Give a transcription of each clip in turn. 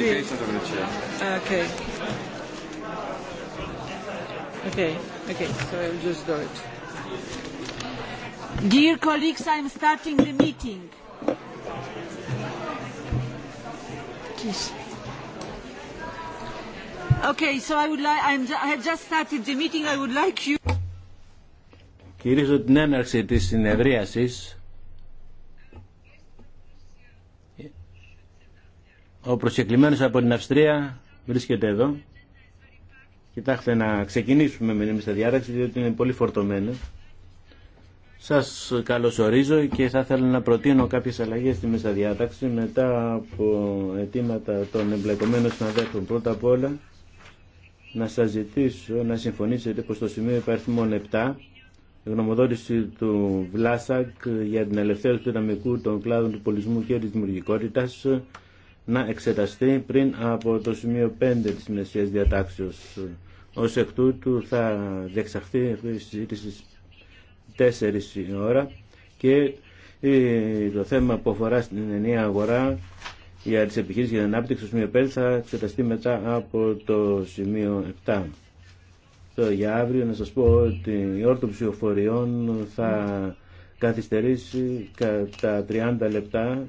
Sì. Okay. Okay. Okay. So I'll just do it. Dear colleagues, I'm starting the meeting. Okay, so I would like I'm I have just started the meeting. I would like you. Κυρίζω την έναρξη της συνεδρίασης Ο προσκεκλημένος από την Αυστρία βρίσκεται εδώ. Κοιτάξτε να ξεκινήσουμε με τη τα διάταξη διότι είναι πολύ φορτωμένο. Σας καλωσορίζω και θα ήθελα να προτείνω κάποιες αλλαγές στη μέσα μετά από αιτήματα των εμπλεκομένων συναδέλφων. Πρώτα απ' όλα να σας ζητήσω να συμφωνήσετε πως το σημείο υπάρχει μόνο 7 γνωμοδότηση του Βλάσακ για την ελευθέρωση του δυναμικού των κλάδων του πολιτισμού και της δημιουργικότητας να εξεταστεί πριν από το σημείο 5 της Μεσσίας Διατάξεως. Ως εκ τούτου θα διεξαχθεί η συζήτηση 4 η ώρα και το θέμα που αφορά στην ενιαία αγορά για τις επιχείρησεις για την ανάπτυξη στο σημείο 5 θα εξεταστεί μετά από το σημείο 7. Το για αύριο να σας πω ότι η ώρα ψηφοφοριών θα καθυστερήσει κατά 30 λεπτά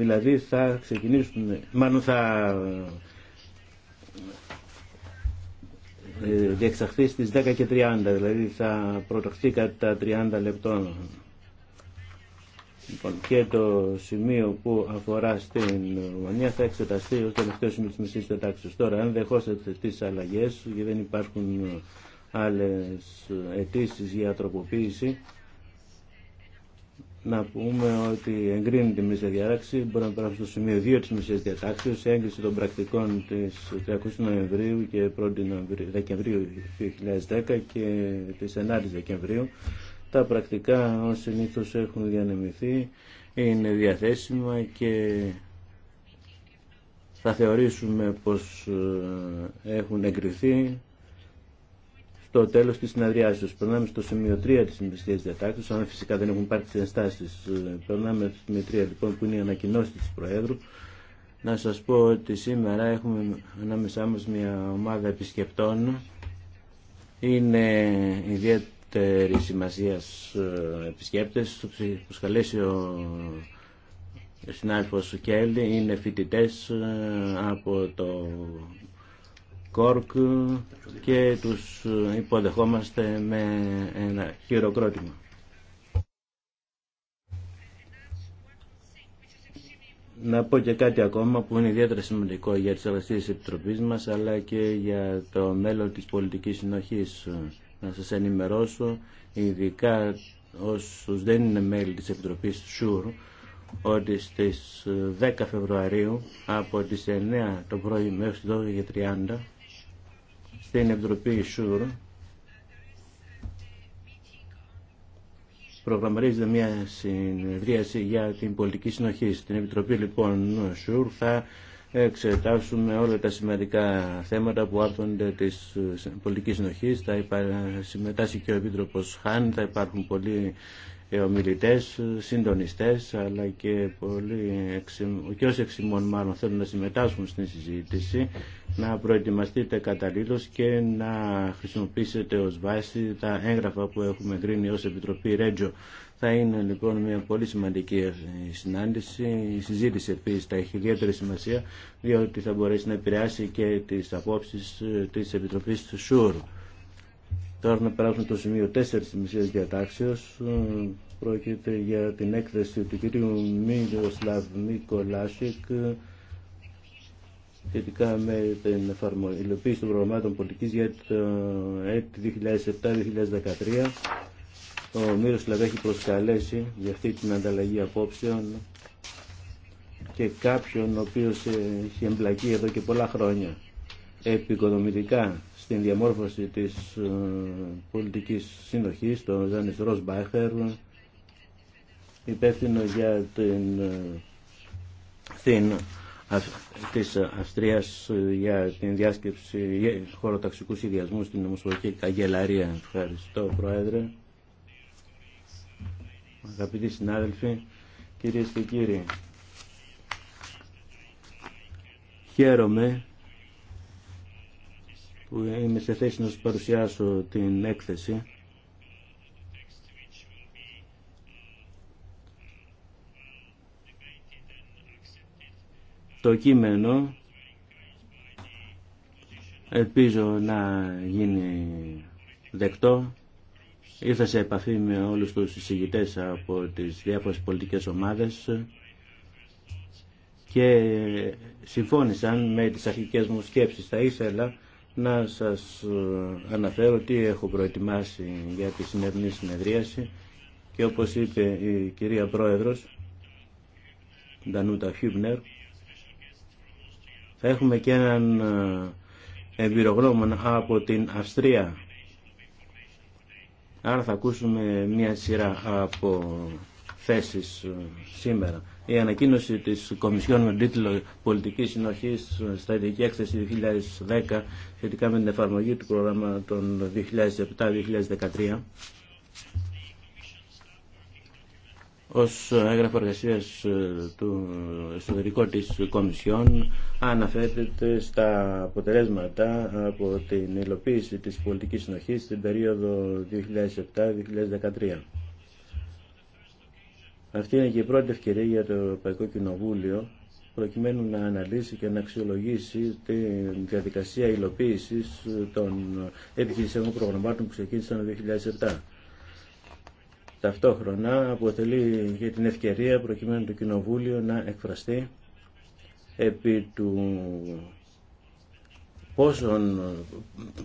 Δηλαδή θα ξεκινήσουν, μάλλον θα ε, διεξαχθεί στις 30, δηλαδή θα προταχθεί κατά 30 λεπτών. Λοιπόν, και το σημείο που αφορά στην Ρουμανία θα εξεταστεί ως τελευταίο σημείο της μισής τετάξης. Τώρα, αν δεχόσετε τις αλλαγές, γιατί δεν υπάρχουν άλλες αιτήσει για τροποποίηση, να πούμε ότι εγκρίνει τη μισή διάταξη. Μπορούμε να περάσουμε στο σημείο 2 τη μισή η έγκριση των πρακτικών τη 30 Νοεμβρίου και 1η Δεκεμβρίου 2010 και τη 9η Δεκεμβρίου. Τα πρακτικά ω συνήθω έχουν διανεμηθεί, είναι διαθέσιμα και θα θεωρήσουμε πως ε, έχουν εγκριθεί το τέλος της συναδριάσεω. Περνάμε στο σημείο 3 τη Συμβουλευτικής Διατάξεω, αν φυσικά δεν έχουν πάρει τι ενστάσει. Ε, περνάμε στο σημείο 3 λοιπόν που είναι η ανακοινώση τη Προέδρου. Να σα πω ότι σήμερα έχουμε ανάμεσά μας μια ομάδα επισκεπτών. Είναι ιδιαίτερη σημασία ε, επισκέπτες. Του προσκαλέσει ο συνάδελφος Κέλλη. Είναι φοιτητέ ε, από το Κόρκ και τους υποδεχόμαστε με ένα χειροκρότημα. Να πω και κάτι ακόμα που είναι ιδιαίτερα σημαντικό για τις εργασίες της Επιτροπής μας αλλά και για το μέλλον της πολιτικής συνοχής. Να σας ενημερώσω ειδικά όσους δεν είναι μέλη της Επιτροπής ΣΟΥΡ ότι στις 10 Φεβρουαρίου από τις 9 το πρωί μέχρι τις 12.30 στην Επιτροπή ΣΥΟΡ προγραμματίζεται μια συνεδρίαση για την πολιτική συνοχή. Στην Επιτροπή λοιπόν θα εξετάσουμε όλα τα σημαντικά θέματα που άπτονται της πολιτικής συνοχής. Θα υπά... συμμετάσχει και ο Επίτροπος Χάν, θα υπάρχουν πολλοί ε, ομιλητές, συντονιστές, αλλά και πολύ και όσοι εξημών μάλλον θέλουν να συμμετάσχουν στην συζήτηση, να προετοιμαστείτε καταλήλως και να χρησιμοποιήσετε ως βάση τα έγγραφα που έχουμε γκρίνει ως Επιτροπή Ρέτζο. Θα είναι λοιπόν μια πολύ σημαντική συνάντηση. Η συζήτηση επίση θα έχει ιδιαίτερη σημασία, διότι θα μπορέσει να επηρεάσει και τις απόψεις ε, της Επιτροπής του ΣΟΥΡ. Τώρα να περάσουμε το σημείο 4 της μισής Διατάξεως. Ε, πρόκειται για την έκθεση του κυρίου Μίλιοσλαβ Μικολάσικ ε, σχετικά με την υλοποίηση των προγραμμάτων πολιτικής για το έτη 2007-2013. Ο Μύροσλαβ έχει προσκαλέσει για αυτή την ανταλλαγή απόψεων και κάποιον ο οποίος έχει εμπλακεί εδώ και πολλά χρόνια επικοδομητικά στην διαμόρφωση της ε, πολιτικής συνοχής, τον Ζάνης Ροσμπάχερ, υπεύθυνο για την, ε, την της Αυστρίας ε, για την διάσκεψη χωροταξικού σχεδιασμού στην Ομοσπονδιακή Καγκελαρία. Ευχαριστώ, Πρόεδρε. Αγαπητοί συνάδελφοι, κυρίες και κύριοι, χαίρομαι που είμαι σε θέση να σας παρουσιάσω την έκθεση. Το κείμενο ελπίζω να γίνει δεκτό. Ήρθα σε επαφή με όλους τους συζητητές από τις διάφορες πολιτικές ομάδες και συμφώνησαν με τις αρχικές μου σκέψεις. Θα ήθελα να σας ε, αναφέρω τι έχω προετοιμάσει για τη σημερινή συνεδρίαση και όπως είπε η κυρία Πρόεδρος Ντανούτα Χιούμπνερ θα έχουμε και έναν ε, εμπειρογνώμων από την Αυστρία άρα θα ακούσουμε μια σειρά από θέσεις ε, σήμερα η ανακοίνωση τη Κομισιόν με τίτλο Πολιτική Συνοχή στα ειδική έκθεση 2010 σχετικά με την εφαρμογή του πρόγραμμα των 2007-2013 ως έγγραφο εργασία του εσωτερικού της Κομισιόν αναφέρεται στα αποτελέσματα από την υλοποίηση της πολιτικής συνοχής στην περίοδο 2007-2013. Αυτή είναι και η πρώτη ευκαιρία για το Ευρωπαϊκό Κοινοβούλιο προκειμένου να αναλύσει και να αξιολογήσει τη διαδικασία υλοποίησης των επιχειρησιακών προγραμμάτων που ξεκίνησαν το 2007. Ταυτόχρονα αποτελεί και την ευκαιρία προκειμένου το Κοινοβούλιο να εκφραστεί επί του Πώ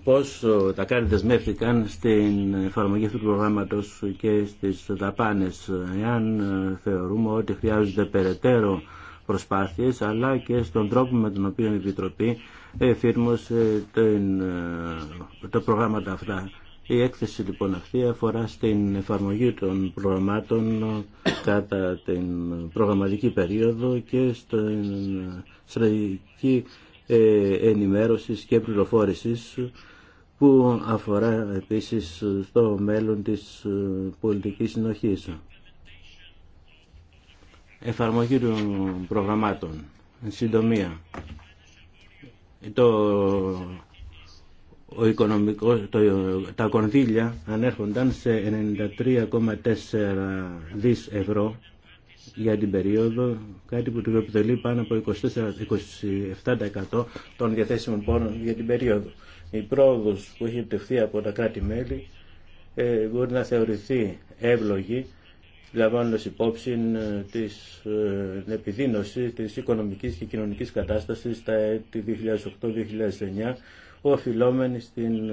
πόσο τα κάρτε δεσμεύτηκαν στην εφαρμογή αυτού του προγράμματος και στις δαπάνες. Εάν ε, θεωρούμε ότι χρειάζονται περαιτέρω προσπάθειες αλλά και στον τρόπο με τον οποίο η Επιτροπή εφήρμοσε ε, τα προγράμματα αυτά. Η έκθεση λοιπόν αυτή αφορά στην εφαρμογή των προγραμμάτων ε, κατά την προγραμματική περίοδο και στην στρατηγική ε, ενημέρωσης και πληροφόρησης που αφορά επίσης στο μέλλον της ε, πολιτικής συνοχής. Εφαρμογή των προγραμμάτων. Συντομία. Το, ο το, τα κονδύλια ανέρχονταν σε 93,4 δις ευρώ για την περίοδο, κάτι που του επιτελεί πάνω από 24, 27% των διαθέσιμων πόρων για την περίοδο. Η πρόοδος που έχει επιτευχθεί από τα κράτη-μέλη ε, μπορεί να θεωρηθεί εύλογη λαμβάνοντας υπόψη ε, της, ε, την επιδείνωση της οικονομικής και κοινωνικής κατάστασης τα έτη 2008-2009 οφειλόμενη στην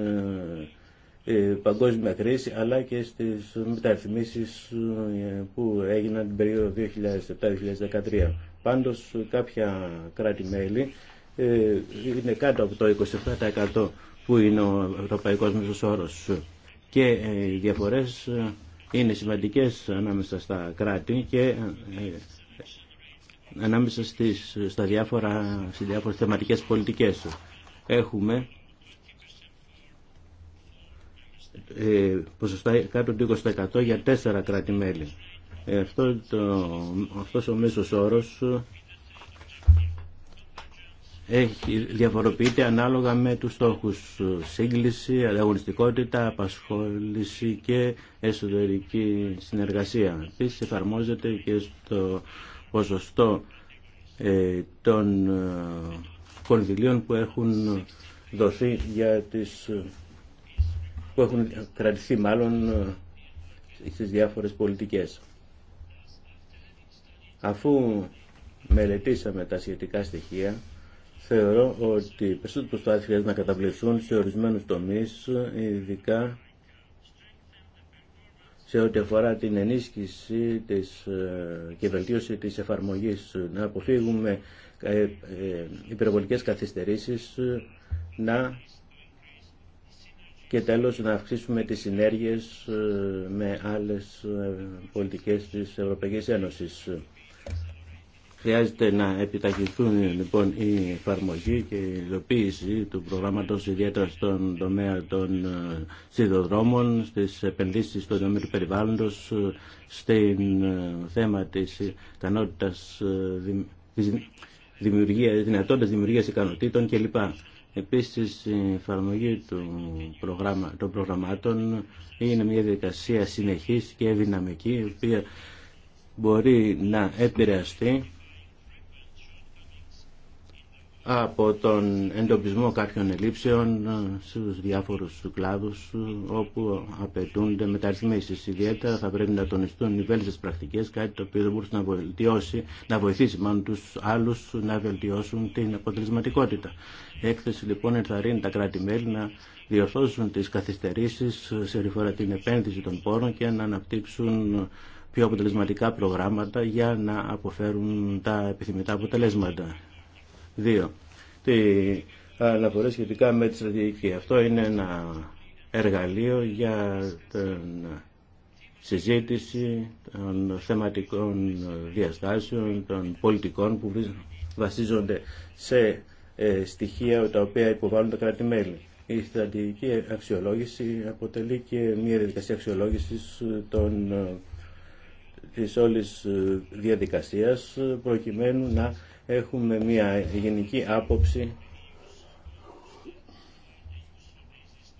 ε, παγκόσμια κρίση αλλά και στις μεταρρυθμίσεις ε, που έγιναν την περίοδο 2007-2013. Πάντως κάποια κράτη-μέλη ε, είναι κάτω από το 27% που είναι ο Ευρωπαϊκό μέσος όρος και οι διαφορές είναι σημαντικές ανάμεσα στα κράτη και ανάμεσα στις, στα διάφορα, στις διάφορες θεματικές πολιτικές. Έχουμε ε, ποσοστά κάτω του 20% για τέσσερα κράτη-μέλη. Ε, αυτό το, αυτός ο μέσος όρος ε, έχει, διαφοροποιείται ανάλογα με τους στόχους σύγκληση, αγωνιστικότητα, απασχόληση και εσωτερική συνεργασία. Επίσης εφαρμόζεται και στο ποσοστό των κονδυλίων που έχουν δοθεί για τις που έχουν κρατηθεί μάλλον ε, στις διάφορες πολιτικές. Αφού μελετήσαμε τα σχετικά στοιχεία, θεωρώ ότι περισσότερο προσπάθειες χρειάζεται να καταβληθούν σε ορισμένους τομείς, ειδικά σε ό,τι αφορά την ενίσχυση της, ε, και βελτίωση της εφαρμογής, να αποφύγουμε ε, υπερβολικές καθυστερήσεις, να και τέλος να αυξήσουμε τις συνέργειες ε, με άλλες ε, πολιτικές της Ευρωπαϊκής Ένωσης. Χρειάζεται να επιταχυνθούν λοιπόν η εφαρμογή και η υλοποίηση του προγράμματος ιδιαίτερα στον τομέα των ε, σιδοδρόμων, στις επενδύσεις στον τομέα του περιβάλλοντος, στην θέμα της ικανότητας δημιουργίας, δυνατότητας δημιουργίας ικανοτήτων κλπ. Επίσης, η εφαρμογή των προγραμμάτων είναι μια διαδικασία συνεχής και δυναμική, η οποία μπορεί να επηρεαστεί από τον εντοπισμό κάποιων ελλείψεων ε, στους διάφορους κλάδους ε, όπου απαιτούνται μεταρρυθμίσεις. Ιδιαίτερα θα πρέπει να τονιστούν οι βέλτιστες πρακτικές, κάτι το οποίο δεν να, βοηθήσει μάλλον τους άλλους να βελτιώσουν την αποτελεσματικότητα. έκθεση λοιπόν ενθαρρύνει τα κράτη-μέλη να διορθώσουν τις καθυστερήσεις σε ρηφορά την επένδυση των πόρων και να αναπτύξουν πιο αποτελεσματικά προγράμματα για να αποφέρουν τα επιθυμητά αποτελέσματα. 2. Τι αναφορέ σχετικά με τη στρατηγική. Αυτό είναι ένα εργαλείο για την συζήτηση των θεματικών διαστάσεων, των πολιτικών που βασίζονται σε ε, στοιχεία τα οποία υποβάλλουν τα κράτη-μέλη. Η στρατηγική αξιολόγηση αποτελεί και μια διαδικασία αξιολόγησης των, ε, της όλης ε, διαδικασίας προκειμένου να έχουμε μια γενική άποψη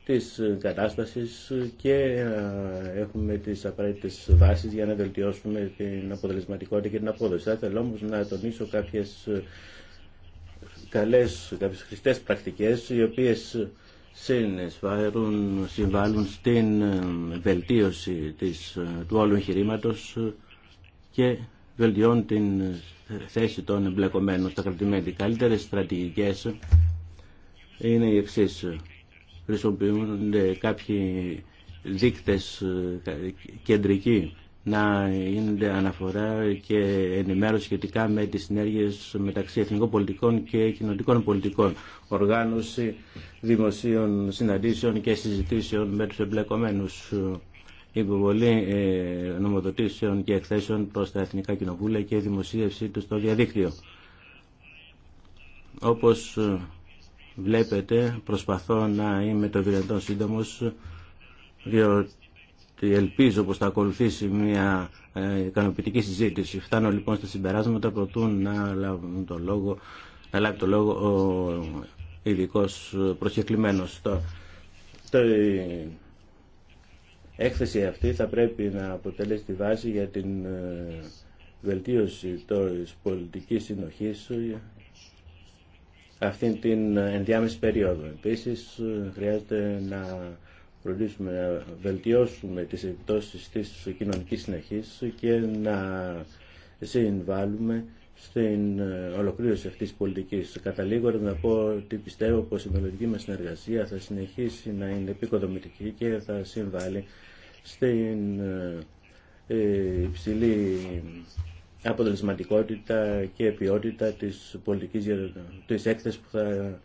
της κατάστασης και ε, έχουμε τις απαραίτητες βάσεις για να βελτιώσουμε την αποτελεσματικότητα και την απόδοση. Θα όμως να τονίσω κάποιες καλές, κάποιες χρηστές πρακτικές οι οποίες συμβάλλουν στην ε, βελτίωση της, ε, του όλου εγχειρήματο και βελτιώνουν την θέση των εμπλεκομένων στα κρατημέλη. Καλύτερε στρατηγικέ είναι οι εξή. Χρησιμοποιούνται κάποιοι δείκτες ε, κεντρικοί να είναι αναφορά και ενημέρωση σχετικά με τις συνέργειες μεταξύ εθνικών πολιτικών και κοινωνικών πολιτικών, οργάνωση δημοσίων συναντήσεων και συζητήσεων με τους εμπλεκομένους υποβολή ε, νομοδοτήσεων και εκθέσεων προς τα Εθνικά Κοινοβούλια και η δημοσίευσή του στο διαδίκτυο. Όπως ε, βλέπετε προσπαθώ να είμαι το δυνατόν σύντομος διότι ελπίζω πως θα ακολουθήσει μια ε, ικανοποιητική συζήτηση. Φτάνω λοιπόν στα συμπεράσματα προτού να, λάβουν το λόγο, να λάβει το λόγο ο ειδικό προσκεκλημένος έκθεση αυτή θα πρέπει να αποτελέσει τη βάση για την ε, βελτίωση της πολιτικής συνοχής ε, αυτήν την ενδιάμεση περίοδο. Επίσης ε, χρειάζεται να φροντίσουμε να βελτιώσουμε τις επιπτώσεις της κοινωνικής συνεχής και να συμβάλλουμε στην ε, ολοκλήρωση αυτής της πολιτικής. Καταλήγω να πω ότι πιστεύω πως η μελλοντική μας συνεργασία θα συνεχίσει να είναι επικοδομητική και θα συμβάλλει στην ε, ε, υψηλή αποτελεσματικότητα και ποιότητα της πολιτικής της έκθεσης που θα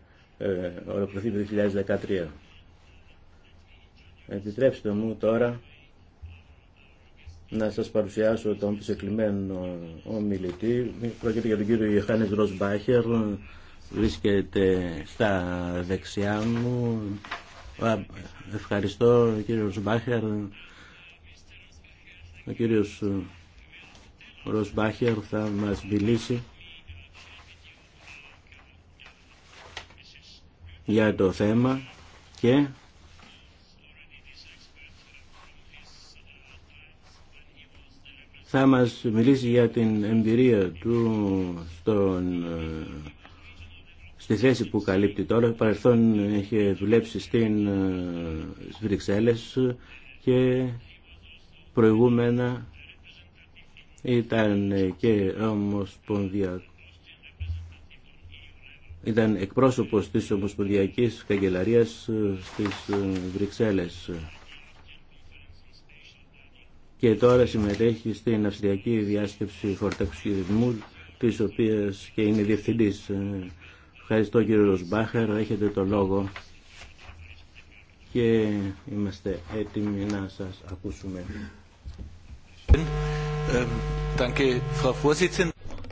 ολοκληρωθεί το 2013. Επιτρέψτε μου τώρα να σας παρουσιάσω τον πισεκλημένο ομιλητή. Πρόκειται για τον κύριο Ιωχάνης Ροσμπάχερ, βρίσκεται στα δεξιά μου. Ευχαριστώ κύριο Ροσμπάχερ. Ο κύριος Ροσμπάχερ θα μας μιλήσει για το θέμα και θα μας μιλήσει για την εμπειρία του στον, ε, στη θέση που καλύπτει τώρα. Παρελθόν είχε δουλέψει στην ε, Βρυξέλλες και προηγούμενα ήταν και ομοσπονδιακό ήταν εκπρόσωπος της Ομοσπονδιακής Καγκελαρίας ε, στις Βρυξέλλες και τώρα συμμετέχει στην Αυστριακή Διάσκεψη Χορταξιδισμού της οποίας και είναι διευθυντής. Ε, ευχαριστώ κύριε Ροσμπάχερ, έχετε το λόγο και είμαστε έτοιμοι να σας ακούσουμε.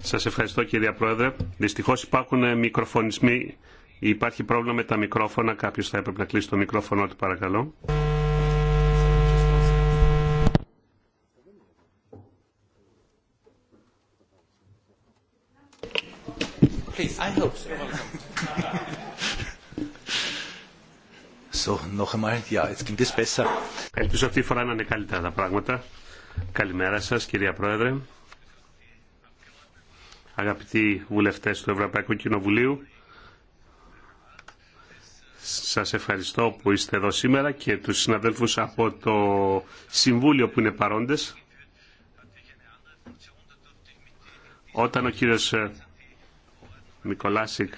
Σας ευχαριστώ κυρία Πρόεδρε. Δυστυχώς υπάρχουν ε, μικροφωνισμοί. Υπάρχει πρόβλημα με τα μικρόφωνα. Κάποιος θα έπρεπε να κλείσει το μικρόφωνο του παρακαλώ. Please, I hope so. So, noch einmal, ja, jetzt ging es besser. Ελπίζω αυτή τη φορά να είναι καλύτερα τα πράγματα. Καλημέρα σας, κυρία Πρόεδρε. Αγαπητοί βουλευτές του Ευρωπαϊκού Κοινοβουλίου, σας ευχαριστώ που είστε εδώ σήμερα και τους συναδέλφους από το Συμβούλιο που είναι παρόντες. Όταν ο κύριος Μικολάσικ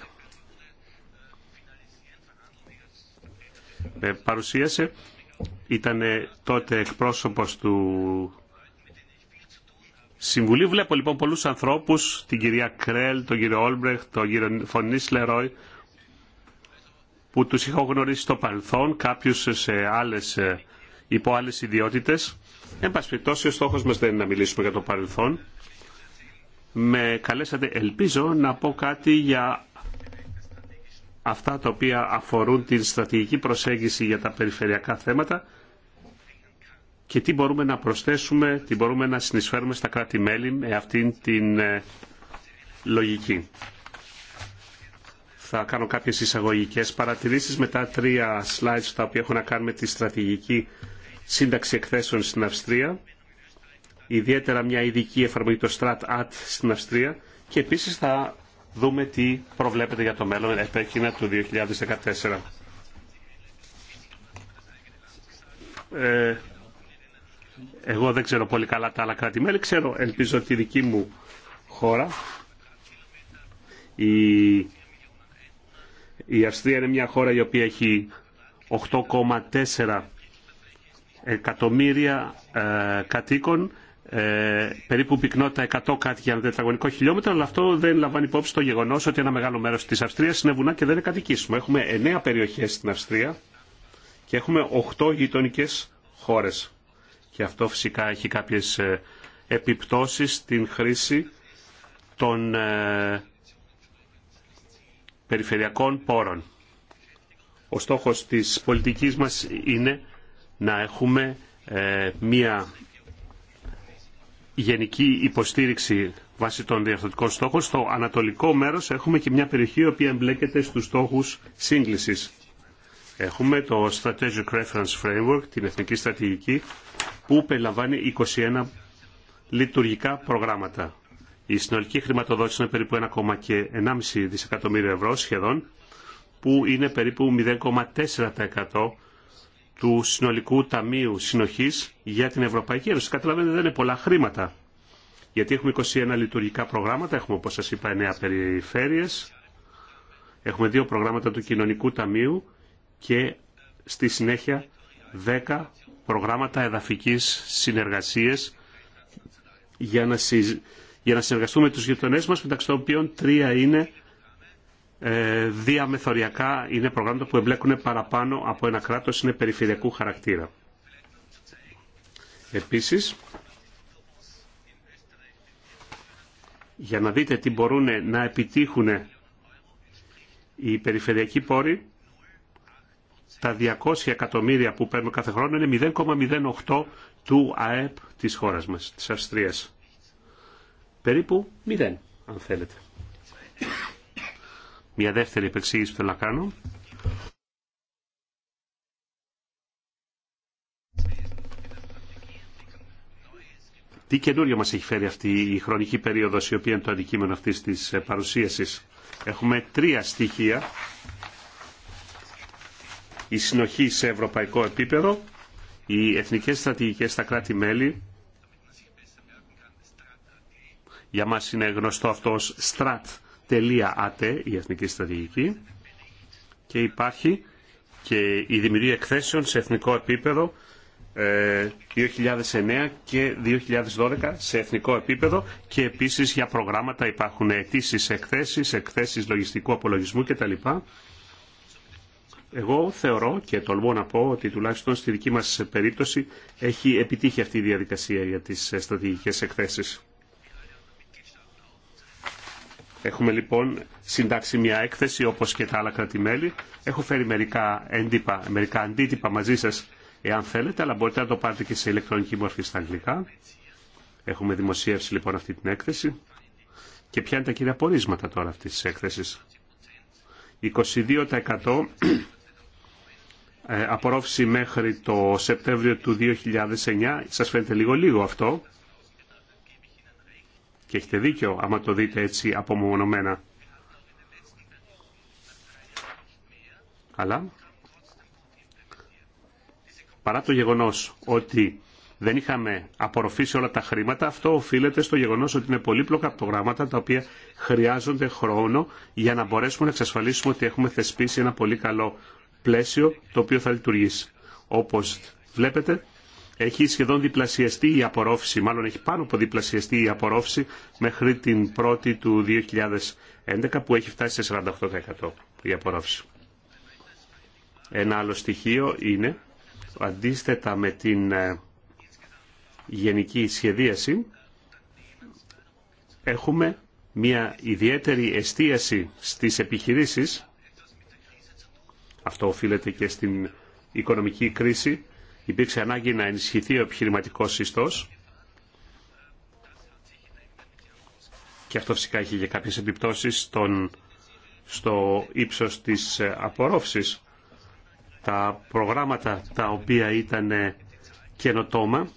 με παρουσίασε. Ήταν τότε εκπρόσωπος του Συμβουλίου. Βλέπω λοιπόν πολλούς ανθρώπους, την κυρία Κρέλ, τον κύριο Όλμπρεχ, τον κύριο Φωνής Λερόι, που τους είχα γνωρίσει στο παρελθόν, κάποιους σε άλλες, ε, υπό άλλες ιδιότητες. Εν πάση ο στόχος μας δεν είναι να μιλήσουμε για το παρελθόν, με καλέσατε. Ελπίζω να πω κάτι για αυτά τα οποία αφορούν την στρατηγική προσέγγιση για τα περιφερειακά θέματα και τι μπορούμε να προσθέσουμε, τι μπορούμε να συνεισφέρουμε στα κράτη-μέλη με αυτήν την ε, λογική. Θα κάνω κάποιες εισαγωγικές παρατηρήσεις μετά τρία slides τα οποία έχουν να κάνουν με τη στρατηγική σύνταξη εκθέσεων στην Αυστρία ιδιαίτερα μια ειδική εφαρμογή το strat στην Αυστρία και επίση θα δούμε τι προβλέπεται για το μέλλον επέκεινα του 2014. Ε, εγώ δεν ξέρω πολύ καλά τα άλλα κράτη-μέλη, ξέρω, ελπίζω ότι η δική μου χώρα, η, η Αυστρία είναι μια χώρα η οποία έχει 8,4 εκατομμύρια ε, κατοίκων ε, περίπου πυκνότητα 100 κάτι για ένα τετραγωνικό χιλιόμετρο, αλλά αυτό δεν λαμβάνει υπόψη το γεγονό ότι ένα μεγάλο μέρο τη Αυστρία είναι βουνά και δεν είναι κατοικήσιμο. Έχουμε 9 περιοχέ στην Αυστρία και έχουμε 8 γειτονικέ χώρε. Και αυτό φυσικά έχει κάποιε επιπτώσει στην χρήση των ε, περιφερειακών πόρων. Ο στόχος της πολιτικής μας είναι να έχουμε ε, μία γενική υποστήριξη βάσει των διαρθρωτικών στόχων, στο ανατολικό μέρος έχουμε και μια περιοχή η οποία εμπλέκεται στους στόχους σύγκλησης. Έχουμε το Strategic Reference Framework, την Εθνική Στρατηγική, που περιλαμβάνει 21 λειτουργικά προγράμματα. Η συνολική χρηματοδότηση είναι περίπου 1,5 δισεκατομμύρια ευρώ σχεδόν, που είναι περίπου 0,4% του συνολικού ταμείου συνοχής για την Ευρωπαϊκή Ένωση. Καταλαβαίνετε δεν είναι πολλά χρήματα. Γιατί έχουμε 21 λειτουργικά προγράμματα, έχουμε όπως σα είπα 9 περιφέρειες, έχουμε δύο προγράμματα του Κοινωνικού Ταμείου και στη συνέχεια 10 προγράμματα εδαφικής συνεργασία για να, συνεργαστούμε με τους γειτονές μας, μεταξύ των οποίων τρία είναι ε, διαμεθοριακά είναι προγράμματα που εμπλέκουν παραπάνω από ένα κράτος, είναι περιφερειακού χαρακτήρα. Επίσης, για να δείτε τι μπορούν να επιτύχουν οι περιφερειακοί πόροι, τα 200 εκατομμύρια που παίρνουν κάθε χρόνο είναι 0,08 του ΑΕΠ της χώρας μας, της Αυστρίας. Περίπου 0, αν θέλετε. Μια δεύτερη επεξήγηση που θέλω να κάνω. Τι καινούριο μας έχει φέρει αυτή η χρονική περίοδος η οποία είναι το αντικείμενο αυτής της ε, παρουσίασης. Έχουμε τρία στοιχεία. Η συνοχή σε ευρωπαϊκό επίπεδο, οι εθνικές στρατηγικές στα κράτη-μέλη. Για μας είναι γνωστό αυτό ως στρατ η Εθνική Στρατηγική και υπάρχει και η δημιουργία εκθέσεων σε εθνικό επίπεδο 2009 και 2012 σε εθνικό επίπεδο και επίσης για προγράμματα υπάρχουν αιτήσει εκθέσεις, εκθέσεις λογιστικού απολογισμού κτλ. Εγώ θεωρώ και τολμώ να πω ότι τουλάχιστον στη δική μας περίπτωση έχει επιτύχει αυτή η διαδικασία για τις στρατηγικές εκθέσεις. Έχουμε λοιπόν συντάξει μια έκθεση όπως και τα άλλα κρατημέλη. Έχω φέρει μερικά, έντυπα, μερικά αντίτυπα μαζί σας εάν θέλετε, αλλά μπορείτε να το πάρετε και σε ηλεκτρονική μορφή στα αγγλικά. Έχουμε δημοσίευση λοιπόν αυτή την έκθεση. Και ποια είναι τα κύρια πορίσματα τώρα αυτής της έκθεσης. 22% ε, απορρόφηση μέχρι το Σεπτέμβριο του 2009. Σας φαίνεται λίγο λίγο αυτό. Και έχετε δίκιο άμα το δείτε έτσι απομονωμένα. Αλλά παρά το γεγονός ότι δεν είχαμε απορροφήσει όλα τα χρήματα, αυτό οφείλεται στο γεγονός ότι είναι πολύπλοκα προγράμματα τα οποία χρειάζονται χρόνο για να μπορέσουμε να εξασφαλίσουμε ότι έχουμε θεσπίσει ένα πολύ καλό πλαίσιο το οποίο θα λειτουργήσει. Όπως βλέπετε, έχει σχεδόν διπλασιαστεί η απορρόφηση, μάλλον έχει πάνω από διπλασιαστεί η απορρόφηση μέχρι την πρώτη του 2011 που έχει φτάσει σε 48% η απορρόφηση. Ένα άλλο στοιχείο είναι αντίθετα με την ε, γενική σχεδίαση έχουμε μια ιδιαίτερη εστίαση στις επιχειρήσεις αυτό οφείλεται και στην οικονομική κρίση υπήρξε ανάγκη να ενισχυθεί ο επιχειρηματικό σύστος και αυτό φυσικά είχε και κάποιες επιπτώσει στο ύψος της ε, απορρόφησης. Τα προγράμματα τα οποία ήταν ε, καινοτόμα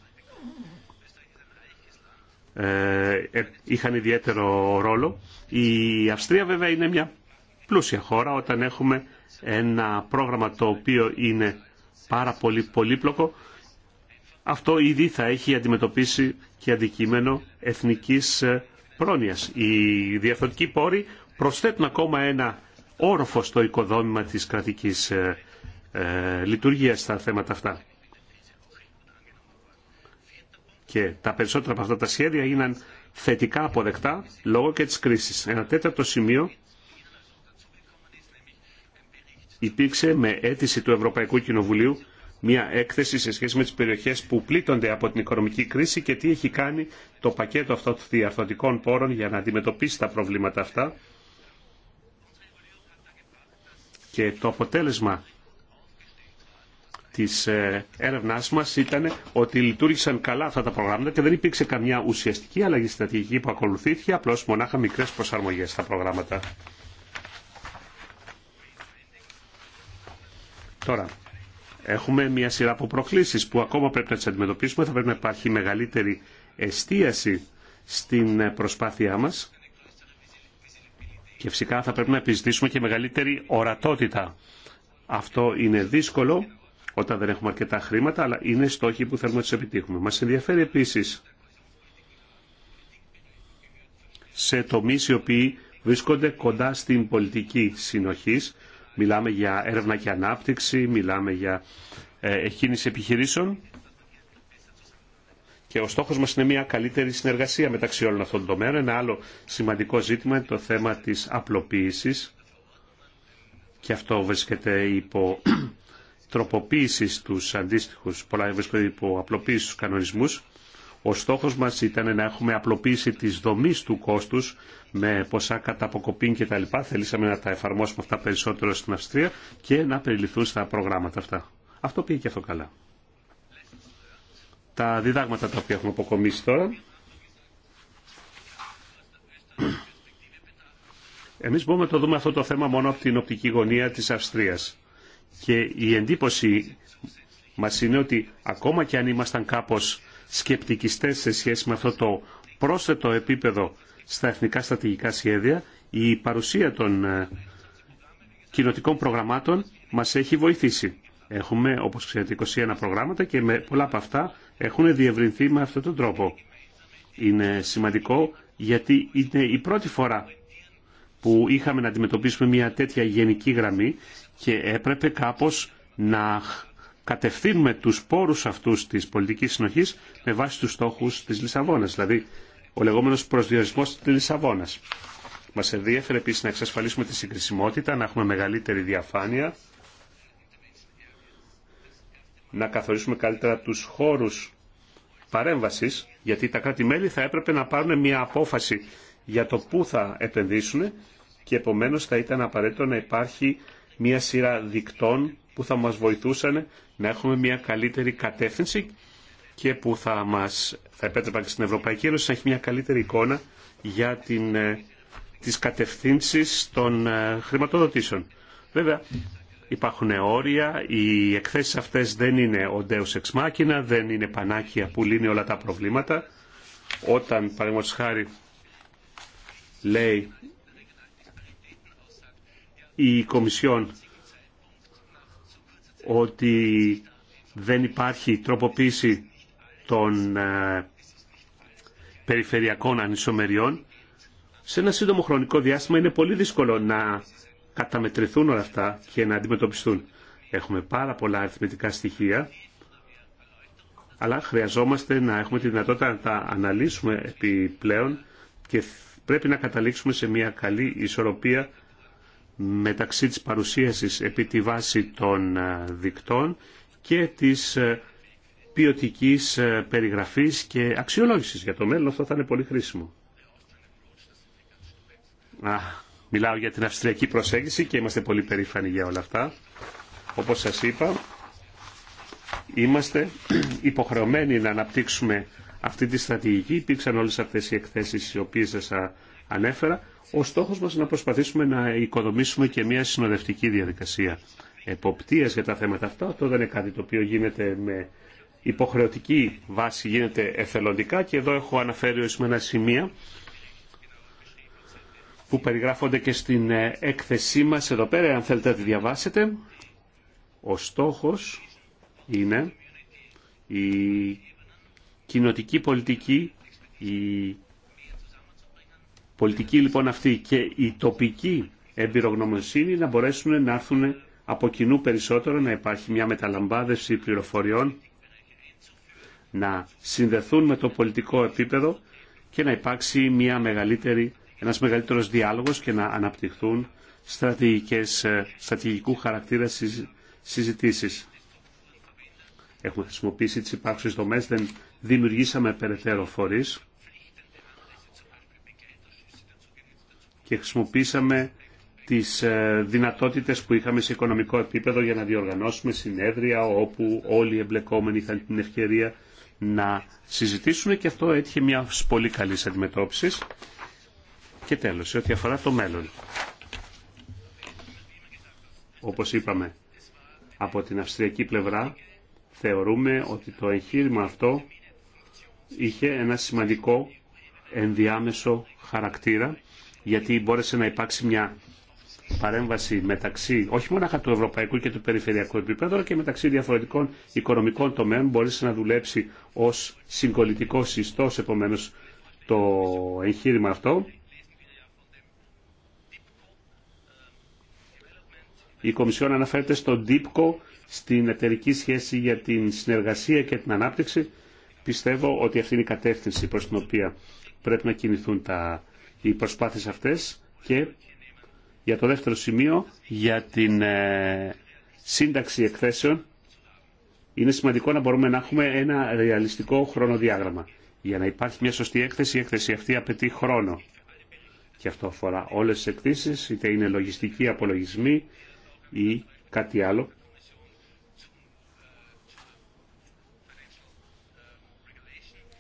ε, είχαν ιδιαίτερο ρόλο. Η Αυστρία βέβαια είναι μια πλούσια χώρα όταν έχουμε ένα πρόγραμμα το οποίο είναι πάρα πολύ πολύπλοκο, αυτό ήδη θα έχει αντιμετωπίσει και αντικείμενο εθνικής ε, πρόνοιας. Οι διαφορετικοί πόροι προσθέτουν ακόμα ένα όροφο στο οικοδόμημα της κρατικής ε, ε, λειτουργίας στα θέματα αυτά. Και τα περισσότερα από αυτά τα σχέδια έγιναν θετικά αποδεκτά λόγω και της κρίσης. Ένα τέταρτο σημείο υπήρξε με αίτηση του Ευρωπαϊκού Κοινοβουλίου μια έκθεση σε σχέση με τις περιοχές που πλήττονται από την οικονομική κρίση και τι έχει κάνει το πακέτο αυτό των διαρθωτικών πόρων για να αντιμετωπίσει τα προβλήματα αυτά. Και το αποτέλεσμα της ε, έρευνάς μας ήταν ότι λειτουργήσαν καλά αυτά τα προγράμματα και δεν υπήρξε καμιά ουσιαστική αλλαγή στρατηγική που ακολουθήθηκε, απλώς μονάχα μικρές προσαρμογές στα προγράμματα. Τώρα, έχουμε μια σειρά από προκλήσεις που ακόμα πρέπει να τι αντιμετωπίσουμε. Θα πρέπει να υπάρχει μεγαλύτερη εστίαση στην προσπάθειά μας και φυσικά θα πρέπει να επιζητήσουμε και μεγαλύτερη ορατότητα. Αυτό είναι δύσκολο όταν δεν έχουμε αρκετά χρήματα, αλλά είναι στόχοι που θέλουμε να του επιτύχουμε. Μας ενδιαφέρει επίσης σε τομείς οι οποίοι βρίσκονται κοντά στην πολιτική συνοχής Μιλάμε για έρευνα και ανάπτυξη, μιλάμε για ε, εκκίνηση επιχειρήσεων και ο στόχος μας είναι μια καλύτερη συνεργασία μεταξύ όλων αυτών των τομέων. Ένα άλλο σημαντικό ζήτημα είναι το θέμα της απλοποίησης και αυτό βρίσκεται υπό τροποποίηση στους αντίστοιχους, πολλά βρίσκονται υπό απλοποίηση στους κανονισμούς ο στόχος μας ήταν να έχουμε απλοποίηση της δομής του κόστους με ποσά κατά τα λοιπά. Θέλησαμε να τα εφαρμόσουμε αυτά περισσότερο στην Αυστρία και να περιληφθούν στα προγράμματα αυτά. Αυτό πήγε και αυτό καλά. Τα διδάγματα τα οποία έχουμε αποκομίσει τώρα. Εμείς μπορούμε να το δούμε αυτό το θέμα μόνο από την οπτική γωνία της Αυστρίας. Και η εντύπωση μας είναι ότι ακόμα και αν ήμασταν κάπως σκεπτικιστές σε σχέση με αυτό το πρόσθετο επίπεδο στα εθνικά στρατηγικά σχέδια, η παρουσία των ε, κοινοτικών προγραμμάτων μας έχει βοηθήσει. Έχουμε, όπως ξέρετε, 21 προγράμματα και με πολλά από αυτά έχουν διευρυνθεί με αυτόν τον τρόπο. Είναι σημαντικό γιατί είναι η πρώτη φορά που είχαμε να αντιμετωπίσουμε μια τέτοια γενική γραμμή και έπρεπε κάπως να κατευθύνουμε τους πόρους αυτούς της πολιτικής συνοχής με βάση τους στόχους της Λισαβόνας, δηλαδή ο λεγόμενος προσδιορισμός της Λισαβόνας. Μας ενδιαφέρει επίσης να εξασφαλίσουμε τη συγκρισιμότητα, να έχουμε μεγαλύτερη διαφάνεια, να καθορίσουμε καλύτερα τους χώρους παρέμβασης, γιατί τα κράτη-μέλη θα έπρεπε να πάρουν μια απόφαση για το πού θα επενδύσουν και επομένως θα ήταν απαραίτητο να υπάρχει μια σειρά δικτών που θα μας βοηθούσαν να έχουμε μια καλύτερη κατεύθυνση και που θα μας θα επέτρεπαν και στην Ευρωπαϊκή Ένωση να έχει μια καλύτερη εικόνα για την, ε, τις κατευθύνσεις των ε, χρηματοδοτήσεων. Βέβαια, υπάρχουν όρια, οι εκθέσεις αυτές δεν είναι ο ντέος εξμάκινα, δεν είναι πανάκια που λύνει όλα τα προβλήματα. Όταν, παραδείγματο χάρη, λέει η Κομισιόν ότι δεν υπάρχει τροποποίηση των ε, περιφερειακών ανισομεριών, σε ένα σύντομο χρονικό διάστημα είναι πολύ δύσκολο να καταμετρηθούν όλα αυτά και να αντιμετωπιστούν. Έχουμε πάρα πολλά αριθμητικά στοιχεία, αλλά χρειαζόμαστε να έχουμε τη δυνατότητα να τα αναλύσουμε επιπλέον και πρέπει να καταλήξουμε σε μια καλή ισορροπία μεταξύ της παρουσίασης επί τη βάση των ε, δικτών και της ε, ποιοτική ε, περιγραφής και αξιολόγησης για το μέλλον. Αυτό θα είναι πολύ χρήσιμο. μιλάω για την αυστριακή προσέγγιση και είμαστε πολύ περήφανοι για όλα αυτά. Όπως σας είπα, είμαστε υποχρεωμένοι να αναπτύξουμε αυτή τη στρατηγική. Υπήρξαν όλες αυτές οι εκθέσεις οι οποίες σας ανέφερα ο στόχος μας είναι να προσπαθήσουμε να οικοδομήσουμε και μια συνοδευτική διαδικασία εποπτείας για τα θέματα αυτά. Αυτό δεν είναι κάτι το οποίο γίνεται με υποχρεωτική βάση, γίνεται εθελοντικά και εδώ έχω αναφέρει ορισμένα σημεία που περιγράφονται και στην ε, έκθεσή μας εδώ πέρα, αν θέλετε να τη διαβάσετε. Ο στόχος είναι η κοινοτική πολιτική, η πολιτική λοιπόν αυτή και η τοπική εμπειρογνωμοσύνη να μπορέσουν να έρθουν από κοινού περισσότερο, να υπάρχει μια μεταλαμπάδευση πληροφοριών, να συνδεθούν με το πολιτικό επίπεδο και να υπάρξει μια μεγαλύτερη, ένας μεγαλύτερος διάλογος και να αναπτυχθούν στρατηγικές, ε, στρατηγικού χαρακτήρα συζητήσεις. Έχουμε χρησιμοποιήσει τις υπάρχουσες δομές, δεν δημιουργήσαμε περαιτέρω φορείς. και χρησιμοποίησαμε τις ε, δυνατότητες που είχαμε σε οικονομικό επίπεδο για να διοργανώσουμε συνέδρια όπου όλοι οι εμπλεκόμενοι είχαν την ευκαιρία να συζητήσουν και αυτό έτυχε μια πολύ καλή αντιμετώπιση. Και τέλος, σε ό,τι αφορά το μέλλον. Όπως είπαμε, από την αυστριακή πλευρά θεωρούμε ότι το εγχείρημα αυτό είχε ένα σημαντικό ενδιάμεσο χαρακτήρα γιατί μπόρεσε να υπάρξει μια παρέμβαση μεταξύ όχι μόνο του ευρωπαϊκού και του περιφερειακού επίπεδου αλλά και μεταξύ διαφορετικών οικονομικών τομέων μπορέσε να δουλέψει ως συγκολητικό συστός επομένως το εγχείρημα αυτό Η Κομισιόν αναφέρεται στον ΤΥΠΚΟ στην εταιρική σχέση για την συνεργασία και την ανάπτυξη. Πιστεύω ότι αυτή είναι η κατεύθυνση προς την οποία πρέπει να κινηθούν τα οι προσπάθειες αυτές και για το δεύτερο σημείο, για την ε, σύνταξη εκθέσεων, είναι σημαντικό να μπορούμε να έχουμε ένα ρεαλιστικό χρονοδιάγραμμα. Για να υπάρχει μια σωστή έκθεση, η έκθεση αυτή απαιτεί χρόνο. Και αυτό αφορά όλες τις εκθέσεις, είτε είναι λογιστικοί απολογισμοί ή κάτι άλλο.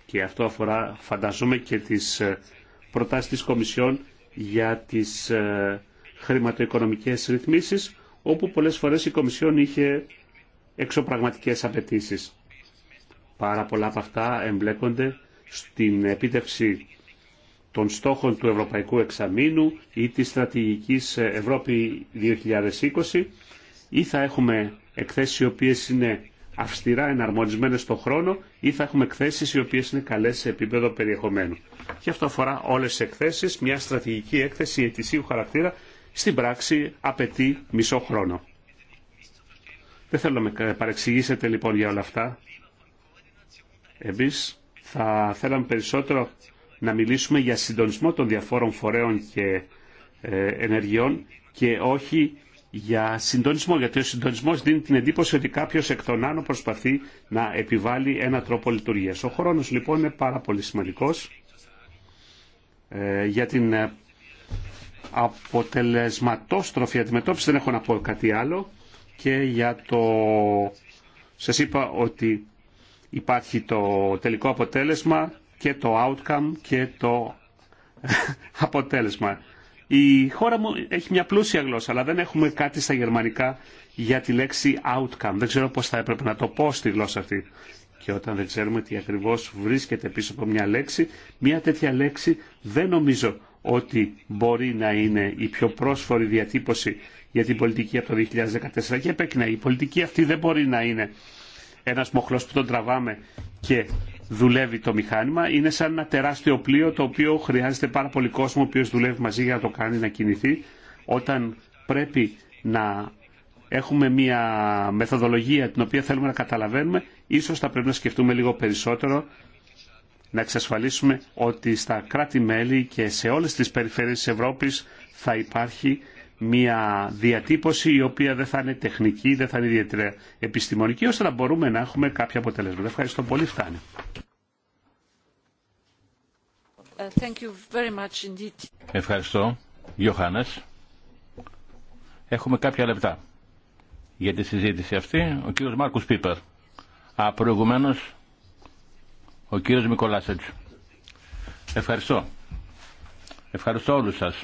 Και αυτό αφορά, φανταζόμαι, και τις ε, προτάσεις της Κομισιόν για τις ε, χρηματοοικονομικές ρυθμίσεις, όπου πολλές φορές η Κομισιόν είχε εξωπραγματικές απαιτήσει. Πάρα πολλά από αυτά εμπλέκονται στην επίτευξη των στόχων του Ευρωπαϊκού Εξαμήνου ή της Στρατηγικής Ευρώπη 2020 ή θα έχουμε εκθέσεις οι οποίες είναι αυστηρά εναρμονισμένες στον χρόνο ή θα έχουμε εκθέσεις οι οποίες είναι καλές σε επίπεδο περιεχομένου και αυτό αφορά όλε τις εκθέσεις. Μια στρατηγική έκθεση ετησίου χαρακτήρα στην πράξη απαιτεί μισό χρόνο. Δεν θέλω να με παρεξηγήσετε λοιπόν για όλα αυτά. Εμεί θα θέλαμε περισσότερο να μιλήσουμε για συντονισμό των διαφόρων φορέων και ε, ενεργειών και όχι για συντονισμό, γιατί ο συντονισμός δίνει την εντύπωση ότι κάποιος εκ των άνω προσπαθεί να επιβάλλει ένα τρόπο λειτουργίας. Ο χρόνος λοιπόν είναι πάρα πολύ σημαντικός ε, για την ε, αποτελεσματόστροφη αντιμετώπιση δεν έχω να πω κάτι άλλο και για το... Σας είπα ότι υπάρχει το τελικό αποτέλεσμα και το outcome και το αποτέλεσμα. Η χώρα μου έχει μια πλούσια γλώσσα, αλλά δεν έχουμε κάτι στα γερμανικά για τη λέξη outcome. Δεν ξέρω πώς θα έπρεπε να το πω στη γλώσσα αυτή και όταν δεν ξέρουμε τι ακριβώς βρίσκεται πίσω από μια λέξη, μια τέτοια λέξη δεν νομίζω ότι μπορεί να είναι η πιο πρόσφορη διατύπωση για την πολιτική από το 2014 και επέκεινα. Η πολιτική αυτή δεν μπορεί να είναι ένας μοχλός που τον τραβάμε και δουλεύει το μηχάνημα. Είναι σαν ένα τεράστιο πλοίο το οποίο χρειάζεται πάρα πολύ κόσμο ο οποίος δουλεύει μαζί για να το κάνει να κινηθεί. Όταν πρέπει να έχουμε μια μεθοδολογία την οποία θέλουμε να καταλαβαίνουμε Ίσως θα πρέπει να σκεφτούμε λίγο περισσότερο να εξασφαλίσουμε ότι στα κράτη-μέλη και σε όλες τις περιφέρειες της Ευρώπης θα υπάρχει μια διατύπωση η οποία δεν θα είναι τεχνική, δεν θα είναι ιδιαίτερα επιστημονική, ώστε να μπορούμε να έχουμε κάποια αποτελέσματα. Ευχαριστώ πολύ. Φτάνει. Ε, Ευχαριστώ. Γιωχάνες. Έχουμε κάποια λεπτά για τη συζήτηση αυτή. Ο κύριος Μάρκους Πίπερ. Α, προηγουμένως, ο κύριος Μικολάσετς. Ευχαριστώ. Ευχαριστώ όλους σας.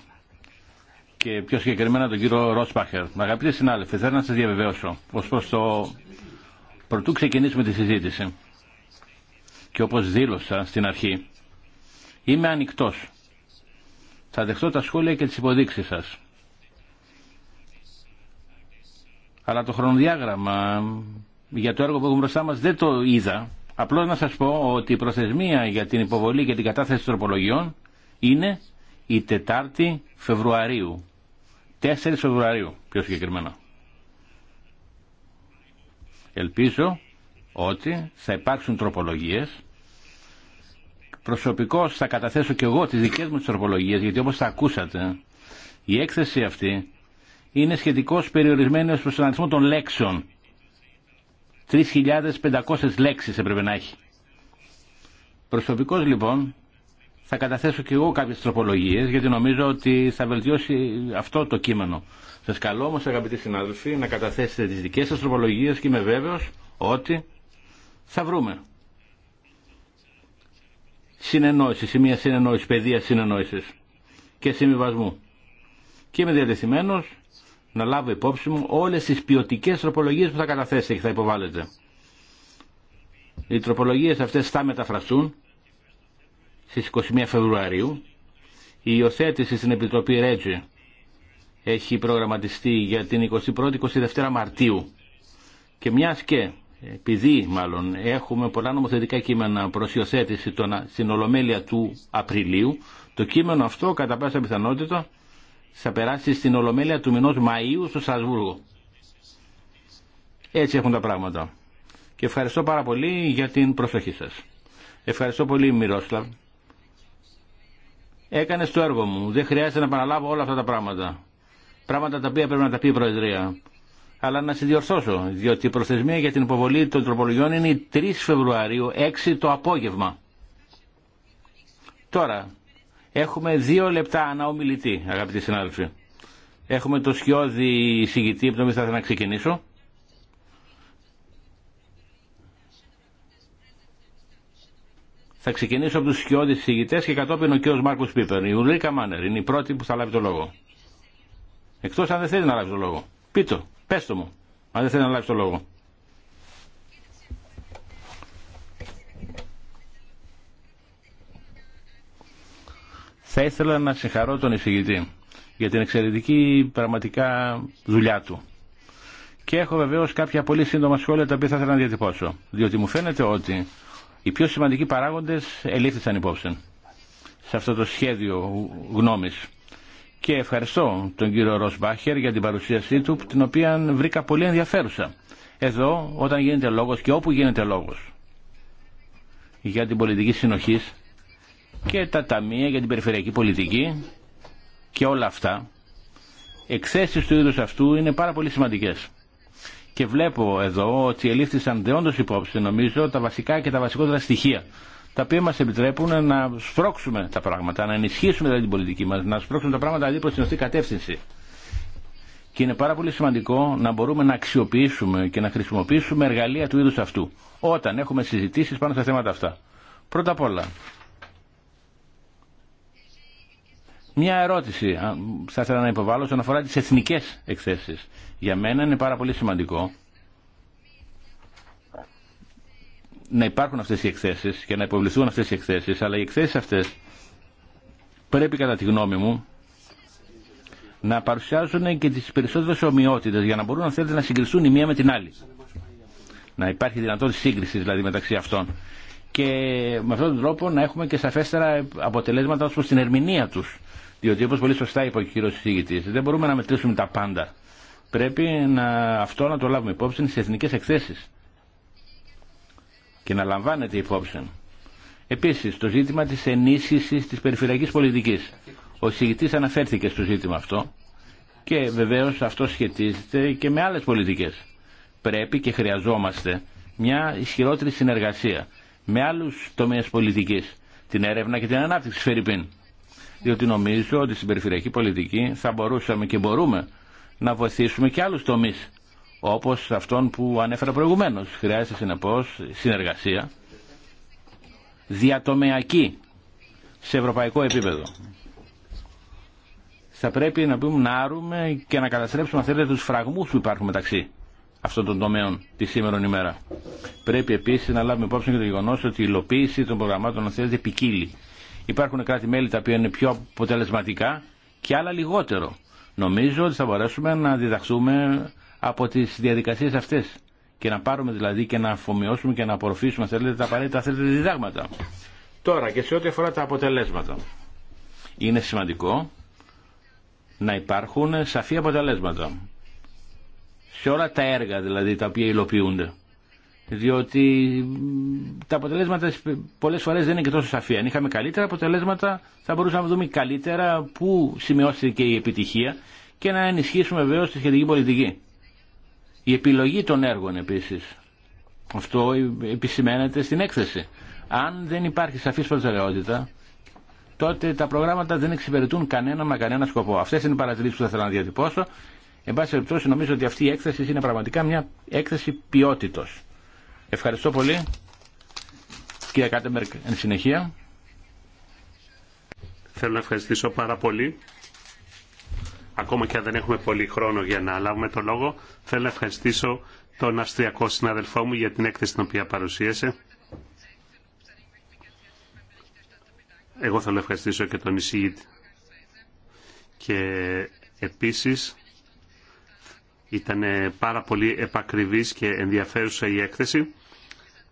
Και πιο συγκεκριμένα τον κύριο Ρόσπαχερ. Αγαπητοί συνάδελφοι, θέλω να σας διαβεβαίωσω ως προς το... Πρωτού ξεκινήσουμε τη συζήτηση και όπως δήλωσα στην αρχή, είμαι ανοιχτός. Θα δεχτώ τα σχόλια και τις υποδείξεις σας. Αλλά το χρονοδιάγραμμα για το έργο που έχουμε μπροστά μα δεν το είδα. Απλώ να σα πω ότι η προθεσμία για την υποβολή και την κατάθεση τροπολογιών είναι η Τετάρτη Φεβρουαρίου. 4 Φεβρουαρίου πιο συγκεκριμένα. Ελπίζω ότι θα υπάρξουν τροπολογιε Προσωπικώ θα καταθέσω και εγώ τι δικε μου τροπολογιε γιατί οπω θα ακούσατε η έκθεση αυτή είναι σχετικώ περιορισμένη τον αριθμό των λέξεων 3.500 λέξεις έπρεπε να έχει. Προσωπικώς λοιπόν θα καταθέσω και εγώ κάποιες τροπολογίες γιατί νομίζω ότι θα βελτιώσει αυτό το κείμενο. Σας καλώ όμως αγαπητοί συνάδελφοι να καταθέσετε τις δικές σας τροπολογίες και είμαι βέβαιος ότι θα βρούμε συνεννόηση, σημεία συνεννόηση, παιδεία συνεννόησης και συμβιβασμού. Και είμαι διατεθειμένος να λάβω υπόψη μου όλες τις ποιοτικέ τροπολογίες που θα καταθέσετε και θα υποβάλλετε. Οι τροπολογίες αυτές θα μεταφραστούν στις 21 Φεβρουαρίου. Η υιοθέτηση στην Επιτροπή Ρέτζη έχει προγραμματιστεί για την 21η-22η μαρτιου Και μιας και, επειδή μάλλον έχουμε πολλά νομοθετικά κείμενα προς υιοθέτηση στην Ολομέλεια του Απριλίου, το κείμενο αυτό κατά πάσα πιθανότητα θα περάσει στην Ολομέλεια του μηνός Μαΐου στο Στρασβούργο. Έτσι έχουν τα πράγματα. Και ευχαριστώ πάρα πολύ για την προσοχή σας. Ευχαριστώ πολύ Μυρόσλαβ. Έκανε το έργο μου. Δεν χρειάζεται να παραλάβω όλα αυτά τα πράγματα. Πράγματα τα οποία πρέπει να τα πει η Προεδρία. Αλλά να σε διορθώσω, διότι η προθεσμία για την υποβολή των τροπολογιών είναι 3 Φεβρουαρίου, 6 το απόγευμα. Τώρα, Έχουμε δύο λεπτά ανά ομιλητή, αγαπητοί συνάδελφοι. Έχουμε το σκιώδη εισηγητή, από θα ήθελα να ξεκινήσω. Θα ξεκινήσω από του σκιώδη εισηγητέ και κατόπιν ο κ. Μάρκο Πίπερ. Η Ουλρίκα Μάνερ είναι η πρώτη που θα λάβει το λόγο. Εκτό αν δεν θέλει να λάβει το λόγο. Πείτε, πε το μου, αν δεν θέλει να λάβει το λόγο. Θα ήθελα να συγχαρώ τον εισηγητή για την εξαιρετική πραγματικά δουλειά του. Και έχω βεβαίω κάποια πολύ σύντομα σχόλια τα οποία θα ήθελα να διατυπώσω. Διότι μου φαίνεται ότι οι πιο σημαντικοί παράγοντε ελήφθησαν υπόψη σε αυτό το σχέδιο γνώμη. Και ευχαριστώ τον κύριο Ροσμπάχερ για την παρουσίασή του, την οποία βρήκα πολύ ενδιαφέρουσα. Εδώ, όταν γίνεται λόγο και όπου γίνεται λόγο για την πολιτική συνοχή, και τα ταμεία για την περιφερειακή πολιτική και όλα αυτά, εκθέσεις του είδους αυτού είναι πάρα πολύ σημαντικές. Και βλέπω εδώ ότι ελήφθησαν δεόντως υπόψη, νομίζω, τα βασικά και τα βασικότερα στοιχεία, τα οποία μας επιτρέπουν να σπρώξουμε τα πράγματα, να ενισχύσουμε δηλαδή την πολιτική μας, να σπρώξουμε τα πράγματα δηλαδή προς την κατεύθυνση. Και είναι πάρα πολύ σημαντικό να μπορούμε να αξιοποιήσουμε και να χρησιμοποιήσουμε εργαλεία του είδους αυτού, όταν έχουμε συζητήσεις πάνω στα θέματα αυτά. Πρώτα απ' όλα, Μια ερώτηση θα ήθελα να υποβάλω όσον αφορά τις εθνικές εκθέσεις. Για μένα είναι πάρα πολύ σημαντικό να υπάρχουν αυτές οι εκθέσεις και να υποβληθούν αυτές οι εκθέσεις, αλλά οι εκθέσεις αυτές πρέπει κατά τη γνώμη μου να παρουσιάζουν και τις περισσότερες ομοιότητες για να μπορούν να θέλετε να συγκριθούν η μία με την άλλη. Να υπάρχει δυνατότητα σύγκριση δηλαδή μεταξύ αυτών. Και με αυτόν τον τρόπο να έχουμε και σαφέστερα αποτελέσματα ως προς την ερμηνεία τους. Διότι όπω πολύ σωστά είπε ο κύριο Σίγητης, δεν μπορούμε να μετρήσουμε τα πάντα. Πρέπει να, αυτό να το λάβουμε υπόψη στις εθνικέ εκθέσει και να λαμβάνεται υπόψη. Επίση, το ζήτημα της ενίσχυσης τη περιφερειακή πολιτική. Ο Συγητή αναφέρθηκε στο ζήτημα αυτό και βεβαίω αυτό σχετίζεται και με άλλε πολιτικέ. Πρέπει και χρειαζόμαστε μια ισχυρότερη συνεργασία με άλλου τομείς πολιτική, την έρευνα και την ανάπτυξη Φερρυπίν διότι νομίζω ότι στην περιφερειακή πολιτική θα μπορούσαμε και μπορούμε να βοηθήσουμε και άλλους τομείς όπως αυτόν που ανέφερα προηγουμένως. Χρειάζεται συνεπώς συνεργασία διατομεακή σε ευρωπαϊκό επίπεδο. Θα πρέπει να πούμε να άρουμε και να καταστρέψουμε αν θέλετε τους φραγμούς που υπάρχουν μεταξύ αυτών των τομέων τη σήμερα ημέρα. Πρέπει επίσης να λάβουμε υπόψη και το γεγονός ότι η υλοποίηση των προγραμμάτων αν θέλετε ποικίλει Υπάρχουν κράτη-μέλη τα οποία είναι πιο αποτελεσματικά και άλλα λιγότερο. Νομίζω ότι θα μπορέσουμε να διδαχθούμε από τις διαδικασίες αυτές και να πάρουμε δηλαδή και να αφομοιώσουμε και να απορροφήσουμε θέλετε, τα απαραίτητα θέλετε, διδάγματα. Τώρα και σε ό,τι αφορά τα αποτελέσματα. Είναι σημαντικό να υπάρχουν σαφή αποτελέσματα. Σε όλα τα έργα δηλαδή τα οποία υλοποιούνται διότι τα αποτελέσματα πολλές φορές δεν είναι και τόσο σαφή. Αν είχαμε καλύτερα αποτελέσματα θα μπορούσαμε να δούμε καλύτερα πού σημειώθηκε η επιτυχία και να ενισχύσουμε βεβαίω τη σχετική πολιτική. Η επιλογή των έργων επίσης. Αυτό επισημαίνεται στην έκθεση. Αν δεν υπάρχει σαφής προτεραιότητα, τότε τα προγράμματα δεν εξυπηρετούν κανένα με κανένα σκοπό. Αυτές είναι οι παρατηρήσεις που θα ήθελα να διατυπώσω. Εν πάση περιπτώσει νομίζω ότι αυτή η έκθεση είναι πραγματικά μια έκθεση ποιότητος. Ευχαριστώ πολύ. Κύριε Κάτεμπερκ, εν συνεχεία. Θέλω να ευχαριστήσω πάρα πολύ. Ακόμα και αν δεν έχουμε πολύ χρόνο για να λάβουμε το λόγο, θέλω να ευχαριστήσω τον Αυστριακό συναδελφό μου για την έκθεση την οποία παρουσίασε. Εγώ θέλω να ευχαριστήσω και τον εισηγήτη. Και επίσης ήταν πάρα πολύ επακριβής και ενδιαφέρουσα η έκθεση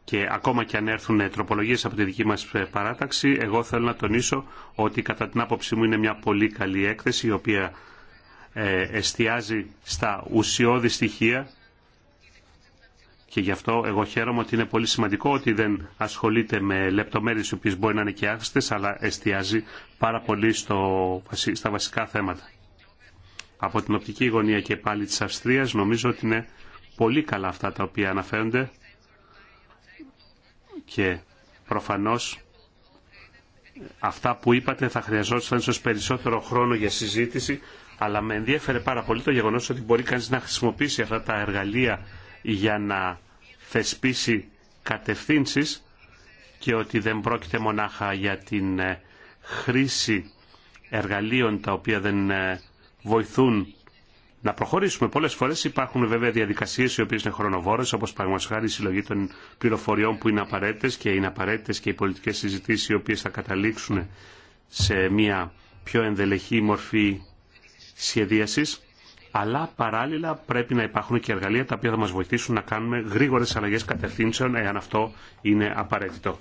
και ακόμα και αν έρθουν τροπολογίες από τη δική μας ε, παράταξη, εγώ θέλω να τονίσω ότι κατά την άποψή μου είναι μια πολύ καλή έκθεση η οποία ε, εστιάζει στα ουσιώδη στοιχεία και γι' αυτό εγώ χαίρομαι ότι είναι πολύ σημαντικό ότι δεν ασχολείται με λεπτομέρειες οι οποίες μπορεί να είναι και άχρηστες αλλά εστιάζει πάρα πολύ στο, στα βασικά θέματα. Από την οπτική γωνία και πάλι της Αυστρίας νομίζω ότι είναι πολύ καλά αυτά τα οποία αναφέρονται και προφανώς αυτά που είπατε θα χρειαζόταν ίσως περισσότερο χρόνο για συζήτηση αλλά με ενδιέφερε πάρα πολύ το γεγονός ότι μπορεί κανείς να χρησιμοποιήσει αυτά τα εργαλεία για να θεσπίσει κατευθύνσεις και ότι δεν πρόκειται μονάχα για την ε, χρήση εργαλείων τα οποία δεν ε, βοηθούν να προχωρήσουμε. πολλέ φορέ. υπάρχουν βέβαια διαδικασίε, οι οποίε είναι χρονοβόρες, όπω παραδείγματο χάρη η συλλογή των πληροφοριών που είναι απαραίτητε και είναι απαραίτητε και οι πολιτικέ συζητήσει, οι οποίε θα καταλήξουν σε μια πιο ενδελεχή μορφή σχεδίαση, Αλλά παράλληλα πρέπει να υπάρχουν και εργαλεία τα οποία θα μα βοηθήσουν να κάνουμε γρήγορε αλλαγέ κατευθύνσεων, εάν αυτό είναι απαραίτητο.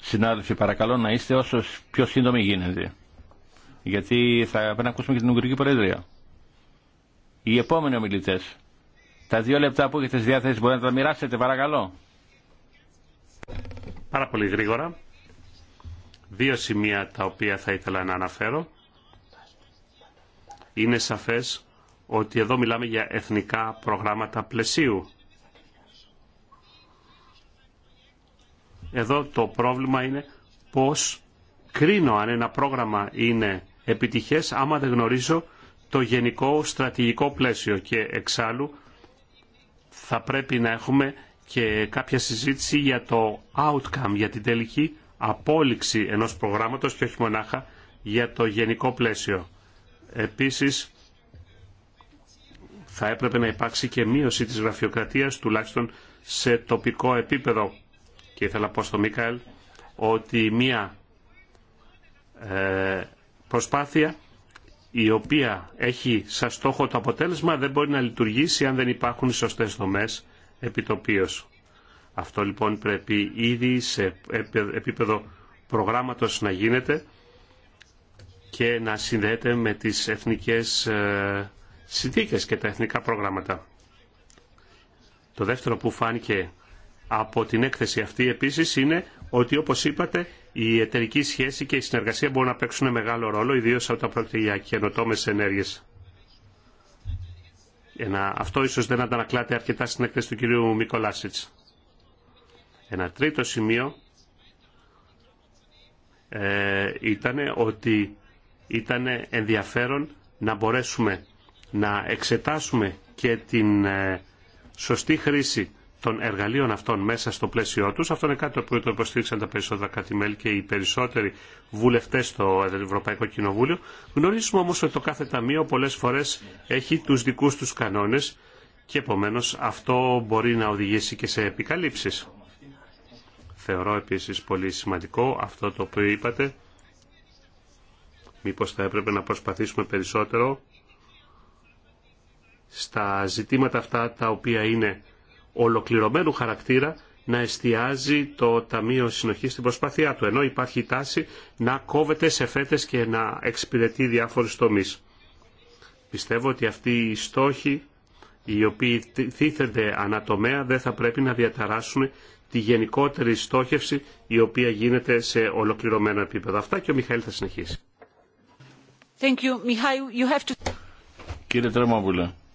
Συνάδελφοι, παρακαλώ να είστε όσο πιο σύντομοι γίνεται γιατί θα πρέπει να ακούσουμε και την Ουγγρική Προεδρία. Οι επόμενοι ομιλητέ. Τα δύο λεπτά που έχετε στη διάθεση μπορείτε να τα μοιράσετε, παρακαλώ. Πάρα πολύ γρήγορα. Δύο σημεία τα οποία θα ήθελα να αναφέρω. Είναι σαφές ότι εδώ μιλάμε για εθνικά προγράμματα πλαισίου. Εδώ το πρόβλημα είναι πώς κρίνω αν ένα πρόγραμμα είναι επιτυχές άμα δεν γνωρίζω το γενικό στρατηγικό πλαίσιο και εξάλλου θα πρέπει να έχουμε και κάποια συζήτηση για το outcome, για την τελική απόλυξη ενός προγράμματος και όχι μονάχα για το γενικό πλαίσιο. Επίσης, θα έπρεπε να υπάρξει και μείωση της γραφειοκρατίας, τουλάχιστον σε τοπικό επίπεδο. Και ήθελα να πω Μίκαελ ότι μία ε, προσπάθεια η οποία έχει σαν στόχο το αποτέλεσμα δεν μπορεί να λειτουργήσει αν δεν υπάρχουν οι σωστές δομές επιτοπίως. Αυτό λοιπόν πρέπει ήδη σε επίπεδο προγράμματος να γίνεται και να συνδέεται με τις εθνικές ε, συνθήκες και τα εθνικά προγράμματα. Το δεύτερο που φάνηκε από την έκθεση αυτή επίσης είναι ότι όπως είπατε η εταιρική σχέση και η συνεργασία μπορούν να παίξουν μεγάλο ρόλο, ιδίως όταν πρόκειται για καινοτόμε ενέργειες. Ένα, αυτό ίσως δεν αντανακλάται αρκετά στην έκθεση του κυρίου Μικολάσιτς. Ένα τρίτο σημείο ε, ήταν ότι ήταν ενδιαφέρον να μπορέσουμε να εξετάσουμε και την ε, σωστή χρήση των εργαλείων αυτών μέσα στο πλαίσιό τους. Αυτό είναι κάτι που το υποστήριξαν τα περισσότερα κατημέλη και οι περισσότεροι βουλευτές στο Ευρωπαϊκό Κοινοβούλιο. Γνωρίζουμε όμως ότι το κάθε ταμείο πολλές φορές έχει τους δικούς τους κανόνες και επομένως αυτό μπορεί να οδηγήσει και σε επικαλύψεις. Θεωρώ επίσης πολύ σημαντικό αυτό το οποίο είπατε. Μήπως θα έπρεπε να προσπαθήσουμε περισσότερο στα ζητήματα αυτά τα οποία είναι ολοκληρωμένου χαρακτήρα να εστιάζει το Ταμείο Συνοχή στην προσπάθειά του, ενώ υπάρχει η τάση να κόβεται σε φέτε και να εξυπηρετεί διάφορου τομεί. Πιστεύω ότι αυτοί οι στόχοι οι οποίοι τίθενται ανατομέα δεν θα πρέπει να διαταράσουν τη γενικότερη στόχευση η οποία γίνεται σε ολοκληρωμένο επίπεδο. Αυτά και ο Μιχαήλ θα συνεχίσει. Thank you. you have to... Κύριε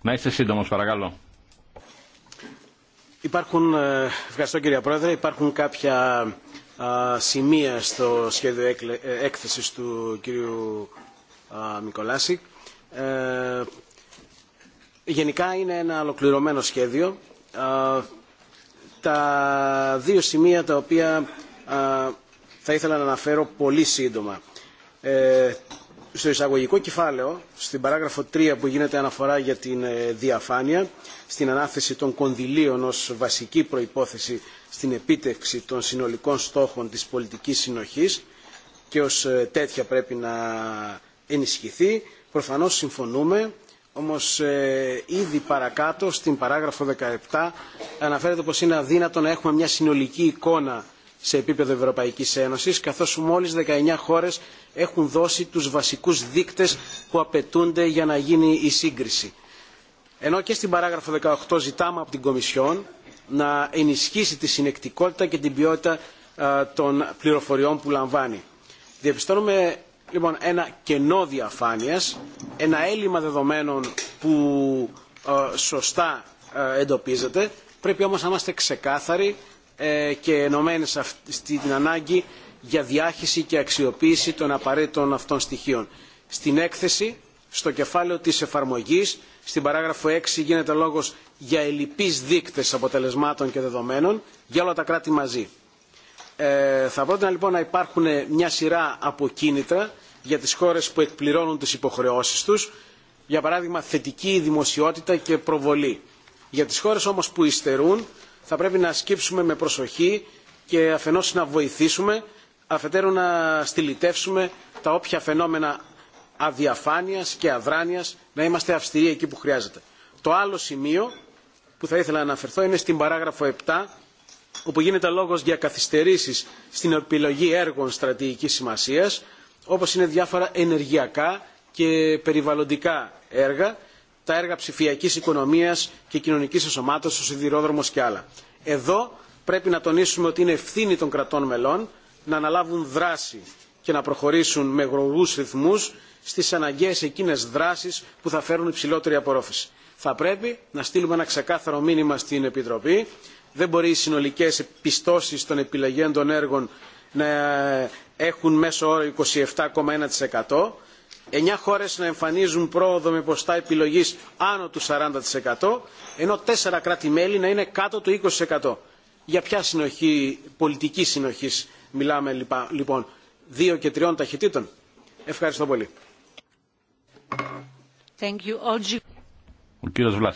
να είστε σύντομος παρακαλώ. Υπάρχουν, ε, ευχαριστώ κύριε Πρόεδρε. Υπάρχουν κάποια σημεία στο σχέδιο ε, έκθεσης του κύριου Μικολάση. Ε, γενικά είναι ένα ολοκληρωμένο σχέδιο. Τα δύο σημεία τα οποία θα ήθελα να αναφέρω πολύ σύντομα στο εισαγωγικό κεφάλαιο, στην παράγραφο 3 που γίνεται αναφορά για την ε, διαφάνεια, στην ανάθεση των κονδυλίων ως βασική προϋπόθεση στην επίτευξη των συνολικών στόχων της πολιτικής συνοχής και ως ε, τέτοια πρέπει να ενισχυθεί. Προφανώς συμφωνούμε, όμως ε, ήδη παρακάτω στην παράγραφο 17 αναφέρεται πως είναι αδύνατο να έχουμε μια συνολική εικόνα σε επίπεδο Ευρωπαϊκής Ένωσης, καθώς μόλις 19 χώρες έχουν δώσει τους βασικούς δείκτες που απαιτούνται για να γίνει η σύγκριση. Ενώ και στην παράγραφο 18 ζητάμε από την Κομισιόν να ενισχύσει τη συνεκτικότητα και την ποιότητα των πληροφοριών που λαμβάνει. Διαπιστώνουμε λοιπόν ένα κενό διαφάνειας, ένα έλλειμμα δεδομένων που σωστά εντοπίζεται. Πρέπει όμως να είμαστε ξεκάθαροι ε, και ενωμένες στην ανάγκη για διάχυση και αξιοποίηση των απαραίτητων αυτών στοιχείων. Στην έκθεση, στο κεφάλαιο της εφαρμογής, στην παράγραφο 6 γίνεται λόγος για ελλειπείς δείκτες αποτελεσμάτων και δεδομένων για όλα τα κράτη μαζί. Ε, θα πρότεινα λοιπόν να υπάρχουν μια σειρά από για τις χώρες που εκπληρώνουν τις υποχρεώσεις τους, για παράδειγμα θετική δημοσιότητα και προβολή. Για τις χώρες όμως που υστερούν θα πρέπει να σκύψουμε με προσοχή και αφενός να βοηθήσουμε, αφετέρου να στυλιτεύσουμε τα όποια φαινόμενα αδιαφάνειας και αδράνειας, να είμαστε αυστηροί εκεί που χρειάζεται. Το άλλο σημείο που θα ήθελα να αναφερθώ είναι στην παράγραφο 7, όπου γίνεται λόγος για καθυστερήσεις στην επιλογή έργων στρατηγικής σημασίας, όπως είναι διάφορα ενεργειακά και περιβαλλοντικά έργα, τα έργα ψηφιακής οικονομίας και κοινωνικής ενσωμάτωσης, ο σιδηρόδρομος και άλλα. Εδώ πρέπει να τονίσουμε ότι είναι ευθύνη των κρατών μελών να αναλάβουν δράση και να προχωρήσουν με γρογούς ρυθμούς στις αναγκαίες εκείνες δράσεις που θα φέρουν υψηλότερη απορρόφηση. Θα πρέπει να στείλουμε ένα ξεκάθαρο μήνυμα στην Επιτροπή. Δεν μπορεί οι συνολικές πιστώσει των επιλεγέντων έργων να έχουν μέσο όρο 27,1% εννιά χώρες να εμφανίζουν πρόοδο με ποστά επιλογής άνω του 40% ενώ τέσσερα κράτη-μέλη να είναι κάτω του 20%. Για ποια συνοχή, πολιτική συνοχής μιλάμε λοιπόν, δύο και τριών ταχυτήτων. Ευχαριστώ πολύ. Thank you. Ο κύριος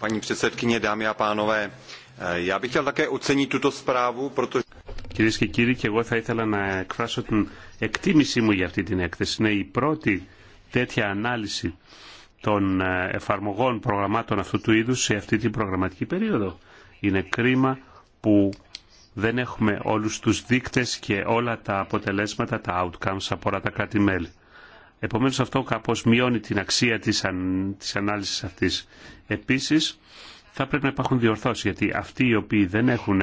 Paní dámy Κυρίε και κύριοι, και εγώ θα ήθελα να εκφράσω την εκτίμησή μου για αυτή την έκθεση. Είναι η πρώτη τέτοια ανάλυση των ε, εφαρμογών προγραμμάτων αυτού του είδους σε αυτή την προγραμματική περίοδο. Είναι κρίμα που δεν έχουμε όλους τους δείκτες και όλα τα αποτελέσματα, τα outcomes από όλα τα κράτη-μέλη. Επομένως αυτό κάπως μειώνει την αξία της, της ανάλυσης αυτής. Επίσης, θα πρέπει να υπάρχουν διορθώσει γιατί αυτοί οι οποίοι δεν έχουν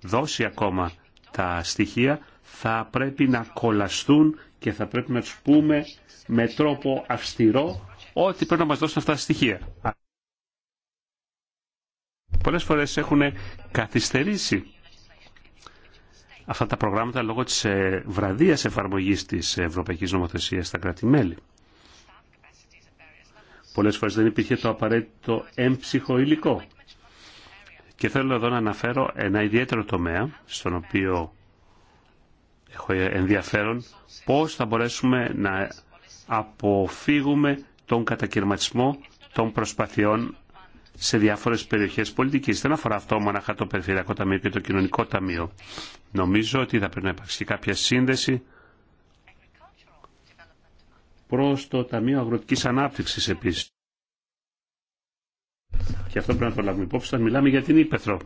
δώσει ακόμα τα στοιχεία θα πρέπει να κολλαστούν και θα πρέπει να τους πούμε με τρόπο αυστηρό ότι πρέπει να μας δώσουν αυτά τα στοιχεία. Πολλές φορές έχουν καθυστερήσει αυτά τα προγράμματα λόγω της ε, βραδίας εφαρμογής της Ευρωπαϊκής Νομοθεσίας στα κράτη-μέλη. Πολλές φορές δεν υπήρχε το απαραίτητο έμψυχο υλικό. Και θέλω εδώ να αναφέρω ένα ιδιαίτερο τομέα, στον οποίο έχω ενδιαφέρον, πώς θα μπορέσουμε να αποφύγουμε τον κατακυρματισμό των προσπαθειών σε διάφορες περιοχές πολιτικής. Δεν αφορά αυτό μόνο το Περιφερειακό Ταμείο και το Κοινωνικό Ταμείο. Νομίζω ότι θα πρέπει να υπάρξει κάποια σύνδεση προς το Ταμείο Αγροτικής Ανάπτυξης επίσης. Και αυτό πρέπει να το λάβουμε υπόψη όταν μιλάμε για την Ήπεθρο.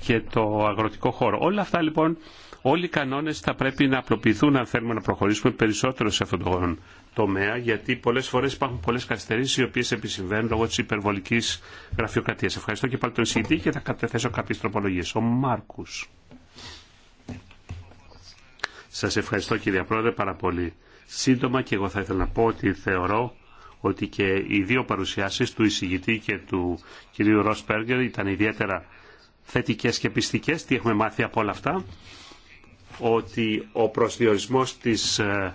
και το αγροτικό χώρο. Όλα αυτά λοιπόν, όλοι οι κανόνες θα πρέπει να απλοποιηθούν αν θέλουμε να προχωρήσουμε περισσότερο σε αυτόν τον τομέα, γιατί πολλές φορές υπάρχουν πολλές καθυστερήσεις οι οποίες επισυμβαίνουν λόγω της υπερβολικής γραφειοκρατίας. Ευχαριστώ και πάλι τον συγητή και θα κατεθέσω κάποιες τροπολογίες. Ο Μάρκους. Σας ευχαριστώ κύριε Πρόεδρε πάρα πολύ. Σύντομα και εγώ θα ήθελα να πω ότι θεωρώ ότι και οι δύο παρουσιάσεις του εισηγητή και του κυρίου Ροσπέργκερ ήταν ιδιαίτερα θετικές και πιστικές. Τι έχουμε μάθει από όλα αυτά. Ότι ο προσδιορισμός της ε,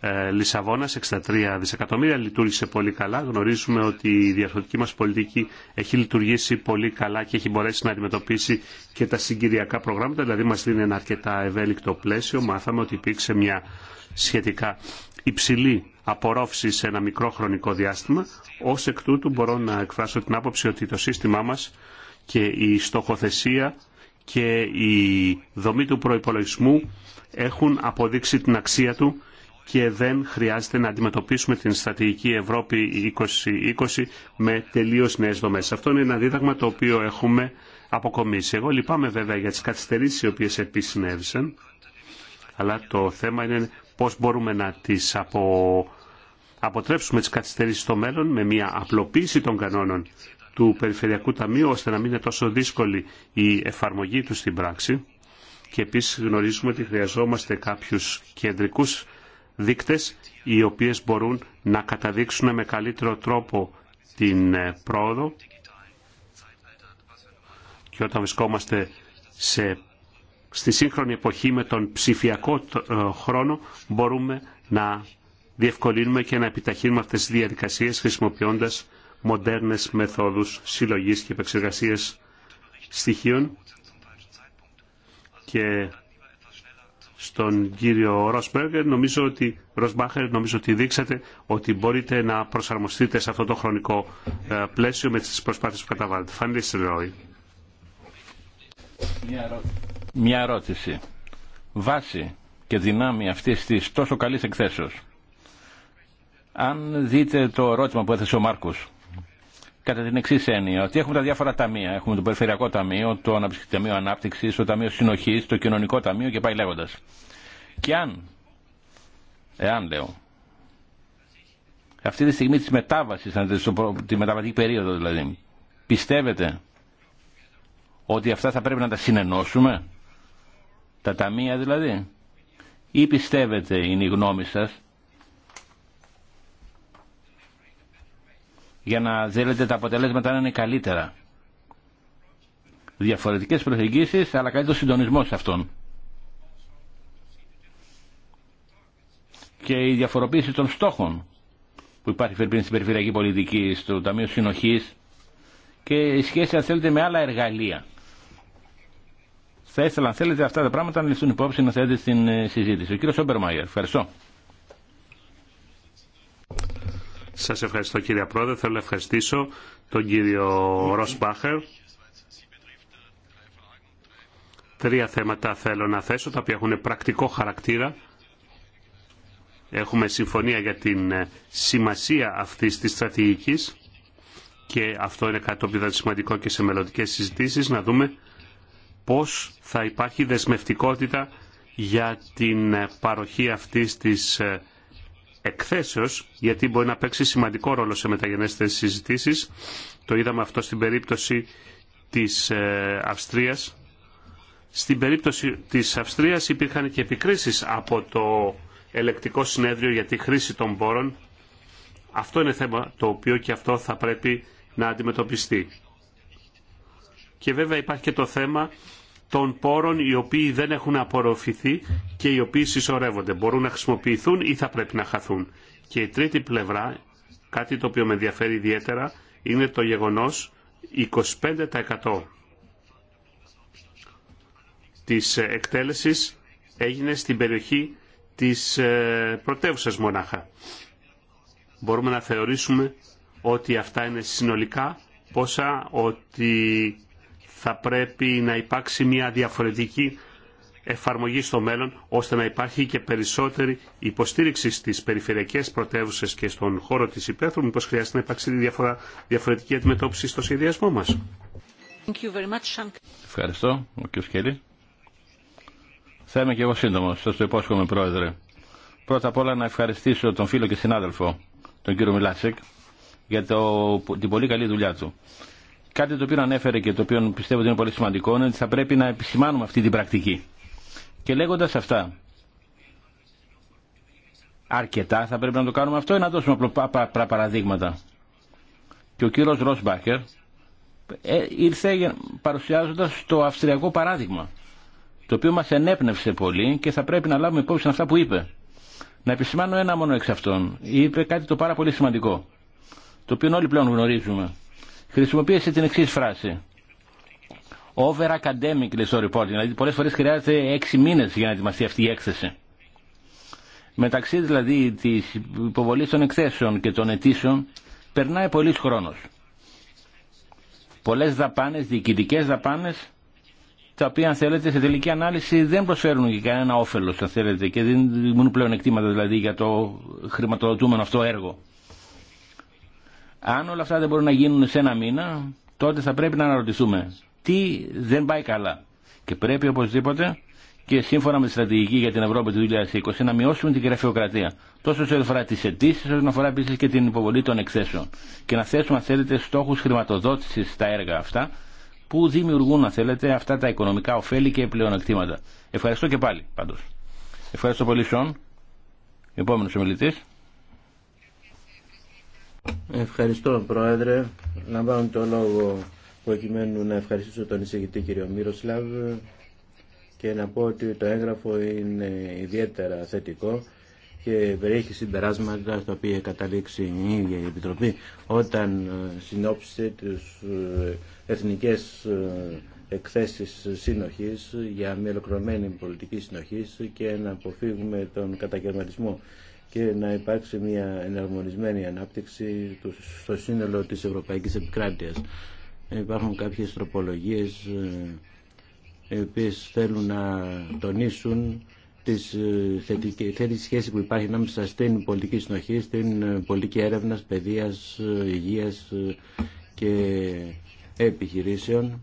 ε, Λισαβόνα, 63 δισεκατομμύρια, λειτουργήσε πολύ καλά. Γνωρίζουμε ότι η διαρθρωτική μα πολιτική έχει λειτουργήσει πολύ καλά και έχει μπορέσει να αντιμετωπίσει και τα συγκυριακά προγράμματα, δηλαδή μα δίνει ένα αρκετά ευέλικτο πλαίσιο. Μάθαμε ότι υπήρξε μια σχετικά υψηλή απορρόφηση σε ένα μικρό χρονικό διάστημα. Ω εκ τούτου μπορώ να εκφράσω την άποψη ότι το σύστημά μα και η στοχοθεσία και η δομή του προϋπολογισμού έχουν αποδείξει την αξία του και δεν χρειάζεται να αντιμετωπίσουμε την στρατηγική Ευρώπη 2020 με τελείω νέε δομέ. Αυτό είναι ένα δίδαγμα το οποίο έχουμε αποκομίσει. Εγώ λυπάμαι βέβαια για τι καθυστερήσει οι οποίες συνέβησαν. αλλά το θέμα είναι πώ μπορούμε να τι απο... αποτρέψουμε τι καθυστερήσει στο μέλλον με μια απλοποίηση των κανόνων του Περιφερειακού Ταμείου, ώστε να μην είναι τόσο δύσκολη η εφαρμογή του στην πράξη. Και επίσης γνωρίζουμε ότι χρειαζόμαστε κάποιους κεντρικούς δείκτες οι οποίες μπορούν να καταδείξουν με καλύτερο τρόπο την ε, πρόοδο και όταν βρισκόμαστε σε, στη σύγχρονη εποχή με τον ψηφιακό ε, χρόνο μπορούμε να διευκολύνουμε και να επιταχύνουμε αυτές τις διαδικασίες χρησιμοποιώντας μοντέρνες μεθόδους συλλογής και επεξεργασίας στοιχείων και στον κύριο Ροσμπέργκερ, νομίζω ότι, Ροσμπάχερ, νομίζω ότι δείξατε ότι μπορείτε να προσαρμοστείτε σε αυτό το χρονικό ε, πλαίσιο με τις προσπάθειες που καταβάλλετε. Φανίστε, Ρόι. Μια ερώτηση. Βάση και δυνάμει αυτής της τόσο καλής εκθέσεως. Αν δείτε το ερώτημα που έθεσε ο Μάρκος, κατά την εξή έννοια, ότι έχουμε τα διάφορα ταμεία. Έχουμε το Περιφερειακό Ταμείο, το Αναπτυξιακό Ταμείο Ανάπτυξη, το Ταμείο Συνοχή, το Κοινωνικό Ταμείο και πάει λέγοντα. Και αν, εάν λέω, αυτή τη στιγμή τη μετάβαση, τη μεταβατική περίοδο δηλαδή, πιστεύετε ότι αυτά θα πρέπει να τα συνενώσουμε, τα ταμεία δηλαδή, ή πιστεύετε είναι η γνώμη σας για να θέλετε τα αποτελέσματα να είναι καλύτερα. Διαφορετικές προσεγγίσεις, αλλά καλύτερο συντονισμό σε αυτόν. Και η διαφοροποίηση των στόχων που υπάρχει πριν στην περιφερειακή πολιτική, στο Ταμείο Συνοχής και η σχέση, αν θέλετε, με άλλα εργαλεία. Θα ήθελα, αν θέλετε, αυτά τα πράγματα να ληφθούν υπόψη να θέλετε στην ε, συζήτηση. Ο κύριος Μάγερ, ευχαριστώ. Σας ευχαριστώ κύριε Πρόεδρε. Θέλω να ευχαριστήσω τον κύριο Ροσμπάχερ. Τρία θέματα θέλω να θέσω, τα οποία έχουν πρακτικό χαρακτήρα. Έχουμε συμφωνία για την ε, σημασία αυτής της στρατηγικής και αυτό είναι κάτι το θα είναι σημαντικό και σε μελλοντικέ συζητήσεις, να δούμε πώς θα υπάρχει δεσμευτικότητα για την ε, παροχή αυτής της ε, Εκθέσεω, γιατί μπορεί να παίξει σημαντικό ρόλο σε μεταγενέστερες συζητήσει. Το είδαμε αυτό στην περίπτωση της ε, Αυστρίας. Στην περίπτωση της Αυστρίας υπήρχαν και επικρίσεις από το ελεκτικό συνέδριο για τη χρήση των πόρων. Αυτό είναι θέμα το οποίο και αυτό θα πρέπει να αντιμετωπιστεί. Και βέβαια υπάρχει και το θέμα των πόρων οι οποίοι δεν έχουν απορροφηθεί και οι οποίοι συσσωρεύονται. Μπορούν να χρησιμοποιηθούν ή θα πρέπει να χαθούν. Και η τρίτη πλευρά, κάτι το οποίο με ενδιαφέρει ιδιαίτερα, είναι το γεγονός 25% της εκτέλεσης έγινε στην περιοχή της ε, πρωτεύουσας μονάχα. Μπορούμε να θεωρήσουμε ότι αυτά είναι συνολικά πόσα ότι θα πρέπει να υπάρξει μια διαφορετική εφαρμογή στο μέλλον, ώστε να υπάρχει και περισσότερη υποστήριξη στι περιφερειακέ πρωτεύουσε και στον χώρο τη υπαίθρου. Μήπω χρειάζεται να υπάρξει διαφορα... διαφορετική αντιμετώπιση στο σχεδιασμό μα. Ευχαριστώ, ο κ. Σκέλη. Θα είμαι και εγώ σύντομο, σα το υπόσχομαι, Πρόεδρε. Πρώτα απ' όλα να ευχαριστήσω τον φίλο και συνάδελφο, τον κύριο Μιλάσεκ, για το... την πολύ καλή δουλειά του. Κάτι το οποίο ανέφερε και το οποίο πιστεύω ότι είναι πολύ σημαντικό είναι ότι θα πρέπει να επισημάνουμε αυτή την πρακτική. Και λέγοντα αυτά, αρκετά θα πρέπει να το κάνουμε αυτό ή να δώσουμε απλά παραδείγματα. Και ο κύριο Ροσμπάκερ ε, ήρθε παρουσιάζοντα το αυστριακό παράδειγμα, το οποίο μα ενέπνευσε πολύ και θα πρέπει να λάβουμε υπόψη αυτά που είπε. Να επισημάνω ένα μόνο εξ αυτών. Είπε κάτι το πάρα πολύ σημαντικό, το οποίο όλοι πλέον γνωρίζουμε χρησιμοποίησε την εξή φράση. Over academic στο report, δηλαδή πολλές φορές χρειάζεται έξι μήνες για να ετοιμαστεί αυτή η έκθεση. Μεταξύ δηλαδή της υποβολής των εκθέσεων και των αιτήσεων περνάει πολλής χρόνος. Πολλές δαπάνες, διοικητικές δαπάνες, τα οποία αν θέλετε σε τελική ανάλυση δεν προσφέρουν και κανένα όφελος αν θέλετε και δεν δημιουργούν πλέον εκτίματα δηλαδή για το χρηματοδοτούμενο αυτό έργο. Αν όλα αυτά δεν μπορούν να γίνουν σε ένα μήνα, τότε θα πρέπει να αναρωτηθούμε τι δεν πάει καλά. Και πρέπει οπωσδήποτε και σύμφωνα με τη στρατηγική για την Ευρώπη του 2020 να μειώσουμε την γραφειοκρατία. Τόσο σε αφορά τι αιτήσει, να αφορά επίση και την υποβολή των εκθέσεων. Και να θέσουμε, αν θέλετε, στόχου χρηματοδότηση στα έργα αυτά που δημιουργούν, αν θέλετε, αυτά τα οικονομικά ωφέλη και πλεονεκτήματα. Ευχαριστώ και πάλι, πάντω. Ευχαριστώ πολύ, Σον. Επόμενο ομιλητή. Ευχαριστώ Πρόεδρε. Να Λαμβάνω το λόγο προκειμένου να ευχαριστήσω τον εισηγητή κύριο Μύροσλαβ και να πω ότι το έγγραφο είναι ιδιαίτερα θετικό και περιέχει συμπεράσματα τα οποία καταλήξει η ίδια η Επιτροπή όταν ε, συνόψισε τις ε, εθνικές ε, εκθέσεις συνοχής για μια ολοκληρωμένη πολιτική συνοχής και να αποφύγουμε τον κατακαιρματισμό και να υπάρξει μια εναρμονισμένη ανάπτυξη στο σύνολο της Ευρωπαϊκής Επικράτειας. Υπάρχουν κάποιες τροπολογίες ε, οι οποίες θέλουν να τονίσουν τις ε, θετική, σχέση που υπάρχει ανάμεσα στην πολιτική συνοχή, στην ε, πολιτική έρευνας, παιδείας, υγείας και επιχειρήσεων.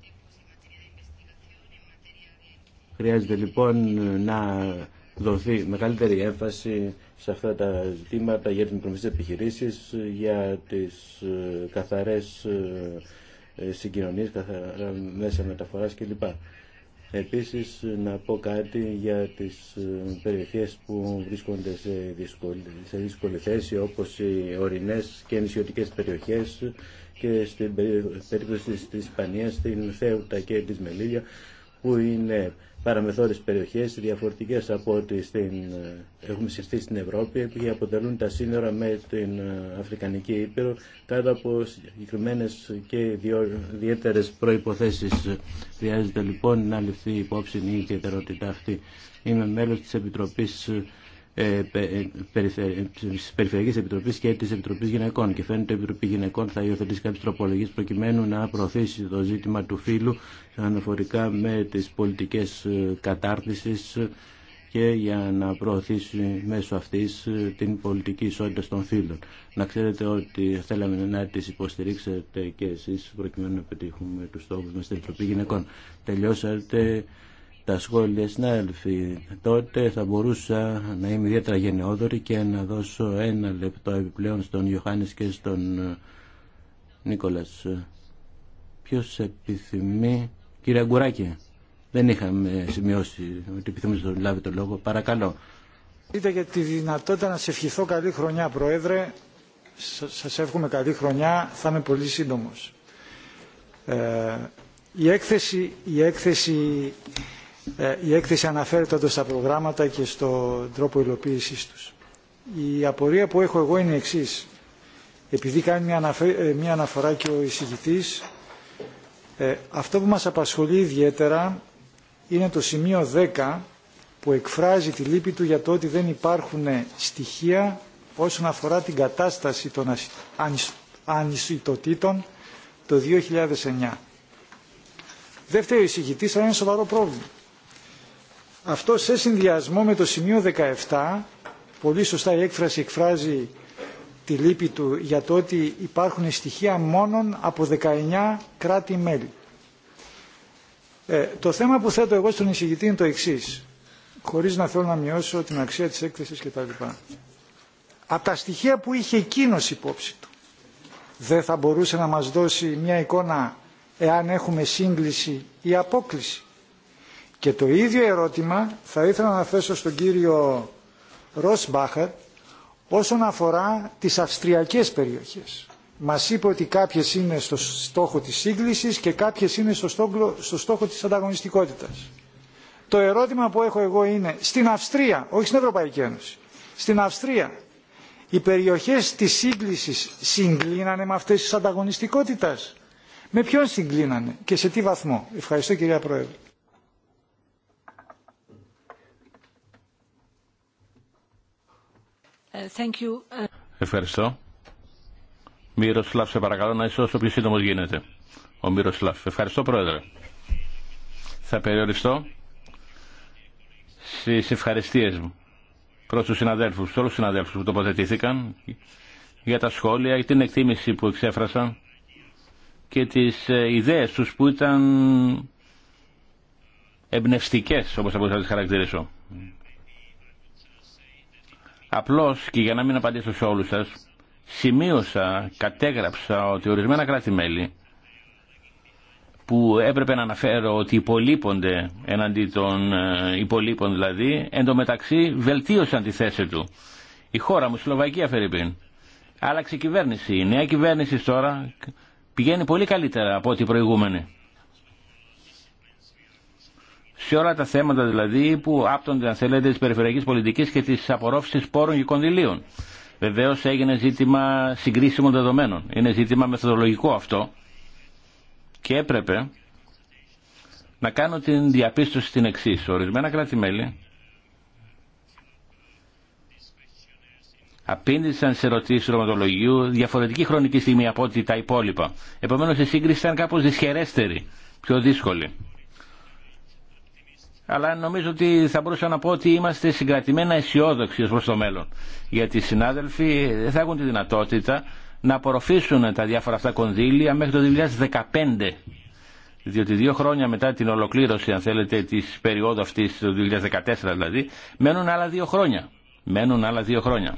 Χρειάζεται λοιπόν να δοθεί μεγαλύτερη έμφαση σε αυτά τα ζητήματα για τις μικρομεσαίες επιχειρήσεις, για τις ε, καθαρές ε, συγκοινωνίες, καθαρά μέσα μεταφοράς κλπ. Επίσης να πω κάτι για τις ε, περιοχές που βρίσκονται σε δύσκολη, σε θέση όπως οι ορεινές και νησιωτικές περιοχές και στην περίπτωση της Ισπανίας, στην Θέουτα και της Μελίδια, που είναι παραμεθόρες περιοχές διαφορετικές από ό,τι στην, ε, έχουμε συστήσει στην Ευρώπη που αποτελούν τα σύνορα με την ε, Αφρικανική Ήπειρο κάτω από συγκεκριμένε και ιδιαίτερε προϋποθέσεις. Χρειάζεται λοιπόν να ληφθεί υπόψη η ιδιαιτερότητα αυτή. Είμαι μέλος της Επιτροπής ε, ε, ε, ε Περιφερειακής Επιτροπή και τη Επιτροπής Γυναικών και φαίνεται η Επιτροπή Γυναικών θα υιοθετήσει κάποιε τροπολογίες προκειμένου να προωθήσει το ζήτημα του φύλου αναφορικά με τι πολιτικέ ε, κατάρτιση και για να προωθήσει μέσω αυτής την πολιτική ισότητα των φύλων. Να ξέρετε ότι θέλαμε να τις υποστηρίξετε και εσείς προκειμένου να πετύχουμε τους στόχους μας στην Επιτροπή Γυναικών. Τελειώσατε τα σχόλια συνάδελφοι. Τότε θα μπορούσα να είμαι ιδιαίτερα γενναιόδορη και να δώσω ένα λεπτό επιπλέον στον Ιωάννης και στον ε, Νίκολας. Ποιος επιθυμεί... Κύριε Αγκουράκη, δεν είχαμε σημειώσει ότι επιθυμούσε να λάβει το λόγο. Παρακαλώ. Είτε για τη δυνατότητα να σε ευχηθώ καλή χρονιά, Πρόεδρε. Σας εύχομαι καλή χρονιά. Θα είμαι πολύ σύντομος. Ε, η έκθεση, η έκθεση ε, η έκθεση αναφέρεται όντως στα προγράμματα και στον τρόπο υλοποίησής τους. Η απορία που έχω εγώ είναι η εξής. Επειδή κάνει μια ε, αναφορά και ο εισηγητής, ε, αυτό που μας απασχολεί ιδιαίτερα είναι το σημείο 10 που εκφράζει τη λύπη του για το ότι δεν υπάρχουν στοιχεία όσον αφορά την κατάσταση των ανισοτήτων το 2009. Δεύτερο εισηγητής, θα είναι σοβαρό πρόβλημα. Αυτό σε συνδυασμό με το σημείο 17, πολύ σωστά η έκφραση εκφράζει τη λύπη του για το ότι υπάρχουν στοιχεία μόνον από 19 κράτη-μέλη. Ε, το θέμα που θέτω εγώ στον εισηγητή είναι το εξή, χωρίς να θέλω να μειώσω την αξία της έκθεσης κτλ. Από τα στοιχεία που είχε εκείνο υπόψη του, δεν θα μπορούσε να μας δώσει μια εικόνα εάν έχουμε σύγκληση ή απόκληση. Και το ίδιο ερώτημα θα ήθελα να θέσω στον κύριο Ροσμπάχερ όσον αφορά τις αυστριακές περιοχές. Μας είπε ότι κάποιες είναι στο στόχο της σύγκλησης και κάποιες είναι στο, στόχο, στο στόχο της ανταγωνιστικότητας. Το ερώτημα που έχω εγώ είναι στην Αυστρία, όχι στην Ευρωπαϊκή Ένωση, στην Αυστρία οι περιοχές της σύγκλησης συγκλίνανε με αυτές της ανταγωνιστικότητας. Με ποιον συγκλίνανε και σε τι βαθμό. Ευχαριστώ κυρία Πρόεδρε. Ευχαριστώ. Μύροσλαφ, σε παρακαλώ να είσαι όσο πιο σύντομο γίνεται. Ο Μύροσλαφ. Ευχαριστώ, Πρόεδρε. Θα περιοριστώ στι ευχαριστίε μου προ του συναδέλφου, όλου του συναδέλφου που τοποθετήθηκαν για τα σχόλια, για την εκτίμηση που εξέφρασαν και τις ε, ιδέες τους που ήταν εμπνευστικέ, όπως θα μπορούσα να τις χαρακτηρίσω. Απλώς και για να μην απαντήσω σε όλους σας, σημείωσα, κατέγραψα ότι ορισμένα κράτη-μέλη που έπρεπε να αναφέρω ότι υπολείπονται εναντί των ε, υπολείπων δηλαδή, εντωμεταξύ βελτίωσαν τη θέση του. Η χώρα μου, Σλοβακία Φερρυπίν, άλλαξε κυβέρνηση. Η νέα κυβέρνηση τώρα πηγαίνει πολύ καλύτερα από ό,τι προηγούμενη σε όλα τα θέματα δηλαδή που άπτονται αν θέλετε της περιφερειακής πολιτικής και της απορρόφησης πόρων και κονδυλίων. Βεβαίω έγινε ζήτημα συγκρίσιμων δεδομένων. Είναι ζήτημα μεθοδολογικό αυτό και έπρεπε να κάνω την διαπίστωση στην εξή. Ορισμένα κράτη-μέλη απήντησαν σε ερωτήσει ρωματολογίου διαφορετική χρονική στιγμή από ό,τι τα υπόλοιπα. Επομένω η σύγκριση ήταν κάπω δυσχερέστερη, πιο δύσκολη αλλά νομίζω ότι θα μπορούσα να πω ότι είμαστε συγκρατημένα αισιόδοξοι ως προς το μέλλον. Γιατί οι συνάδελφοι θα έχουν τη δυνατότητα να απορροφήσουν τα διάφορα αυτά κονδύλια μέχρι το 2015. Διότι δύο χρόνια μετά την ολοκλήρωση, αν θέλετε, της περίοδου αυτής, το 2014 δηλαδή, μένουν άλλα δύο χρόνια. Μένουν άλλα δύο χρόνια.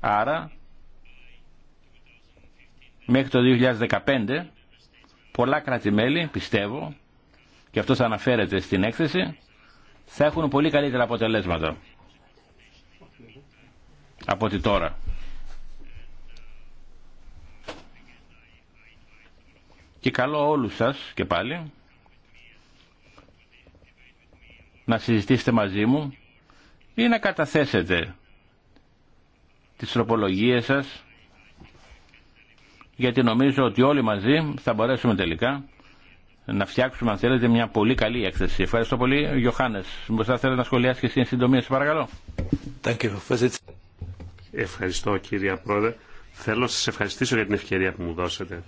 Άρα, μέχρι το 2015, πολλά κράτη-μέλη, πιστεύω, και αυτό αναφέρεται στην έκθεση, θα έχουν πολύ καλύτερα αποτελέσματα από ότι τώρα. Και καλό όλους σας και πάλι να συζητήσετε μαζί μου ή να καταθέσετε τις τροπολογίες σας γιατί νομίζω ότι όλοι μαζί θα μπορέσουμε τελικά να φτιάξουμε αν θέλετε μια πολύ καλή έκθεση. Ευχαριστώ πολύ. Γιωχάννη. Μπορείς να θέλετε να σχολιάσει και εσύ συντομία, σε παρακαλώ. Ευχαριστώ κύριε Πρόεδρε. Θέλω να σα ευχαριστήσω για την ευκαιρία που μου δώσετε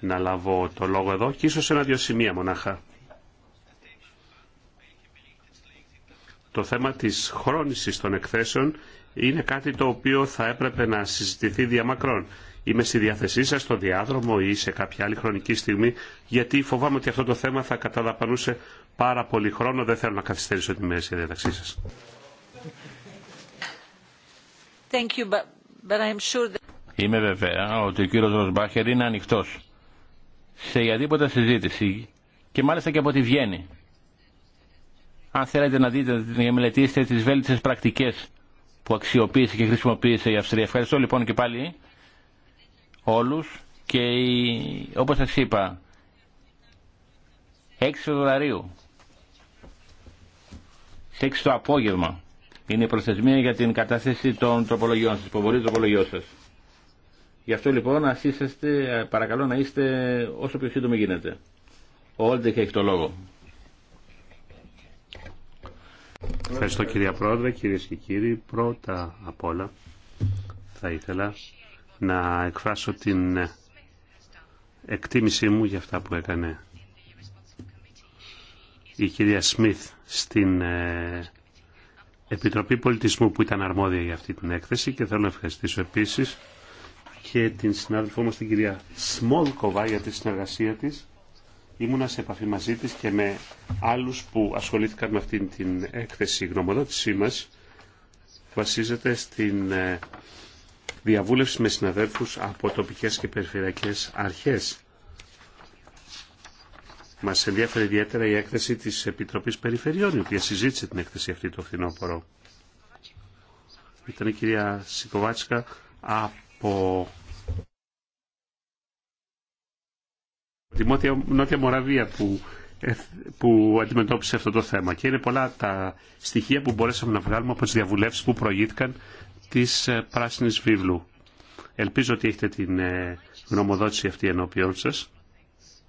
να λάβω το λόγο εδώ και ίσως ένα-δυο σημεία μονάχα. Το θέμα της χρόνισης των εκθέσεων είναι κάτι το οποίο θα έπρεπε να συζητηθεί διαμακρών. Είμαι στη διάθεσή σας στο διάδρομο ή σε κάποια άλλη χρονική στιγμή, γιατί φοβάμαι ότι αυτό το θέμα θα καταδαπανούσε πάρα πολύ χρόνο. Δεν θέλω να καθυστερήσω τη μέση διαταξή σας. Είμαι βεβαία ότι ο κύριος Ροσμπάχερ είναι ανοιχτός σε οποιαδήποτε συζήτηση και μάλιστα και από τη Βιέννη. Αν θέλετε να δείτε, να μελετήσετε τις βέλτιστες πρακτικές που αξιοποίησε και χρησιμοποίησε η Αυστρία. Ευχαριστώ λοιπόν και πάλι όλους και η, όπως σας είπα 6 δολαρίου σε 6 το απόγευμα είναι η προθεσμία για την κατάσταση των τροπολογιών σας, υποβολή των τροπολογιών σας. Γι' αυτό λοιπόν ας είσαστε, παρακαλώ να είστε όσο πιο σύντομοι γίνεται. Ο Όλτεχ έχει το λόγο. Ευχαριστώ κυρία Πρόεδρε, κυρίες και κύριοι. Πρώτα απ' όλα θα ήθελα να εκφράσω την εκτίμησή μου για αυτά που έκανε η κυρία Σμιθ στην ε, Επιτροπή Πολιτισμού που ήταν αρμόδια για αυτή την έκθεση και θέλω να ευχαριστήσω επίσης και την συνάδελφό μας την κυρία Σμόλκοβα για τη συνεργασία της. Ήμουνα σε επαφή μαζί της και με άλλους που ασχολήθηκαν με αυτή την έκθεση. Η γνωμοδότησή μας βασίζεται στην ε, Διαβούλευση με συναδέλφους από τοπικές και περιφερειακές αρχές. Μας ενδιαφέρει ιδιαίτερα η έκθεση της Επιτροπής Περιφερειών, η οποία συζήτησε την έκθεση αυτή το φθινόπωρο. Ήταν η κυρία Σικοβάτσικα από τη Νότια Μοραβία που, που αντιμετώπισε αυτό το θέμα. Και είναι πολλά τα στοιχεία που μπορέσαμε να βγάλουμε από τις διαβουλεύσεις που προηγήθηκαν της ε, Πράσινης Βίβλου. Ελπίζω ότι έχετε την ε, γνωμοδότηση αυτή ενώπιόν σας.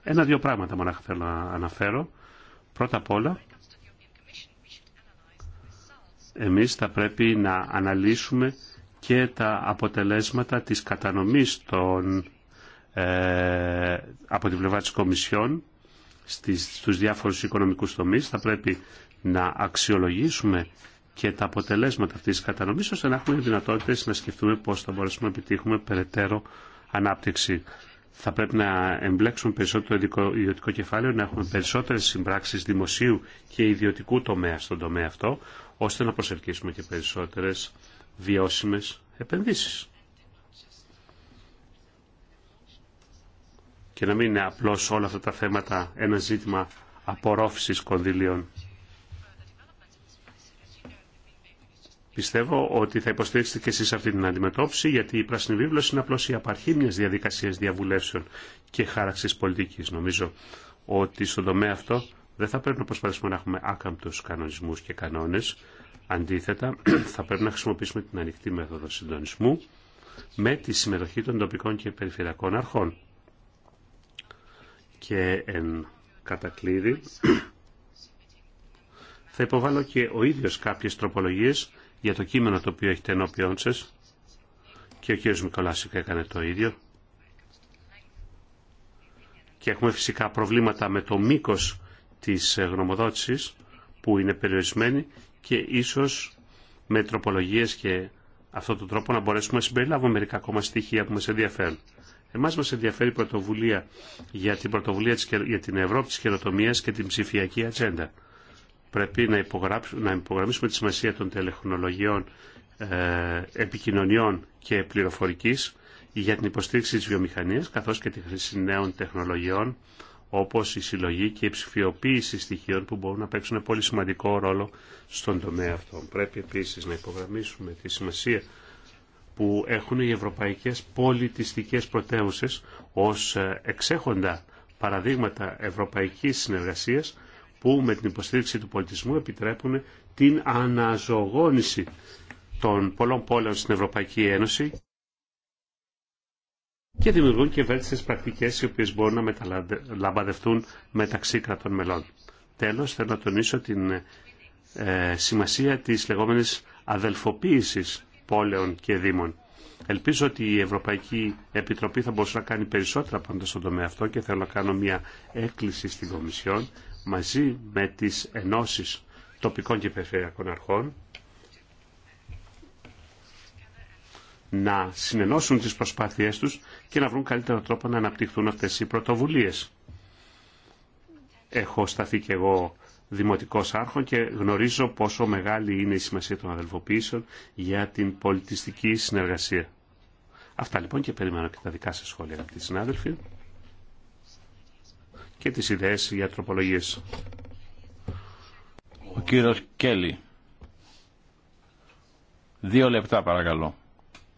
Ένα-δύο πράγματα μόνο θέλω να αναφέρω. Πρώτα απ' όλα, εμείς θα πρέπει να αναλύσουμε και τα αποτελέσματα της κατανομής των, ε, από την πλευρά της Κομισιόν στις, στους διάφορους οικονομικούς τομείς. Θα πρέπει να αξιολογήσουμε και τα αποτελέσματα αυτής της κατανομής ώστε να έχουμε δυνατότητες να σκεφτούμε πώς θα μπορέσουμε να επιτύχουμε περαιτέρω ανάπτυξη. Θα πρέπει να εμπλέξουμε περισσότερο ιδιωτικό κεφάλαιο, να έχουμε περισσότερες συμπράξεις δημοσίου και ιδιωτικού τομέα στον τομέα αυτό, ώστε να προσελκύσουμε και περισσότερες βιώσιμες επενδύσεις. Και να μην είναι απλώς όλα αυτά τα θέματα ένα ζήτημα απορρόφησης κονδυλίων Πιστεύω ότι θα υποστηρίξετε και εσείς αυτή την αντιμετώπιση, γιατί η Πράσινη Βίβλος είναι απλώς η απαρχή μιας διαδικασίας διαβουλεύσεων και χάραξης πολιτικής. Νομίζω ότι στον τομέα αυτό δεν θα πρέπει να προσπαθήσουμε να έχουμε άκαμπτους κανονισμούς και κανόνες. Αντίθετα, θα πρέπει να χρησιμοποιήσουμε την ανοιχτή μέθοδο συντονισμού με τη συμμετοχή των τοπικών και περιφερειακών αρχών. Και εν κατακλείδη, θα υποβάλω και ο ίδιος κάποιες τροπολογίες για το κείμενο το οποίο έχετε ενώπιόν σα και ο κύριος Μικολάσικα έκανε το ίδιο και έχουμε φυσικά προβλήματα με το μήκος της γνωμοδότησης που είναι περιορισμένη και ίσως με τροπολογίες και αυτόν τον τρόπο να μπορέσουμε να συμπεριλάβουμε μερικά ακόμα στοιχεία που μας ενδιαφέρουν. Εμάς μας ενδιαφέρει η πρωτοβουλία για την, της, για την Ευρώπη της καινοτομίας και την ψηφιακή ατζέντα πρέπει να, να υπογραμμίσουμε τη σημασία των τελεχνολογιών ε, επικοινωνιών και πληροφορικής για την υποστήριξη της βιομηχανίας καθώς και τη χρήση νέων τεχνολογιών όπως η συλλογή και η ψηφιοποίηση στοιχείων που μπορούν να παίξουν πολύ σημαντικό ρόλο στον τομέα αυτό. Πρέπει επίσης να υπογραμμίσουμε τη σημασία που έχουν οι ευρωπαϊκές πολιτιστικές πρωτεύουσες ως ε, εξέχοντα παραδείγματα ευρωπαϊκής συνεργασίας που με την υποστήριξη του πολιτισμού επιτρέπουν την αναζωογόνηση των πολλών πόλεων στην Ευρωπαϊκή Ένωση και δημιουργούν και βέλτιστες πρακτικές οι οποίες μπορούν να μεταλαμπαδευτούν μεταξύ κρατών μελών. Τέλος, θέλω να τονίσω την ε, σημασία της λεγόμενης αδελφοποίησης πόλεων και δήμων. Ελπίζω ότι η Ευρωπαϊκή Επιτροπή θα μπορούσε να κάνει περισσότερα πάντα στον τομέα αυτό και θέλω να κάνω μια έκκληση στην Κομισιόν μαζί με τις ενώσεις τοπικών και περιφερειακών αρχών να συνενώσουν τις προσπάθειές τους και να βρουν καλύτερο τρόπο να αναπτυχθούν αυτές οι πρωτοβουλίες. Έχω σταθεί και εγώ δημοτικός άρχον και γνωρίζω πόσο μεγάλη είναι η σημασία των αδελφοποίησεων για την πολιτιστική συνεργασία. Αυτά λοιπόν και περιμένω και τα δικά σας σχόλια, αγαπητοί συνάδελφοι και τις ιδέες για τροπολογίες. Ο κύριος Κέλλη. Δύο λεπτά παρακαλώ.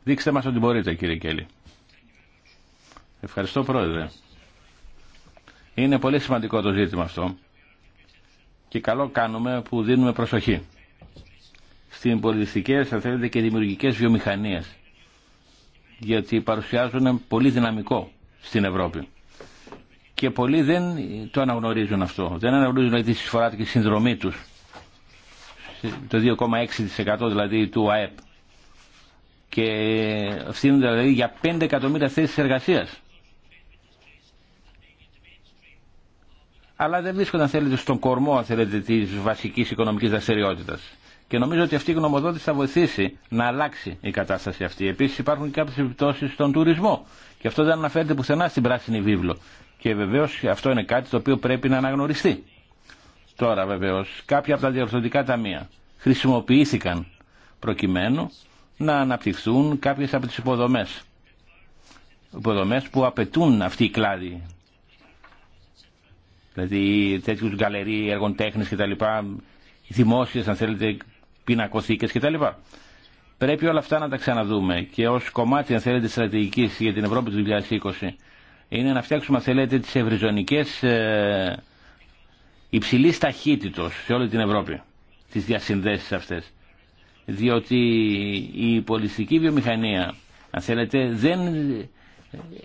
Δείξτε μας ότι μπορείτε κύριε Κέλλη. Ευχαριστώ πρόεδρε. Είναι πολύ σημαντικό το ζήτημα αυτό και καλό κάνουμε που δίνουμε προσοχή στην πολιτιστική, αν θέλετε, και δημιουργικές βιομηχανίες γιατί παρουσιάζουν πολύ δυναμικό στην Ευρώπη και πολλοί δεν το αναγνωρίζουν αυτό. Δεν αναγνωρίζουν δηλαδή, τη συσφορά και τη συνδρομή του. Το 2,6% δηλαδή του ΑΕΠ. Και ευθύνουν δηλαδή για 5 εκατομμύρια θέσει εργασία. Αλλά δεν βρίσκονται, αν θέλετε, στον κορμό, τη βασική οικονομική δραστηριότητα. Και νομίζω ότι αυτή η γνωμοδότηση θα βοηθήσει να αλλάξει η κατάσταση αυτή. Επίση υπάρχουν και κάποιε επιπτώσει στον τουρισμό. Και αυτό δεν αναφέρεται πουθενά στην πράσινη βίβλο. Και βεβαίως αυτό είναι κάτι το οποίο πρέπει να αναγνωριστεί. Τώρα βεβαίως κάποια από τα διορθωτικά ταμεία χρησιμοποιήθηκαν προκειμένου να αναπτυχθούν κάποιες από τις υποδομές. Υποδομές που απαιτούν αυτή η κλάδη. Δηλαδή τέτοιου γκαλερί, έργων τέχνης κτλ. Δημόσιες αν θέλετε πινακοθήκες κτλ. Πρέπει όλα αυτά να τα ξαναδούμε και ως κομμάτι αν θέλετε στρατηγικής για την Ευρώπη του 2020 είναι να φτιάξουμε, θέλετε, τις ευρυζωνικές ε, υψηλής ταχύτητος σε όλη την Ευρώπη, τις διασυνδέσεις αυτές. Διότι η πολιτική βιομηχανία, αν δεν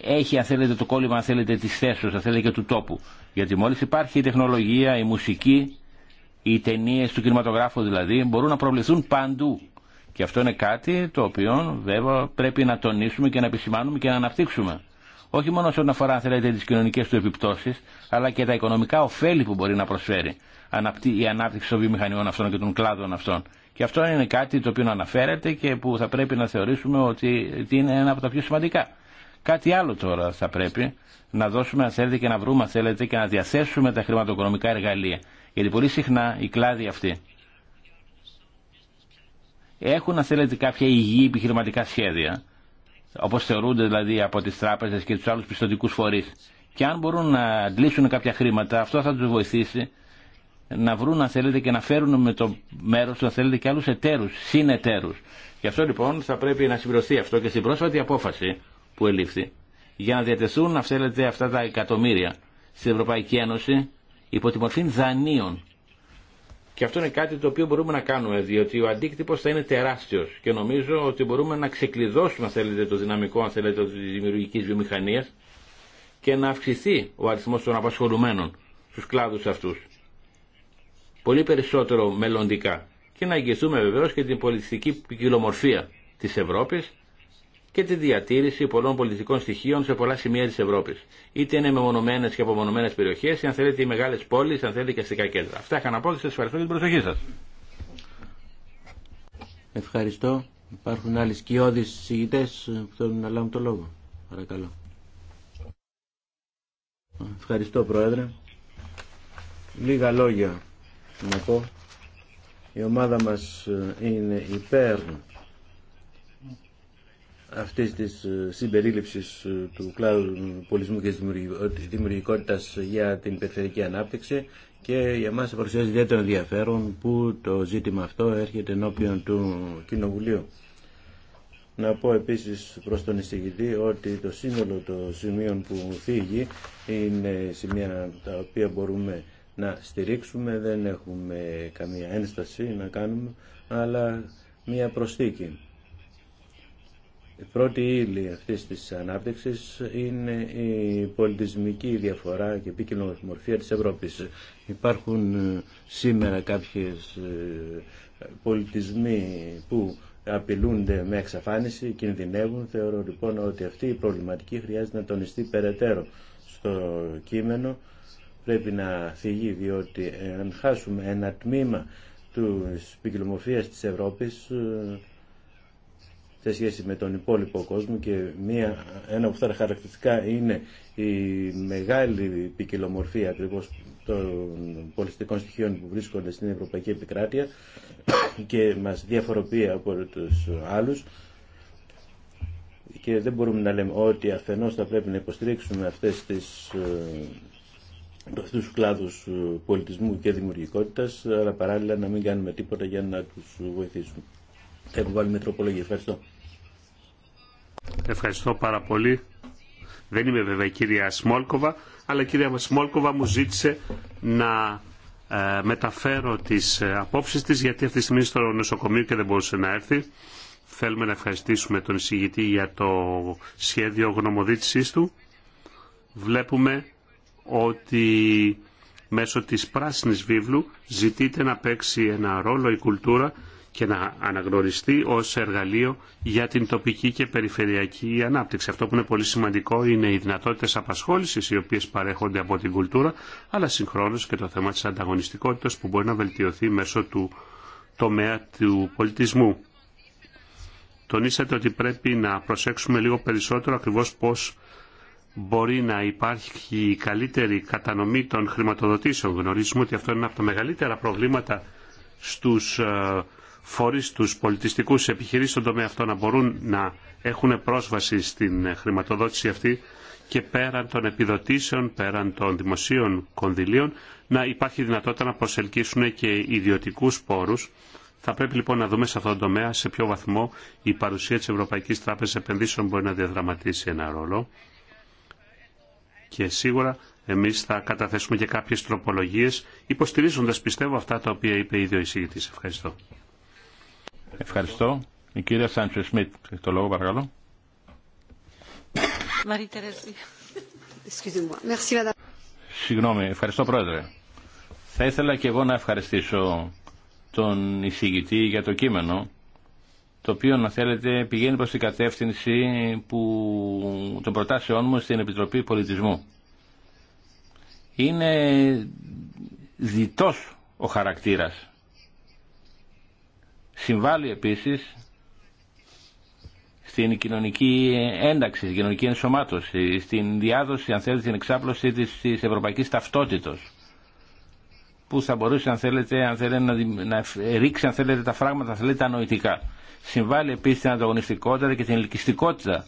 έχει, αν θέλετε, το κόλλημα, αν θέλετε, της θέσεως, αν θέλετε, και του τόπου. Γιατί μόλις υπάρχει η τεχνολογία, η μουσική, οι ταινίε του κινηματογράφου δηλαδή, μπορούν να προβληθούν παντού. Και αυτό είναι κάτι το οποίο βέβαια πρέπει να τονίσουμε και να επισημάνουμε και να αναπτύξουμε όχι μόνο όσον αφορά θέλετε τις κοινωνικές του επιπτώσεις, αλλά και τα οικονομικά ωφέλη που μπορεί να προσφέρει η ανάπτυξη των βιομηχανιών αυτών και των κλάδων αυτών. Και αυτό είναι κάτι το οποίο αναφέρεται και που θα πρέπει να θεωρήσουμε ότι είναι ένα από τα πιο σημαντικά. Κάτι άλλο τώρα θα πρέπει να δώσουμε, αν θέλετε, και να βρούμε, αν θέλετε, και να διαθέσουμε τα χρηματοοικονομικά εργαλεία. Γιατί πολύ συχνά οι κλάδοι αυτοί έχουν, αν θέλετε, κάποια υγιή επιχειρηματικά σχέδια Όπω θεωρούνται δηλαδή από τις τράπεζες και τους άλλους πιστοτικού φορείς. Και αν μπορούν να αντλήσουν κάποια χρήματα, αυτό θα τους βοηθήσει να βρουν, αν θέλετε, και να φέρουν με το μέρο του, αν θέλετε, και άλλους εταίρου, συνεταίρου. Γι' αυτό λοιπόν θα πρέπει να συμπληρωθεί αυτό και στην πρόσφατη απόφαση που ελήφθη για να διατεθούν, αν θέλετε, αυτά τα εκατομμύρια στην Ευρωπαϊκή Ένωση υπό τη μορφή δανείων και αυτό είναι κάτι το οποίο μπορούμε να κάνουμε, διότι ο αντίκτυπο θα είναι τεράστιο και νομίζω ότι μπορούμε να ξεκλειδώσουμε, αν θέλετε, το δυναμικό, αν θέλετε, τη δημιουργική βιομηχανία και να αυξηθεί ο αριθμό των απασχολουμένων στου κλάδου αυτού. Πολύ περισσότερο μελλοντικά. Και να εγγυηθούμε βεβαίω και την πολιτιστική ποικιλομορφία τη Ευρώπη και τη διατήρηση πολλών πολιτικών στοιχείων σε πολλά σημεία τη Ευρώπη. Είτε είναι μεμονωμένε και απομονωμένε περιοχέ, ή αν θέλετε οι μεγάλε πόλει, αν θέλετε και αστικά κέντρα. Αυτά είχα να πω και σα ευχαριστώ για την προσοχή σα. Ευχαριστώ. Υπάρχουν άλλοι σκιώδει συγητές που θέλουν να λάβουν το λόγο. Παρακαλώ. Ευχαριστώ Πρόεδρε. Λίγα λόγια να πω. Η ομάδα μας ε, είναι υπέρ αυτή τη ε, συμπερίληψη ε, του κλάδου ε, πολιτισμού και της δημιουργικότητας για την περιφερειακή ανάπτυξη και για μα παρουσιάζει ιδιαίτερο ενδιαφέρον που το ζήτημα αυτό έρχεται ενώπιον του Κοινοβουλίου. Να πω επίσης προς τον εισηγητή ότι το σύνολο των σημείων που φύγει είναι σημεία τα οποία μπορούμε να στηρίξουμε, δεν έχουμε καμία ένσταση να κάνουμε, αλλά μία προσθήκη η πρώτη ύλη αυτή τη ανάπτυξη είναι η πολιτισμική διαφορά και επικοινωνία της Ευρώπης. Υπάρχουν ε, σήμερα κάποιε ε, πολιτισμοί που απειλούνται με εξαφάνιση, κινδυνεύουν. Θεωρώ λοιπόν ότι αυτή η προβληματική χρειάζεται να τονιστεί περαιτέρω στο κείμενο. Πρέπει να θυγεί διότι ε, αν χάσουμε ένα τμήμα του της Ευρώπης σε σχέση με τον υπόλοιπο κόσμο και μία, ένα από αυτά τα χαρακτηριστικά είναι η μεγάλη ποικιλομορφία ακριβώ των πολιτιστικών στοιχείων που βρίσκονται στην Ευρωπαϊκή Επικράτεια και μας διαφοροποιεί από τους άλλους και δεν μπορούμε να λέμε ότι αφενός θα πρέπει να υποστηρίξουμε αυτές τις ε, αυτούς τους κλάδους ε, πολιτισμού και δημιουργικότητας, αλλά παράλληλα να μην κάνουμε τίποτα για να τους βοηθήσουμε θα Ευχαριστώ. Ευχαριστώ πάρα πολύ. Δεν είμαι βέβαια η κυρία Σμόλκοβα, αλλά η κυρία Σμόλκοβα μου ζήτησε να ε, μεταφέρω τις ε, απόψεις της, γιατί αυτή τη στιγμή στο νοσοκομείο και δεν μπορούσε να έρθει. Θέλουμε να ευχαριστήσουμε τον εισηγητή για το σχέδιο γνωμοδίτησής του. Βλέπουμε ότι μέσω της πράσινης βίβλου ζητείται να παίξει ένα ρόλο η κουλτούρα και να αναγνωριστεί ως εργαλείο για την τοπική και περιφερειακή ανάπτυξη. Αυτό που είναι πολύ σημαντικό είναι οι δυνατότητες απασχόλησης οι οποίες παρέχονται από την κουλτούρα, αλλά συγχρόνως και το θέμα της ανταγωνιστικότητας που μπορεί να βελτιωθεί μέσω του τομέα του πολιτισμού. Τονίσατε ότι πρέπει να προσέξουμε λίγο περισσότερο ακριβώς πώς μπορεί να υπάρχει καλύτερη κατανομή των χρηματοδοτήσεων. Γνωρίζουμε ότι αυτό είναι ένα από τα μεγαλύτερα προβλήματα στους ε, φορείς τους πολιτιστικούς επιχειρήσεις στον τομέα αυτό να μπορούν να έχουν πρόσβαση στην ε, χρηματοδότηση αυτή και πέραν των επιδοτήσεων, πέραν των δημοσίων κονδυλίων, να υπάρχει δυνατότητα να προσελκύσουν και ιδιωτικούς πόρους. Θα πρέπει λοιπόν να δούμε σε αυτόν τον τομέα σε ποιο βαθμό η παρουσία της Ευρωπαϊκής Τράπεζας Επενδύσεων μπορεί να διαδραματίσει ένα ρόλο. Και σίγουρα εμείς θα καταθέσουμε και κάποιες τροπολογίες υποστηρίζοντας πιστεύω αυτά τα οποία είπε ήδη ο εισηγητής. Ευχαριστώ. Ευχαριστώ. Η κυρία Σάντσε Σμιτ, το λόγο παρακαλώ. Συγγνώμη, ευχαριστώ πρόεδρε. Θα ήθελα και εγώ να ευχαριστήσω τον εισηγητή για το κείμενο το οποίο να θέλετε πηγαίνει προς την κατεύθυνση που, των προτάσεών μου στην Επιτροπή Πολιτισμού. Είναι διτός ο χαρακτήρας Συμβάλλει επίσης στην κοινωνική ένταξη, στην κοινωνική ενσωμάτωση, στην διάδοση, αν θέλετε, την εξάπλωση της, της ευρωπαϊκής ταυτότητος που θα μπορούσε αν θέλετε, αν θέλετε να, ρίξει αν θέλετε τα φράγματα αν θέλετε, τα νοητικά. Συμβάλλει επίσης την ανταγωνιστικότητα και την ελκυστικότητα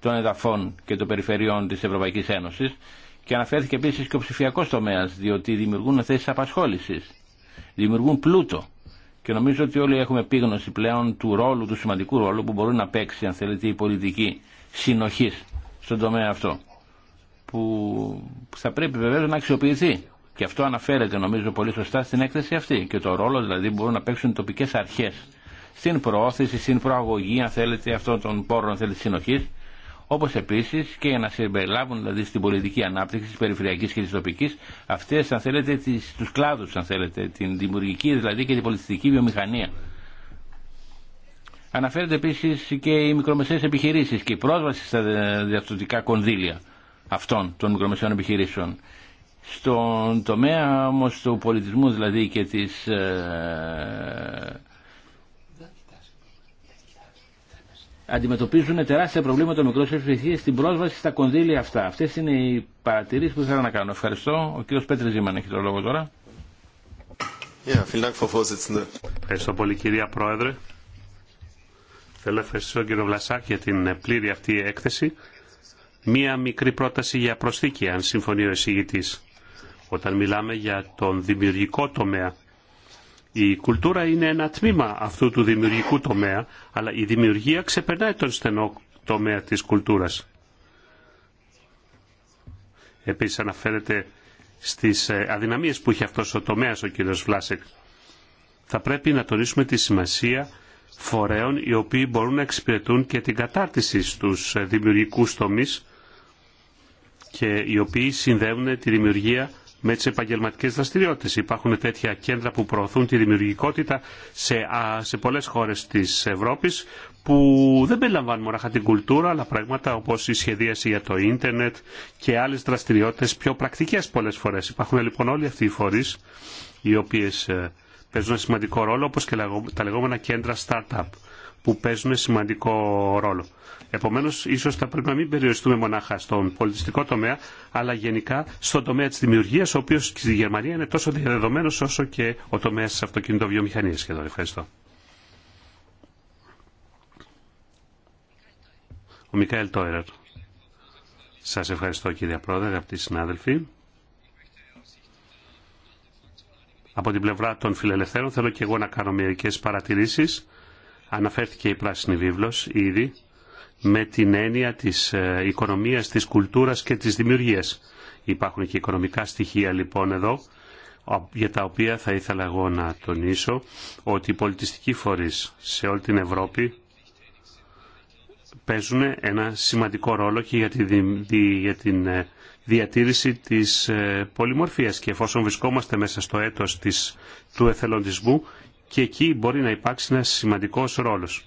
των εδαφών και των περιφερειών της Ευρωπαϊκής Ένωσης και αναφέρθηκε επίσης και ο ψηφιακό τομέας διότι δημιουργούν θέσεις απασχόλησης, δημιουργούν πλούτο και νομίζω ότι όλοι έχουμε επίγνωση πλέον του ρόλου, του σημαντικού ρόλου που μπορεί να παίξει, αν θέλετε, η πολιτική συνοχή στον τομέα αυτό. Που θα πρέπει βεβαίω να αξιοποιηθεί. Και αυτό αναφέρεται νομίζω πολύ σωστά στην έκθεση αυτή. Και το ρόλο δηλαδή μπορούν να παίξουν οι τοπικέ αρχέ στην προώθηση, στην προαγωγή, αν θέλετε, αυτών των πόρων θέλετε, συνοχή όπως επίσης και να συμπεριλάβουν δηλαδή στην πολιτική ανάπτυξη της περιφερειακής και της τοπικής αυτές αν θέλετε τις, τους κλάδους αν θέλετε, την δημιουργική δηλαδή και την πολιτιστική βιομηχανία. Αναφέρεται επίσης και οι μικρομεσαίες επιχειρήσεις και η πρόσβαση στα διαστοτικά κονδύλια αυτών των μικρομεσαίων επιχειρήσεων. Στον τομέα όμως του πολιτισμού δηλαδή και της ε, αντιμετωπίζουν τεράστια προβλήματα μικρό επιτυχίε στην πρόσβαση στα κονδύλια αυτά. Αυτέ είναι οι παρατηρήσει που θέλω να κάνω. Ευχαριστώ. Ο κύριο Πέτρη Ζήμαν έχει το λόγο τώρα. Yeah, Ευχαριστώ πολύ κυρία Πρόεδρε. Θέλω να ευχαριστήσω τον κύριο Βλασάκ για την πλήρη αυτή έκθεση. Μία μικρή πρόταση για προσθήκη, αν συμφωνεί ο εισηγητής. Όταν μιλάμε για τον δημιουργικό τομέα, η κουλτούρα είναι ένα τμήμα αυτού του δημιουργικού τομέα, αλλά η δημιουργία ξεπερνάει τον στενό τομέα της κουλτούρας. Επίσης αναφέρεται στις ε, αδυναμίες που έχει αυτός ο τομέας ο κύριος Βλάσεκ. Θα πρέπει να τονίσουμε τη σημασία φορέων οι οποίοι μπορούν να εξυπηρετούν και την κατάρτιση στους ε, δημιουργικούς τομείς και οι οποίοι συνδέουν τη δημιουργία με τι επαγγελματικέ δραστηριότητες. Υπάρχουν τέτοια κέντρα που προωθούν τη δημιουργικότητα σε, σε πολλές χώρες της Ευρώπης που δεν περιλαμβάνουν μονάχα την κουλτούρα αλλά πράγματα όπως η σχεδίαση για το ίντερνετ και άλλες δραστηριότητες πιο πρακτικές πολλές φορές. Υπάρχουν λοιπόν όλοι αυτοί οι φορείς οι οποίε ε, παίζουν σημαντικό ρόλο όπω και τα λεγόμενα κέντρα startup που παίζουν σημαντικό ρόλο. Επομένω, ίσω θα πρέπει να μην περιοριστούμε μονάχα στον πολιτιστικό τομέα, αλλά γενικά στον τομέα τη δημιουργία, ο οποίο στη Γερμανία είναι τόσο διαδεδομένο όσο και ο τομέα τη αυτοκινητοβιομηχανία Ευχαριστώ. Ο Μικαέλ Τόερερ. Σας ευχαριστώ κύριε Πρόεδρε, αγαπητοί συνάδελφοι. Από την πλευρά των φιλελευθέρων θέλω και εγώ να κάνω μερικέ παρατηρήσει. Αναφέρθηκε η πράσινη βίβλος ήδη με την έννοια της ε, οικονομίας, της κουλτούρας και της δημιουργίας. Υπάρχουν και οικονομικά στοιχεία λοιπόν εδώ, για τα οποία θα ήθελα εγώ να τονίσω ότι οι πολιτιστικοί φορείς σε όλη την Ευρώπη παίζουν ένα σημαντικό ρόλο και για, για την ε, διατήρηση της ε, πολυμορφίας και εφόσον βρισκόμαστε μέσα στο έτος της, του εθελοντισμού και εκεί μπορεί να υπάρξει ένας σημαντικός ρόλος.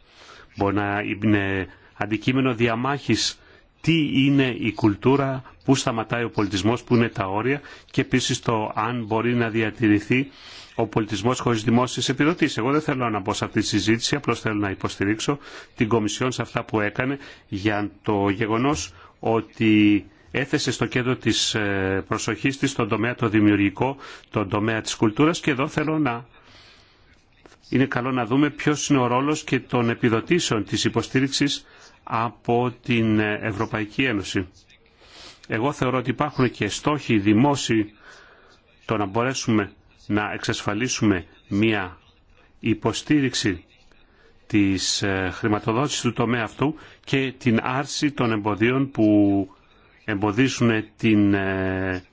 Μπορεί να είναι αντικείμενο διαμάχης τι είναι η κουλτούρα, πού σταματάει ο πολιτισμός, πού είναι τα όρια και επίσης το αν μπορεί να διατηρηθεί ο πολιτισμό χωρί δημόσιε επιδοτήσει. Εγώ δεν θέλω να μπω σε αυτή τη συζήτηση, απλώ θέλω να υποστηρίξω την Κομισιόν σε αυτά που έκανε για το γεγονό ότι έθεσε στο κέντρο τη ε, προσοχή τη τον τομέα το δημιουργικό, τον τομέα τη κουλτούρα και εδώ θέλω να. Είναι καλό να δούμε ποιο είναι ο ρόλος και των επιδοτήσεων τη υποστήριξη από την Ευρωπαϊκή Ένωση. Εγώ θεωρώ ότι υπάρχουν και στόχοι δημόσιοι το να μπορέσουμε να εξασφαλίσουμε μια υποστήριξη της ε, χρηματοδότησης του τομέα αυτού και την άρση των εμποδίων που εμποδίσουν την, ε,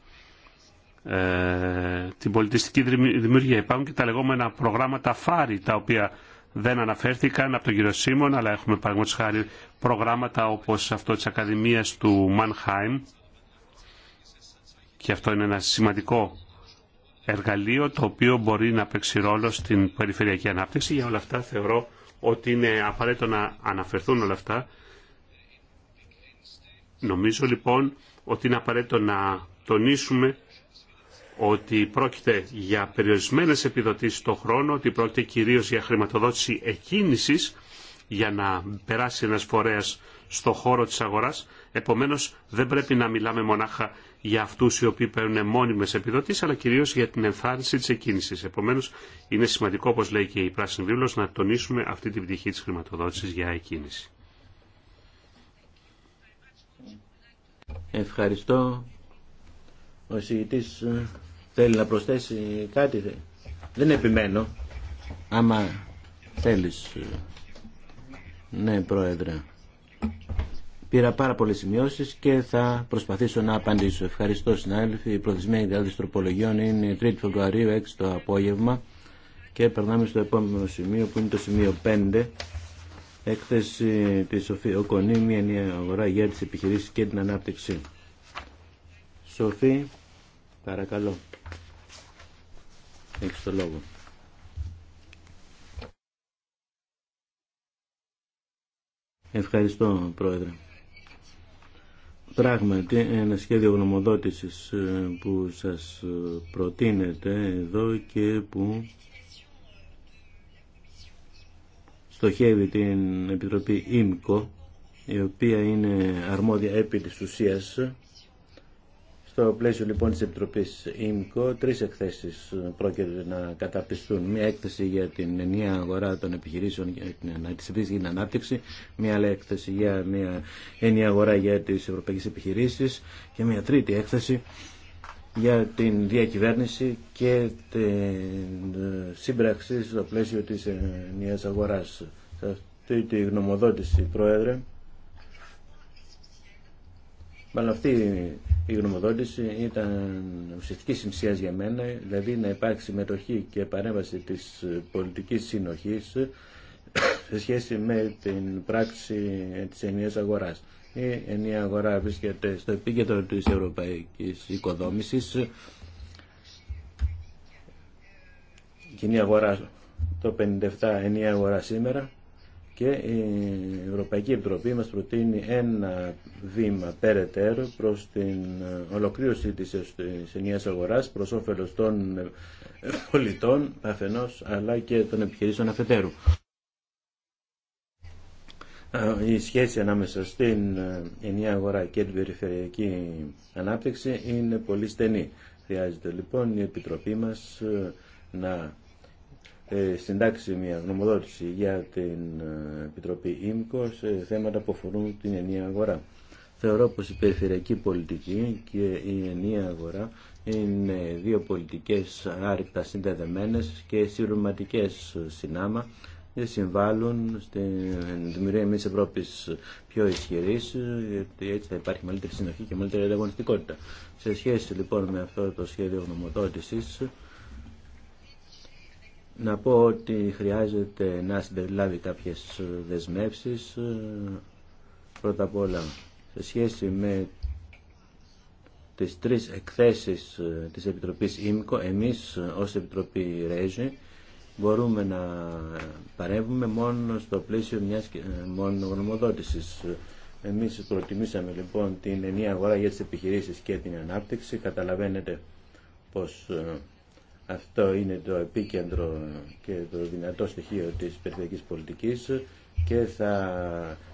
ε, την πολιτιστική δημιουργία. Υπάρχουν και τα λεγόμενα προγράμματα φάρη τα οποία δεν αναφέρθηκαν από τον κύριο Σίμων, αλλά έχουμε παραγωγή χάρη προγράμματα όπως αυτό της Ακαδημίας του Μανχάιμ και αυτό είναι ένα σημαντικό εργαλείο το οποίο μπορεί να παίξει ρόλο στην περιφερειακή ανάπτυξη. Για όλα αυτά θεωρώ ότι είναι απαραίτητο να αναφερθούν όλα αυτά. Νομίζω λοιπόν ότι είναι απαραίτητο να τονίσουμε ότι πρόκειται για περιορισμένες επιδοτήσεις το χρόνο, ότι πρόκειται κυρίως για χρηματοδότηση εκκίνησης για να περάσει ένας φορέας στο χώρο της αγοράς. Επομένως δεν πρέπει να μιλάμε μονάχα για αυτούς οι οποίοι παίρνουν μόνιμες επιδοτήσεις, αλλά κυρίως για την ενθάρρυνση της εκκίνησης. Επομένως είναι σημαντικό, όπως λέει και η Πράσινη Βίβλος, να τονίσουμε αυτή την πτυχή της χρηματοδότησης για εκκίνηση. Ευχαριστώ. Ο Θέλει να προσθέσει κάτι. Δεν επιμένω. Άμα θέλεις. Ε, ναι, Πρόεδρε. Πήρα πάρα πολλέ σημειώσει και θα προσπαθήσω να απαντήσω. Ευχαριστώ, συνάδελφοι. Η προθεσμένη διάθεση τροπολογιών είναι 3η Φεβρουαρίου, 6 το απόγευμα. Και περνάμε στο επόμενο σημείο που είναι το σημείο 5. Έκθεση τη Σοφή Οκονή, μια νέα αγορά για τι επιχειρήσει και την ανάπτυξη. Σοφή, παρακαλώ. Ευχαριστώ, Πρόεδρε. Πράγματι, ένα σχέδιο γνωμοδότησης ε, που σας ε, προτείνεται εδώ και που στοχεύει την Επιτροπή ΙΜΚΟ, η οποία είναι αρμόδια επί της ουσίας στο πλαίσιο λοιπόν της Επιτροπής ΙΜΚΟ τρεις εκθέσεις πρόκειται να καταπιστούν. Μία έκθεση για την ενιαία αγορά των επιχειρήσεων και την ανάπτυξη, μία άλλη έκθεση για μια ενιαία αγορά για τις ευρωπαϊκές επιχειρήσεις και μία τρίτη έκθεση για την διακυβέρνηση και την ε, σύμπραξη στο πλαίσιο της ενιαίας αγοράς. Σε αυτή τη γνωμοδότηση, Πρόεδρε, αλλά αυτή η γνωμοδότηση ήταν ουσιαστική σημασία για μένα, δηλαδή να υπάρξει συμμετοχή και παρέμβαση της πολιτικής συνοχής σε σχέση με την πράξη της ενιαίας αγοράς. Η ενιαία αγορά βρίσκεται στο επίκεντρο της ευρωπαϊκής οικοδόμησης. Η κοινή αγορά το 57 ενιαία αγορά σήμερα και η Ευρωπαϊκή Επιτροπή μας προτείνει ένα βήμα περαιτέρω προς την ολοκλήρωση της ενιαίας αγοράς προς όφελος των πολιτών αφενός αλλά και των επιχειρήσεων αφετέρου. Η σχέση ανάμεσα στην ενιαία αγορά και την περιφερειακή ανάπτυξη είναι πολύ στενή. Χρειάζεται λοιπόν η Επιτροπή μας να ε, συντάξει μια γνωμοδότηση για την ε, Επιτροπή ΙΜΚΟ σε θέματα που αφορούν την ενιαία αγορά. Θεωρώ πως η περιφερειακή πολιτική και η ενιαία αγορά είναι δύο πολιτικές άρρηκτα συνδεδεμένες και συρωματικές συνάμα και συμβάλλουν στην δημιουργία μιας Ευρώπης πιο ισχυρής γιατί έτσι θα υπάρχει μεγαλύτερη συνοχή και μεγαλύτερη ανταγωνιστικότητα. Σε σχέση λοιπόν με αυτό το σχέδιο γνωμοδότησης να πω ότι χρειάζεται να συμπεριλάβει κάποιες δεσμεύσεις ε, πρώτα απ' όλα σε σχέση με τις τρεις εκθέσεις ε, της Επιτροπής ΙΜΚΟ εμείς ε, ως Επιτροπή ΡΕΖΙ μπορούμε να παρεύουμε μόνο στο πλαίσιο μιας μόνο γνωμοδότησης. Εμείς προτιμήσαμε λοιπόν την ενιαία αγορά για τις επιχειρήσεις και την ανάπτυξη. Καταλαβαίνετε πως αυτό είναι το επίκεντρο και το δυνατό στοιχείο της περιφερειακής πολιτικής και θα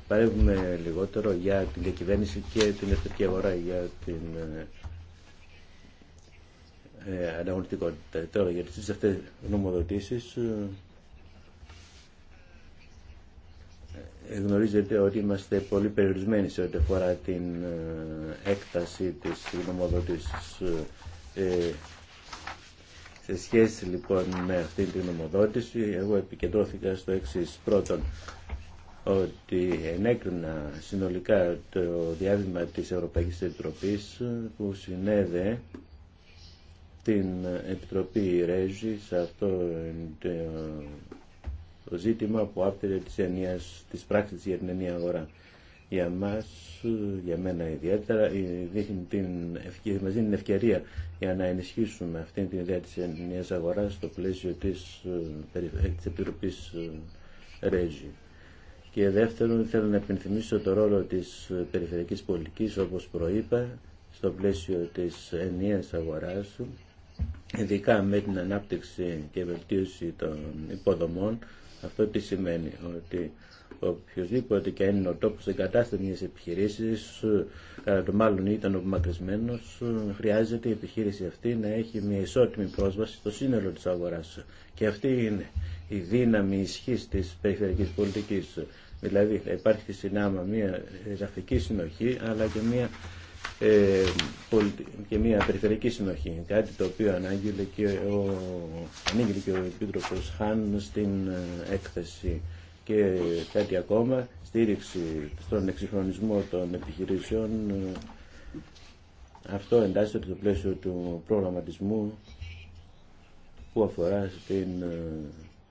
παρεύουμε λιγότερο για την διακυβέρνηση και την ελευθερική αγορά για την ε, ανταγωνιστικότητα. Τώρα για τις αυτές νομοδοτήσεις ε, γνωρίζετε ότι είμαστε πολύ περιορισμένοι σε ό,τι αφορά την ε, έκταση της νομοδότησης ε, σε σχέση λοιπόν με αυτή την νομοδότηση, εγώ επικεντρώθηκα στο εξή. Πρώτον, ότι ενέκρινα συνολικά το διάβημα της Ευρωπαϊκής Επιτροπής που συνέδε την Επιτροπή Ρέζη σε αυτό το ζήτημα που άπτεται της, ενίας, της πράξης για την ενία αγορά για μας, για μένα ιδιαίτερα, δείχνει την δίνει την ευκαιρία για να ενισχύσουμε αυτή την ιδέα της ενιαίας αγοράς στο πλαίσιο της, ε, ε, της Επιτροπής ε, Ρέζι. Και δεύτερον, θέλω να επενθυμίσω το ρόλο της περιφερειακής πολιτικής, όπως προείπα, στο πλαίσιο της ενιαίας αγοράς, ειδικά με την ανάπτυξη και βελτίωση των υποδομών. Αυτό τι σημαίνει, ότι οποιοδήποτε και αν είναι ο τόπο εγκατάσταση μια επιχειρήση, ε, κατά το μάλλον ήταν απομακρυσμένο, ε, χρειάζεται η επιχείρηση αυτή να έχει μια ισότιμη πρόσβαση στο σύνολο τη αγορά. Και αυτή είναι η δύναμη ισχύ τη περιφερειακή πολιτική. Δηλαδή θα υπάρχει συνάμα μια εδαφική συνοχή αλλά και μια ε, και μια περιφερειακή συνοχή. Κάτι το οποίο ανάγγειλε και ο, ανήγγειλε και ο Επίτροπος Χάν στην έκθεση και κάτι ακόμα, στήριξη στον εξυγχρονισμό των επιχειρήσεων. Αυτό εντάσσεται στο πλαίσιο του προγραμματισμού που αφορά στην ε,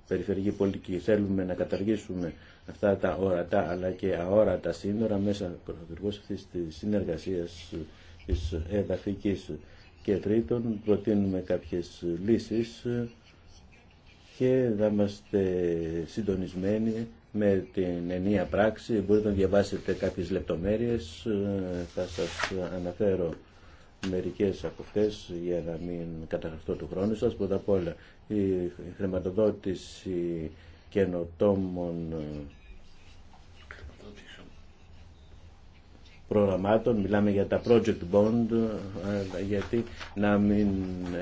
περιφερειακή πολιτική. Θέλουμε να καταργήσουμε αυτά τα ορατά αλλά και αόρατα σύνορα μέσα ακριβώς αυτή τη συνεργασία της εδαφικής. Και τρίτον, προτείνουμε κάποιες λύσεις και θα είμαστε συντονισμένοι με την ενία πράξη. Μπορείτε να διαβάσετε κάποιες λεπτομέρειες. Ε, θα σας αναφέρω μερικές από αυτές για να μην καταγραφτώ του χρόνου σας. Πρώτα απ' όλα η χρηματοδότηση καινοτόμων προγραμμάτων, μιλάμε για τα project bond, γιατί να μην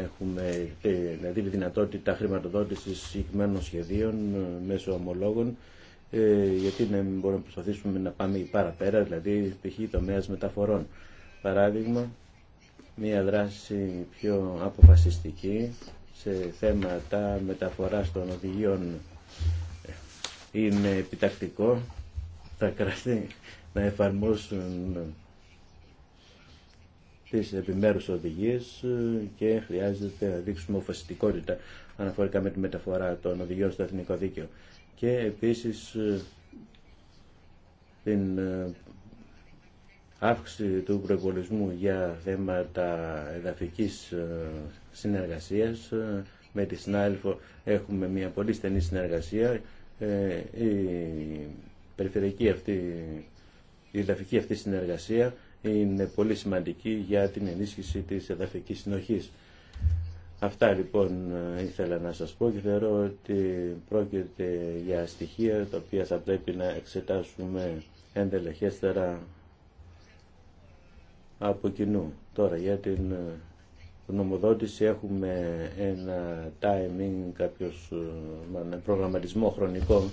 έχουμε ε, δηλαδή, δυνατότητα χρηματοδότησης συγκεκριμένων σχεδίων ε, μέσω ομολόγων, ε, γιατί να μην μπορούμε να προσπαθήσουμε να πάμε παραπέρα, δηλαδή π.χ. τομέας μεταφορών. Παράδειγμα, μια δράση πιο αποφασιστική σε θέματα μεταφοράς των οδηγιών είναι επιτακτικό. Τα κράτη να εφαρμόσουν τις επιμέρους οδηγίες ε, και χρειάζεται να δείξουμε αποφασιστικότητα αναφορικά με τη μεταφορά των οδηγιών στο εθνικό δίκαιο. Και επίσης ε, την ε, αύξηση του προπολισμού για θέματα εδαφικής συνεργασίας. Με τη Σνάλφο έχουμε μια πολύ στενή συνεργασία. Η περιφερειακή αυτή η εδαφική αυτή συνεργασία είναι πολύ σημαντική για την ενίσχυση της εδαφικής συνοχής. Αυτά λοιπόν ήθελα να σας πω και θεωρώ ότι πρόκειται για στοιχεία τα οποία θα πρέπει να εξετάσουμε εντελεχέστερα από κοινού. Τώρα για την νομοδότηση έχουμε ένα timing, κάποιος ε, προγραμματισμό χρονικό,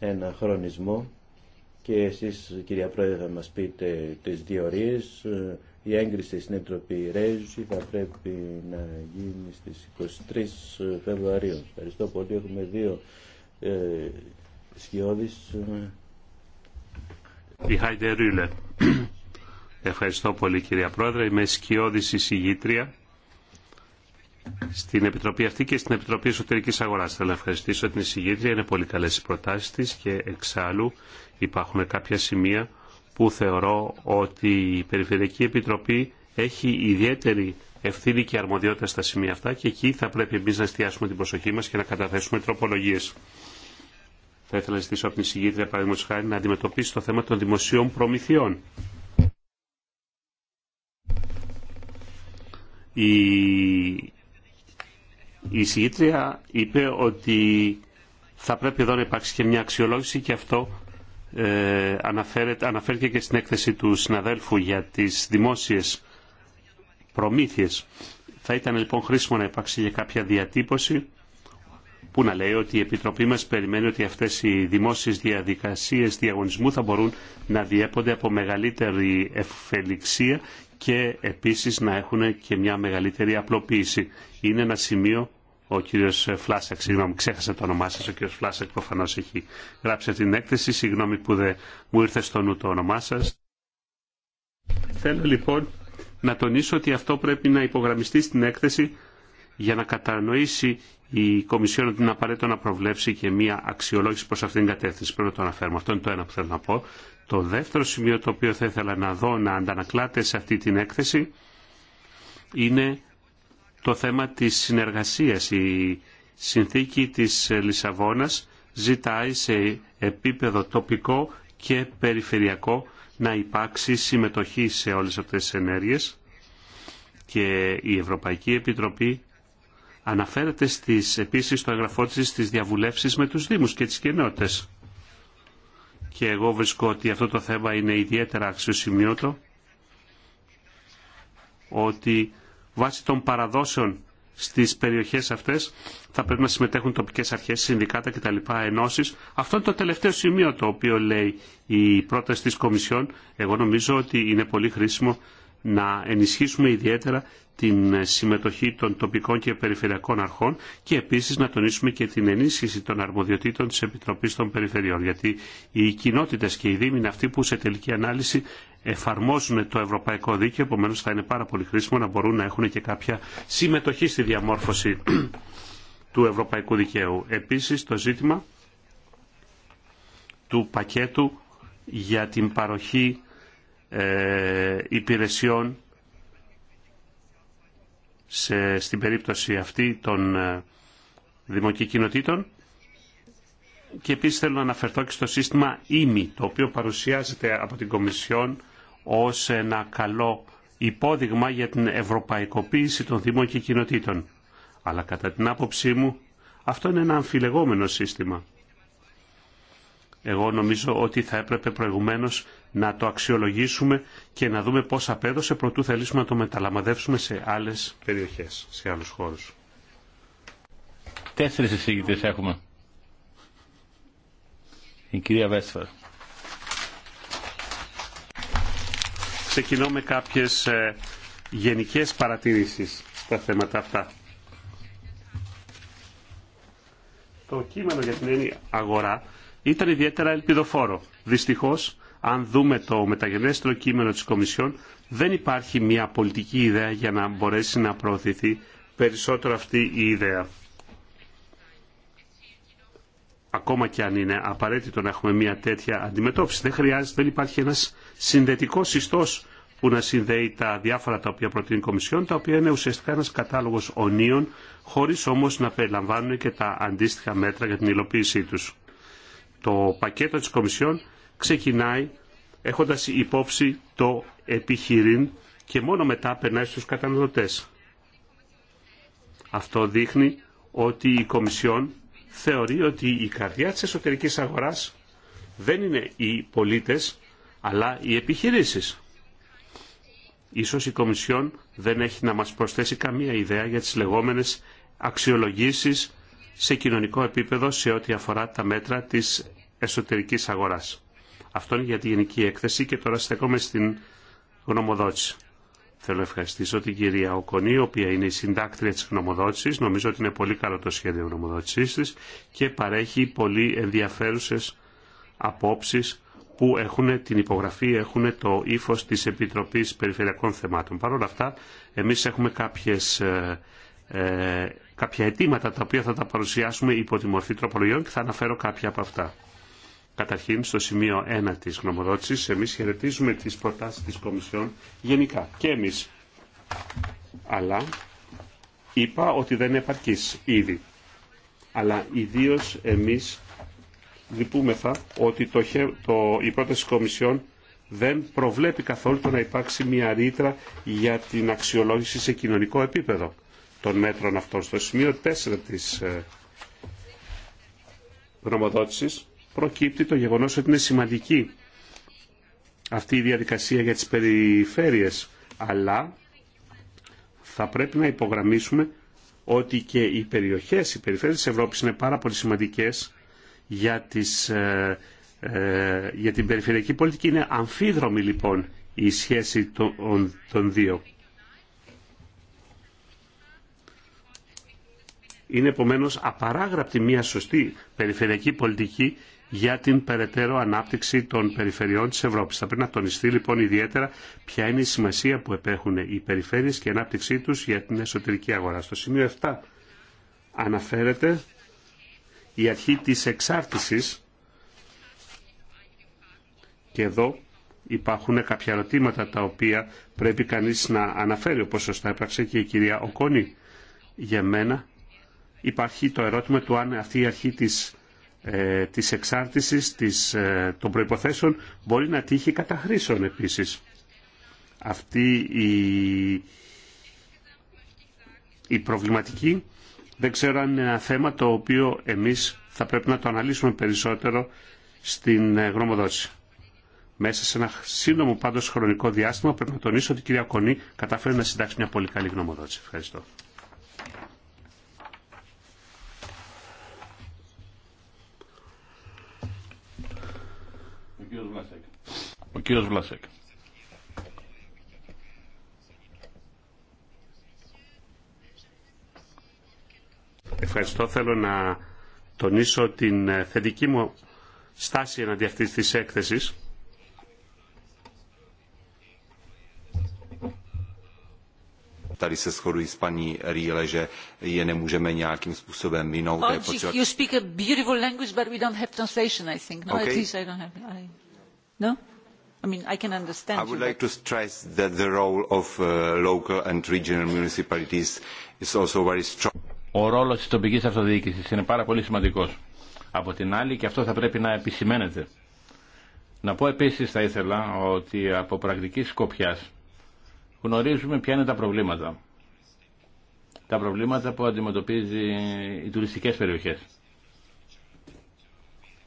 ένα χρονισμό και εσείς κυρία Πρόεδρε θα μας πείτε τις ρίες. Η έγκριση στην Επιτροπή Ρέζουση θα πρέπει να γίνει στις 23 Φεβρουαρίου. Ευχαριστώ πολύ. Έχουμε δύο ε, Ευχαριστώ πολύ κυρία Πρόεδρε. Είμαι σκιώδης εισηγήτρια στην Επιτροπή αυτή και στην Επιτροπή Εσωτερικής Αγοράς. Θέλω να ευχαριστήσω την εισηγήτρια, είναι πολύ καλές οι προτάσεις της και εξάλλου υπάρχουν κάποια σημεία που θεωρώ ότι η Περιφερειακή Επιτροπή έχει ιδιαίτερη ευθύνη και αρμοδιότητα στα σημεία αυτά και εκεί θα πρέπει εμεί να εστιάσουμε την προσοχή μας και να καταθέσουμε τροπολογίες. Θα ήθελα να ζητήσω από την εισηγήτρια, παραδείγματο χάρη, να αντιμετωπίσει το θέμα των δημοσίων προμηθειών. Η εισηγήτρια είπε ότι θα πρέπει εδώ να υπάρξει και μια αξιολόγηση και αυτό ε, αναφέρθηκε και στην έκθεση του συναδέλφου για τις δημόσιες προμήθειες. Θα ήταν λοιπόν χρήσιμο να υπάρξει για κάποια διατύπωση που να λέει ότι η Επιτροπή μας περιμένει ότι αυτές οι δημόσιες διαδικασίες διαγωνισμού θα μπορούν να διέπονται από μεγαλύτερη ευφελιξία και επίσης να έχουν και μια μεγαλύτερη απλοποίηση. Είναι ένα σημείο ο κύριος Φλάσεκ, συγγνώμη, ξέχασα το όνομά σας, ο κύριος Φλάσεκ προφανώς έχει γράψει την έκθεση, συγγνώμη που δεν μου ήρθε στο νου το όνομά σας. Θέλω λοιπόν να τονίσω ότι αυτό πρέπει να υπογραμμιστεί στην έκθεση για να κατανοήσει η Κομισιόν ότι είναι απαραίτητο να προβλέψει και μία αξιολόγηση προς αυτήν την κατεύθυνση. Πρέπει να το αναφέρουμε. Αυτό είναι το ένα που θέλω να πω. Το δεύτερο σημείο το οποίο θα ήθελα να δω να αντανακλάται σε αυτή την έκθεση είναι το θέμα της συνεργασίας. Η συνθήκη της Λισαβόνας ζητάει σε επίπεδο τοπικό και περιφερειακό να υπάρξει συμμετοχή σε όλες αυτές τις ενέργειες και η Ευρωπαϊκή Επιτροπή αναφέρεται στις, επίσης στο εγγραφό της στις διαβουλεύσεις με τους Δήμους και τις κοινότητες. Και εγώ βρίσκω ότι αυτό το θέμα είναι ιδιαίτερα αξιοσημείωτο ότι βάσει των παραδόσεων στι περιοχέ αυτέ θα πρέπει να συμμετέχουν τοπικέ αρχέ, συνδικάτα κτλ. Ενώσει. Αυτό είναι το τελευταίο σημείο το οποίο λέει η πρόταση τη Κομισιόν. Εγώ νομίζω ότι είναι πολύ χρήσιμο να ενισχύσουμε ιδιαίτερα την συμμετοχή των τοπικών και περιφερειακών αρχών και επίσης να τονίσουμε και την ενίσχυση των αρμοδιοτήτων της Επιτροπής των Περιφερειών γιατί οι κοινότητες και οι δήμοι είναι αυτοί που σε τελική ανάλυση εφαρμόζουν το ευρωπαϊκό δίκαιο, επομένως θα είναι πάρα πολύ χρήσιμο να μπορούν να έχουν και κάποια συμμετοχή στη διαμόρφωση του ευρωπαϊκού δικαίου. Επίσης το ζήτημα του πακέτου για την παροχή ε, υπηρεσιών στην περίπτωση αυτή των ε, δημοκή και επίσης θέλω να αναφερθώ και στο σύστημα ΙΜΗ, e το οποίο παρουσιάζεται από την Κομισιόν ως ένα καλό υπόδειγμα για την ευρωπαϊκοποίηση των Δήμων και Κοινοτήτων. Αλλά κατά την άποψή μου αυτό είναι ένα αμφιλεγόμενο σύστημα. Εγώ νομίζω ότι θα έπρεπε προηγουμένως να το αξιολογήσουμε και να δούμε πώς απέδωσε προτού θελήσουμε να το μεταλαμαδεύσουμε σε άλλες περιοχές, σε άλλους χώρους. Τέσσερις εισηγητές έχουμε. Η κυρία Βέσφαρ. Ξεκινώ με κάποιες ε, γενικές παρατηρήσεις στα θέματα αυτά. Το κείμενο για την έννοια αγορά ήταν ιδιαίτερα ελπιδοφόρο. Δυστυχώς, αν δούμε το μεταγενέστερο κείμενο της Κομισιόν, δεν υπάρχει μια πολιτική ιδέα για να μπορέσει να προωθηθεί περισσότερο αυτή η ιδέα ακόμα και αν είναι απαραίτητο να έχουμε μια τέτοια αντιμετώπιση. Δεν χρειάζεται, δεν υπάρχει ένας συνδετικός ιστός που να συνδέει τα διάφορα τα οποία προτείνει η Κομισιόν, τα οποία είναι ουσιαστικά ένας κατάλογος ονίων, χωρίς όμως να περιλαμβάνουν και τα αντίστοιχα μέτρα για την υλοποίησή τους. Το πακέτο της Κομισιόν ξεκινάει έχοντας υπόψη το επιχειρήν και μόνο μετά περνάει στους καταναλωτές. Αυτό δείχνει ότι η Κομισιόν θεωρεί ότι η καρδιά της εσωτερικής αγοράς δεν είναι οι πολίτες, αλλά οι επιχειρήσεις. Ίσως η Κομισιόν δεν έχει να μας προσθέσει καμία ιδέα για τις λεγόμενες αξιολογήσεις σε κοινωνικό επίπεδο σε ό,τι αφορά τα μέτρα της εσωτερικής αγοράς. Αυτό είναι για τη γενική έκθεση και τώρα στέκομαι στην γνωμοδότηση. Θέλω να ευχαριστήσω την κυρία Οκονή, η οποία είναι η συντάκτρια της γνωμοδότησης. Νομίζω ότι είναι πολύ καλό το σχέδιο γνωμοδότησής της και παρέχει πολύ ενδιαφέρουσες απόψεις που έχουν την υπογραφή, έχουν το ύφο της Επιτροπής Περιφερειακών Θεμάτων. Παρ' όλα αυτά, εμείς έχουμε κάποιες, ε, ε, κάποια αιτήματα τα οποία θα τα παρουσιάσουμε υπό τη μορφή τροπολογιών και θα αναφέρω κάποια από αυτά. Καταρχήν, στο σημείο 1 της γνωμοδότησης, εμείς χαιρετίζουμε τις προτάσεις της Κομισιόν γενικά και εμείς. Αλλά είπα ότι δεν είναι επαρκής ήδη. Αλλά ιδίω εμείς λυπούμεθα ότι το, το, η πρόταση της Κομισιόν δεν προβλέπει καθόλου το να υπάρξει μια ρήτρα για την αξιολόγηση σε κοινωνικό επίπεδο των μέτρων αυτών. Στο σημείο 4 της ε, γνωμοδότησης προκύπτει το γεγονός ότι είναι σημαντική αυτή η διαδικασία για τις περιφέρειες, αλλά θα πρέπει να υπογραμμίσουμε ότι και οι περιοχές, οι περιφέρειες της Ευρώπης είναι πάρα πολύ σημαντικές για, ε, ε, την περιφερειακή πολιτική. Είναι αμφίδρομη λοιπόν η σχέση των, των δύο. Είναι επομένω απαράγραπτη μια σωστή περιφερειακή πολιτική για την περαιτέρω ανάπτυξη των περιφερειών της Ευρώπης. Θα πρέπει να τονιστεί λοιπόν ιδιαίτερα ποια είναι η σημασία που επέχουν οι περιφέρειες και η ανάπτυξή τους για την εσωτερική αγορά. Στο σημείο 7 αναφέρεται η αρχή της εξάρτησης και εδώ υπάρχουν κάποια ερωτήματα τα οποία πρέπει κανείς να αναφέρει όπως σωστά έπραξε και η κυρία Οκόνη για μένα υπάρχει το ερώτημα του αν αυτή η αρχή της ε, της εξάρτησης της, ε, των προϋποθέσεων μπορεί να τύχει χρήσεων επίσης. Αυτή η, η προβληματική δεν ξέρω αν είναι ένα θέμα το οποίο εμείς θα πρέπει να το αναλύσουμε περισσότερο στην ε, γνωμοδότηση. Μέσα σε ένα σύντομο πάντως χρονικό διάστημα πρέπει να τονίσω ότι η κυρία Κονή κατάφερε να συντάξει μια πολύ καλή γνωμοδότηση. Ευχαριστώ. κύριος Βλασέκ. Ο κύριος Βλασέκ. Ευχαριστώ. Θέλω να τονίσω την θετική μου στάση εναντί αυτής της έκθεσης. tady se shoduji s paní Ríle, že je nemůžeme nějakým způsobem vinout. you speak a beautiful language, but we don't have translation, I think. No, okay. at least I don't have. I... I would like to stress that the role of uh, local and regional municipalities is also very strong. Ο ρόλος της τοπικής αυτοδιοίκησης είναι πάρα πολύ σημαντικός. Από την άλλη και αυτό θα πρέπει να επισημαίνεται. Να πω επίσης θα ήθελα ότι από πρακτική σκοπιάς γνωρίζουμε ποια είναι τα προβλήματα. Τα προβλήματα που αντιμετωπίζει οι τουριστικές περιοχές.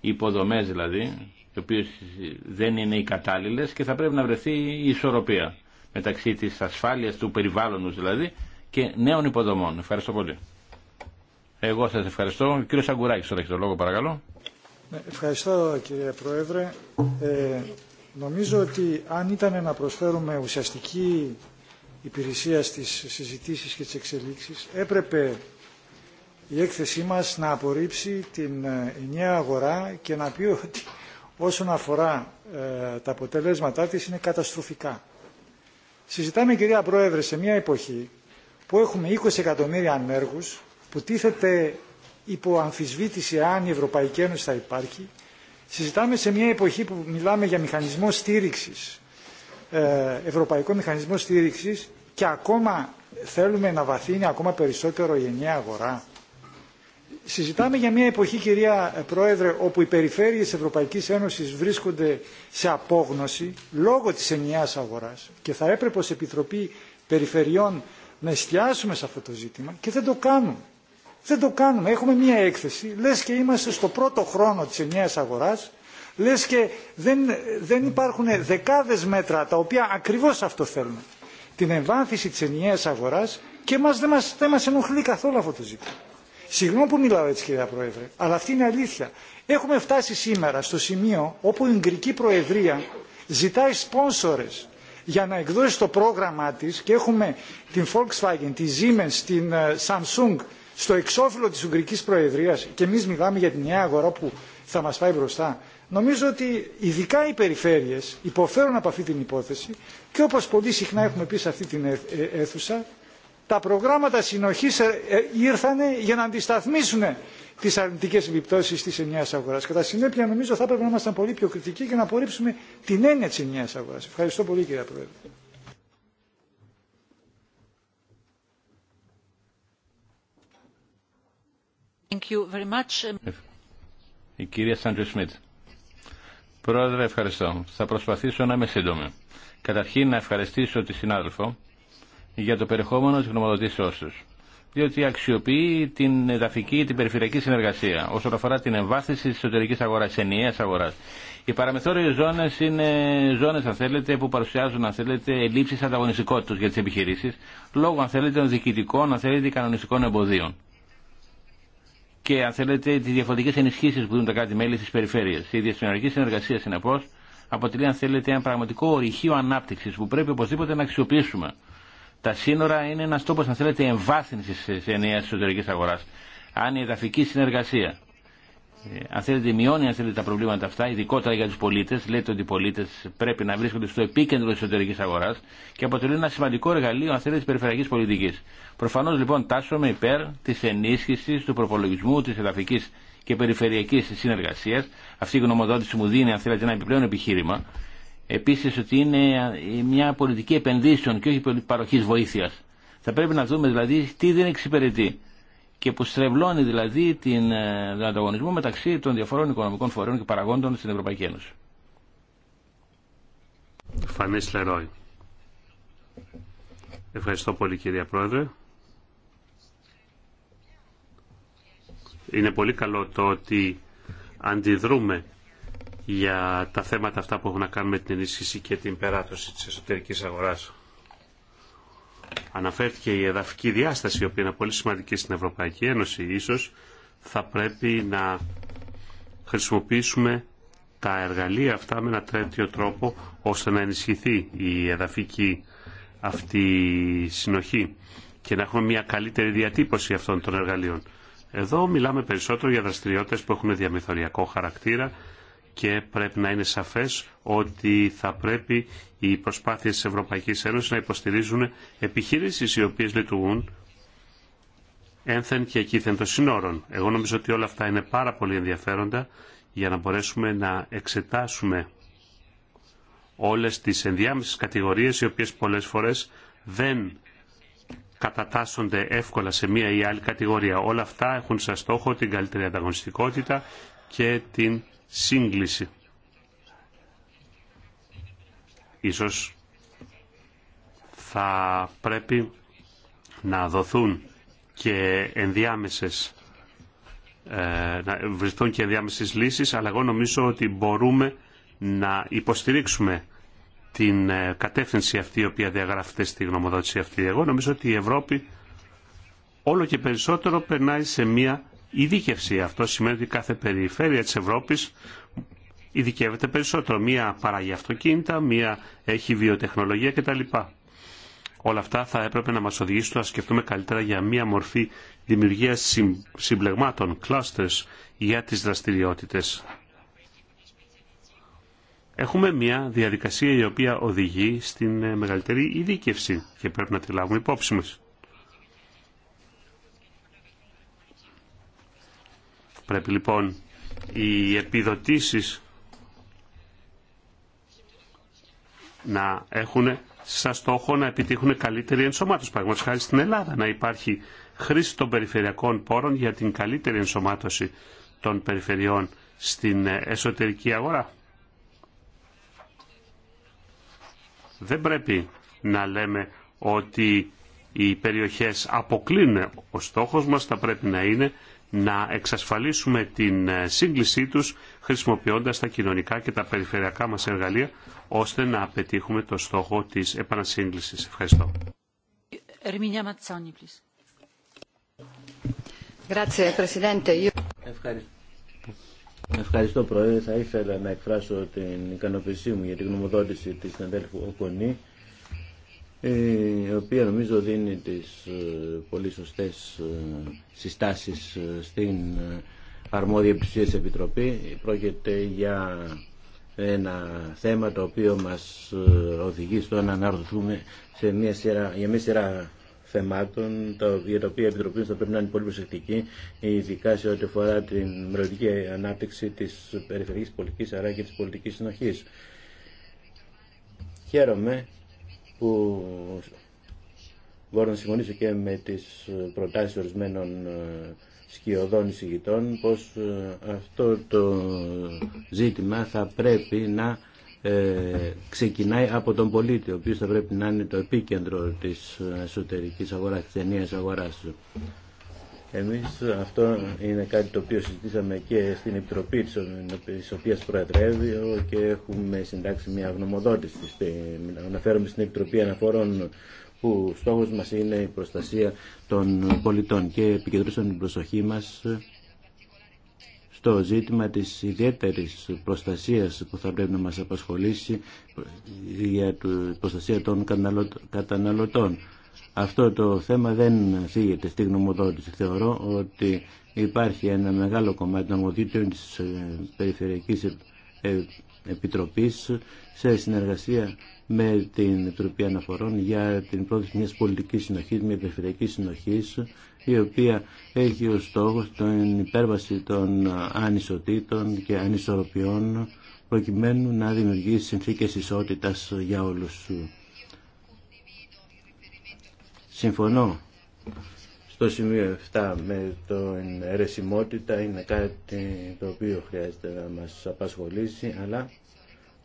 Οι υποδομές δηλαδή οι οποίες δεν είναι οι κατάλληλες και θα πρέπει να βρεθεί η ισορροπία μεταξύ της ασφάλειας του περιβάλλοντος δηλαδή και νέων υποδομών. Ευχαριστώ πολύ. Εγώ σας ευχαριστώ. Ο κύριος Αγκουράκης τώρα έχει το λόγο παρακαλώ. Ε, ευχαριστώ κύριε Πρόεδρε. Ε, νομίζω ότι αν ήταν να προσφέρουμε ουσιαστική υπηρεσία στις συζητήσεις και τις εξελίξεις έπρεπε η έκθεσή μας να απορρίψει την ε, ενιαία αγορά και να πει ότι όσον αφορά ε, τα αποτελέσματά της είναι καταστροφικά. Συζητάμε, κυρία Πρόεδρε, σε μια εποχή που έχουμε 20 εκατομμύρια ανέργους, που τίθεται υπό αμφισβήτηση αν η Ευρωπαϊκή Ένωση θα υπάρχει, συζητάμε σε μια εποχή που μιλάμε για μηχανισμό στήριξης, ε, ευρωπαϊκό μηχανισμό στήριξης και ακόμα θέλουμε να βαθύνει ακόμα περισσότερο η ενιαία αγορά συζητάμε για μια εποχή, κυρία Πρόεδρε, όπου οι περιφέρειες Ευρωπαϊκής Ένωσης βρίσκονται σε απόγνωση λόγω της ενιαίας αγοράς και θα έπρεπε ως Επιτροπή Περιφερειών να εστιάσουμε σε αυτό το ζήτημα και δεν το κάνουμε. Δεν το κάνουμε. Έχουμε μια έκθεση, λες και είμαστε στο πρώτο χρόνο της ενιαίας αγοράς, λες και δεν, δεν υπάρχουν δεκάδες μέτρα τα οποία ακριβώς αυτό θέλουν. Την εμβάθυνση της ενιαίας αγοράς και μας, δεν, μας, δεν μας ενοχλεί καθόλου αυτό το ζήτημα. Συγγνώμη που μιλάω έτσι κυρία Πρόεδρε, αλλά αυτή είναι αλήθεια. Έχουμε φτάσει σήμερα στο σημείο όπου η Ουγγρική Προεδρία ζητάει σπόνσορες για να εκδώσει το πρόγραμμά της και έχουμε την Volkswagen, τη Siemens, την ε, Samsung στο εξώφυλλο της Ουγγρικής Προεδρίας και εμείς μιλάμε για την νέα αγορά που θα μας πάει μπροστά. Νομίζω ότι ειδικά οι περιφέρειες υποφέρουν από αυτή την υπόθεση και όπως πολύ συχνά έχουμε πει σε αυτή την ε, αίθουσα τα προγράμματα συνοχής ε, ε, ήρθαν για να αντισταθμίσουν τις αρνητικές επιπτώσεις της ενιαίας αγοράς. Κατά συνέπεια νομίζω θα έπρεπε να είμαστε πολύ πιο κριτικοί και να απορρίψουμε την έννοια της ενιαίας αγοράς. Ευχαριστώ πολύ κύριε Πρόεδρε. Thank you very much. Η κυρία Σάντζου Σμιτ. Πρόεδρε, ευχαριστώ. Θα προσπαθήσω να είμαι σύντομη. Καταρχήν να ευχαριστήσω τη συνάδελφο για το περιεχόμενο τη γνωμοδοτήσεώ του. διότι αξιοποιεί την εδαφική ή την περιφερειακή συνεργασία όσον αφορά την εμβάθυνση τη εσωτερική αγορά, τη ενιαία αγορά. Οι παραμεθόριε ζώνε είναι ζώνε, αν θέλετε, που παρουσιάζουν, αν θέλετε, ελλείψει ανταγωνιστικότητα για τι επιχειρήσει, λόγω, αν θέλετε, των διοικητικών, αν θέλετε, κανονιστικών εμποδίων. Και, αν θέλετε, τι διαφορετικέ ενισχύσει που δίνουν τα κράτη-μέλη στι περιφέρειε. Η διασυνορική συνεργασία, συνεπώ, αποτελεί, αν θέλετε, ένα πραγματικό ορυχείο ανάπτυξη που πρέπει οπωσδήποτε να αξιοποιήσουμε τα σύνορα είναι ένα τόπο αν θέλετε, εμβάθυνση τη ενιαία εσωτερική αγορά, Αν η εδαφική συνεργασία, ε, αν θέλετε, μειώνει αν θέλετε, τα προβλήματα αυτά, ειδικότερα για του πολίτε. λέτε ότι οι πολιτε πρέπει να βρίσκονται στο επίκεντρο τη εσωτερική αγορά και αποτελεί ένα σημαντικό εργαλείο, αν θέλετε, τη περιφερειακή πολιτική. Προφανώ λοιπόν, τάσσομαι υπέρ τη ενίσχυση του προπολογισμού τη εδαφική και περιφερειακή συνεργασία. Αυτή η γνωμοδότηση μου δίνει, αν θέλετε, ένα επιπλέον επιχείρημα επίσης ότι είναι ε, μια πολιτική επενδύσεων και όχι παροχής βοήθειας. Θα πρέπει να δούμε δηλαδή τι δεν εξυπηρετεί και που στρεβλώνει δηλαδή την, ε, τον ανταγωνισμό μεταξύ των διαφορών οικονομικών φορέων και παραγόντων στην Ευρωπαϊκή Ένωση. Φανής Λερόι. Ευχαριστώ πολύ κυρία Πρόεδρε. Είναι πολύ καλό το ότι αντιδρούμε για τα θέματα αυτά που έχουν να κάνουν με την ενίσχυση και την περάτωση της εσωτερικής αγοράς. Αναφέρθηκε η εδαφική διάσταση, η οποία είναι πολύ σημαντική στην Ευρωπαϊκή Ένωση. Ίσως θα πρέπει να χρησιμοποιήσουμε τα εργαλεία αυτά με ένα τέτοιο τρόπο ώστε να ενισχυθεί η εδαφική αυτή συνοχή και να έχουμε μια καλύτερη διατύπωση αυτών των εργαλείων. Εδώ μιλάμε περισσότερο για δραστηριότητες που έχουν διαμεθοριακό χαρακτήρα και πρέπει να είναι σαφές ότι θα πρέπει οι προσπάθειες της Ευρωπαϊκής Ένωσης να υποστηρίζουν επιχειρήσεις οι οποίες λειτουργούν ένθεν και εκείθεν των συνόρων. Εγώ νομίζω ότι όλα αυτά είναι πάρα πολύ ενδιαφέροντα για να μπορέσουμε να εξετάσουμε όλες τις ενδιάμεσες κατηγορίες οι οποίες πολλές φορές δεν κατατάσσονται εύκολα σε μία ή άλλη κατηγορία. Όλα αυτά έχουν σαν στόχο την καλύτερη ανταγωνιστικότητα και την σύγκληση. Ίσως θα πρέπει να δοθούν και ενδιάμεσες ε, να και ενδιάμεσες λύσεις, αλλά εγώ νομίζω ότι μπορούμε να υποστηρίξουμε την ε, κατεύθυνση αυτή η οποία διαγράφεται στη γνωμοδότηση αυτή. Εγώ νομίζω ότι η Ευρώπη όλο και περισσότερο περνάει σε μία η δίκευση. Αυτό σημαίνει ότι κάθε περιφέρεια της Ευρώπης ειδικεύεται περισσότερο. Μία παράγει αυτοκίνητα, μία έχει βιοτεχνολογία κτλ. Όλα αυτά θα έπρεπε να μας οδηγήσουν να σκεφτούμε καλύτερα για μία μορφή δημιουργίας συμπλεγμάτων, clusters για τις δραστηριότητες. Έχουμε μία διαδικασία η οποία οδηγεί στην ε, μεγαλύτερη ειδίκευση και πρέπει να τη λάβουμε υπόψη μας. Πρέπει λοιπόν οι επιδοτήσεις να έχουν σαν στόχο να επιτύχουν καλύτερη ενσωμάτωση. Παραδείγματο χάρη στην Ελλάδα να υπάρχει χρήση των περιφερειακών πόρων για την καλύτερη ενσωμάτωση των περιφερειών στην εσωτερική αγορά. Δεν πρέπει να λέμε ότι οι περιοχές αποκλίνουν. Ο στόχος μας θα πρέπει να είναι να εξασφαλίσουμε την ε, σύγκλησή τους χρησιμοποιώντας τα κοινωνικά και τα περιφερειακά μας εργαλεία ώστε να πετύχουμε το στόχο της επανασύγκλησης. Ευχαριστώ. Ευχαριστώ. Πρόεδρε. Θα ήθελα να εκφράσω την ικανοποίησή μου για την γνωμοδότηση της συναδέλφου Οκονή ε, η οποία νομίζω δίνει τις ε, πολύ σωστές ε, συστάσεις στην αρμόδια της επιτροπή. Πρόκειται για ένα θέμα το οποίο μας οδηγεί στο να αναρωθούμε σε μια σειρά, για μια σειρά θεμάτων για τα οποία η Επιτροπή θα πρέπει να είναι πολύ προσεκτική, ειδικά σε ό,τι αφορά την μελλοντική ανάπτυξη της περιφερειακής πολιτικής αλλά και της πολιτικής συνοχής. Χαίρομαι που μπορώ να συμφωνήσω και με τις προτάσεις ορισμένων ε, σκιωδών εισηγητών πως ε, αυτό το ζήτημα θα πρέπει να ε, ξεκινάει από τον πολίτη, ο οποίος θα πρέπει να είναι το επίκεντρο της εσωτερικής αγοράς, της ενίας αγοράς. Εμείς αυτό είναι κάτι το οποίο συζητήσαμε και στην Επιτροπή της οποίας προεδρεύει και έχουμε συντάξει μια γνωμοδότηση. Αναφέρομαι στην Επιτροπή Αναφορών που στόχος μας είναι η προστασία των πολιτών και επικεντρώσαμε την προσοχή μας στο ζήτημα της ιδιαίτερης προστασίας που θα πρέπει να μας απασχολήσει για την προστασία των καταναλωτών. Αυτό το θέμα δεν θίγεται στη γνωμοδότηση. Θεωρώ ότι υπάρχει ένα μεγάλο κομμάτι των της ε, Περιφερειακής ε, Επιτροπής σε συνεργασία με την Επιτροπή Αναφορών για την πρόθεση μιας πολιτικής συνοχής, μια περιφερειακή συνοχή, η οποία έχει ως στόχο την υπέρβαση των ανισοτήτων και ανισορροπιών προκειμένου να δημιουργήσει συνθήκες ισότητας για όλους. Συμφωνώ στο σημείο 7 με το ερεσιμότητα είναι κάτι το οποίο χρειάζεται να μας απασχολήσει αλλά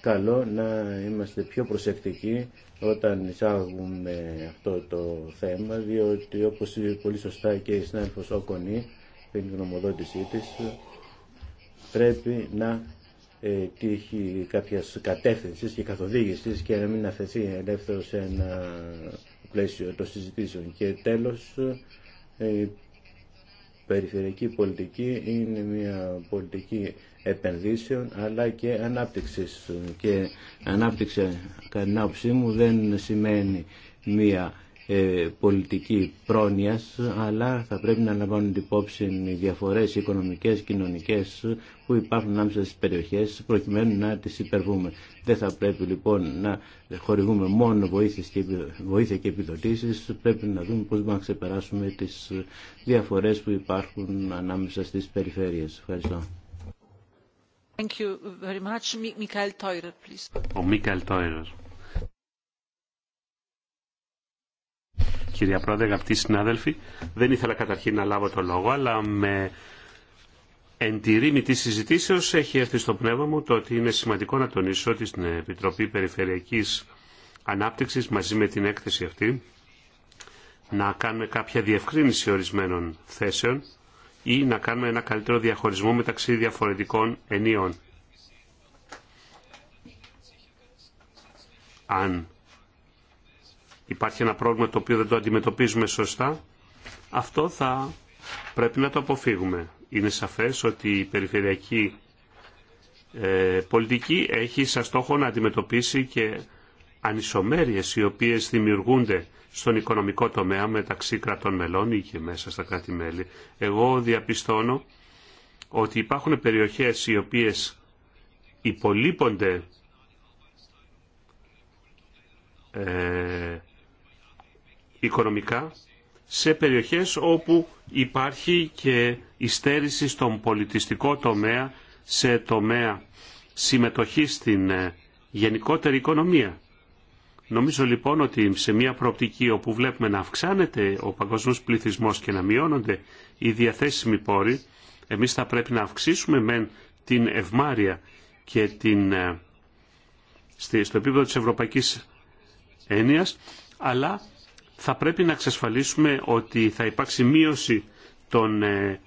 καλό να είμαστε πιο προσεκτικοί όταν εισάγουμε αυτό το θέμα διότι όπως πολύ σωστά και η συνάδελφος Οκονή την γνωμοδότησή της πρέπει να ε, τύχει κάποια κατεύθυνση και καθοδήγησης και να μην αφαιθεί ελεύθερο σε ένα πλαίσιο των συζητήσεων. Και τέλος, ε, η περιφερειακή πολιτική είναι μια πολιτική επενδύσεων αλλά και ανάπτυξης. Και ανάπτυξη, κατά την άποψή μου, δεν σημαίνει μια ε, πολιτική πρόνοιας, αλλά θα πρέπει να την υπόψη οι διαφορές οικονομικές, κοινωνικές που υπάρχουν ανάμεσα στις περιοχές προκειμένου να τις υπερβούμε. Δεν θα πρέπει λοιπόν να χορηγούμε μόνο βοήθεια και επιδοτήσεις, πρέπει να δούμε πώς μπορούμε να ξεπεράσουμε τις διαφορές που υπάρχουν ανάμεσα στις περιφέρειες. Ευχαριστώ. Thank you very much. please. Ο κυρία Πρόεδρε, αγαπητοί συνάδελφοι. Δεν ήθελα καταρχήν να λάβω το λόγο, αλλά με εν τη συζητήσεως έχει έρθει στο πνεύμα μου το ότι είναι σημαντικό να τονίσω ότι στην Επιτροπή Περιφερειακής Ανάπτυξης μαζί με την έκθεση αυτή να κάνουμε κάποια διευκρίνηση ορισμένων θέσεων ή να κάνουμε ένα καλύτερο διαχωρισμό μεταξύ διαφορετικών ενίων. Αν υπάρχει ένα πρόβλημα το οποίο δεν το αντιμετωπίζουμε σωστά, αυτό θα πρέπει να το αποφύγουμε. Είναι σαφές ότι η περιφερειακή ε, πολιτική έχει σαν στόχο να αντιμετωπίσει και ανισομέρειες οι οποίες δημιουργούνται στον οικονομικό τομέα μεταξύ κρατών μελών ή και μέσα στα κράτη-μέλη. Εγώ διαπιστώνω ότι υπάρχουν περιοχές οι οποίες υπολείπονται ε, οικονομικά σε περιοχές όπου υπάρχει και υστέρηση στον πολιτιστικό τομέα, σε τομέα συμμετοχή στην ε, γενικότερη οικονομία. Νομίζω λοιπόν ότι σε μια προοπτική όπου βλέπουμε να αυξάνεται ο παγκοσμίος πληθυσμός και να μειώνονται οι διαθέσιμοι πόροι, εμείς θα πρέπει να αυξήσουμε μεν την ευμάρεια και την, ε, στο επίπεδο της ευρωπαϊκής έννοιας, αλλά θα πρέπει να εξασφαλίσουμε ότι θα υπάρξει μείωση των ε,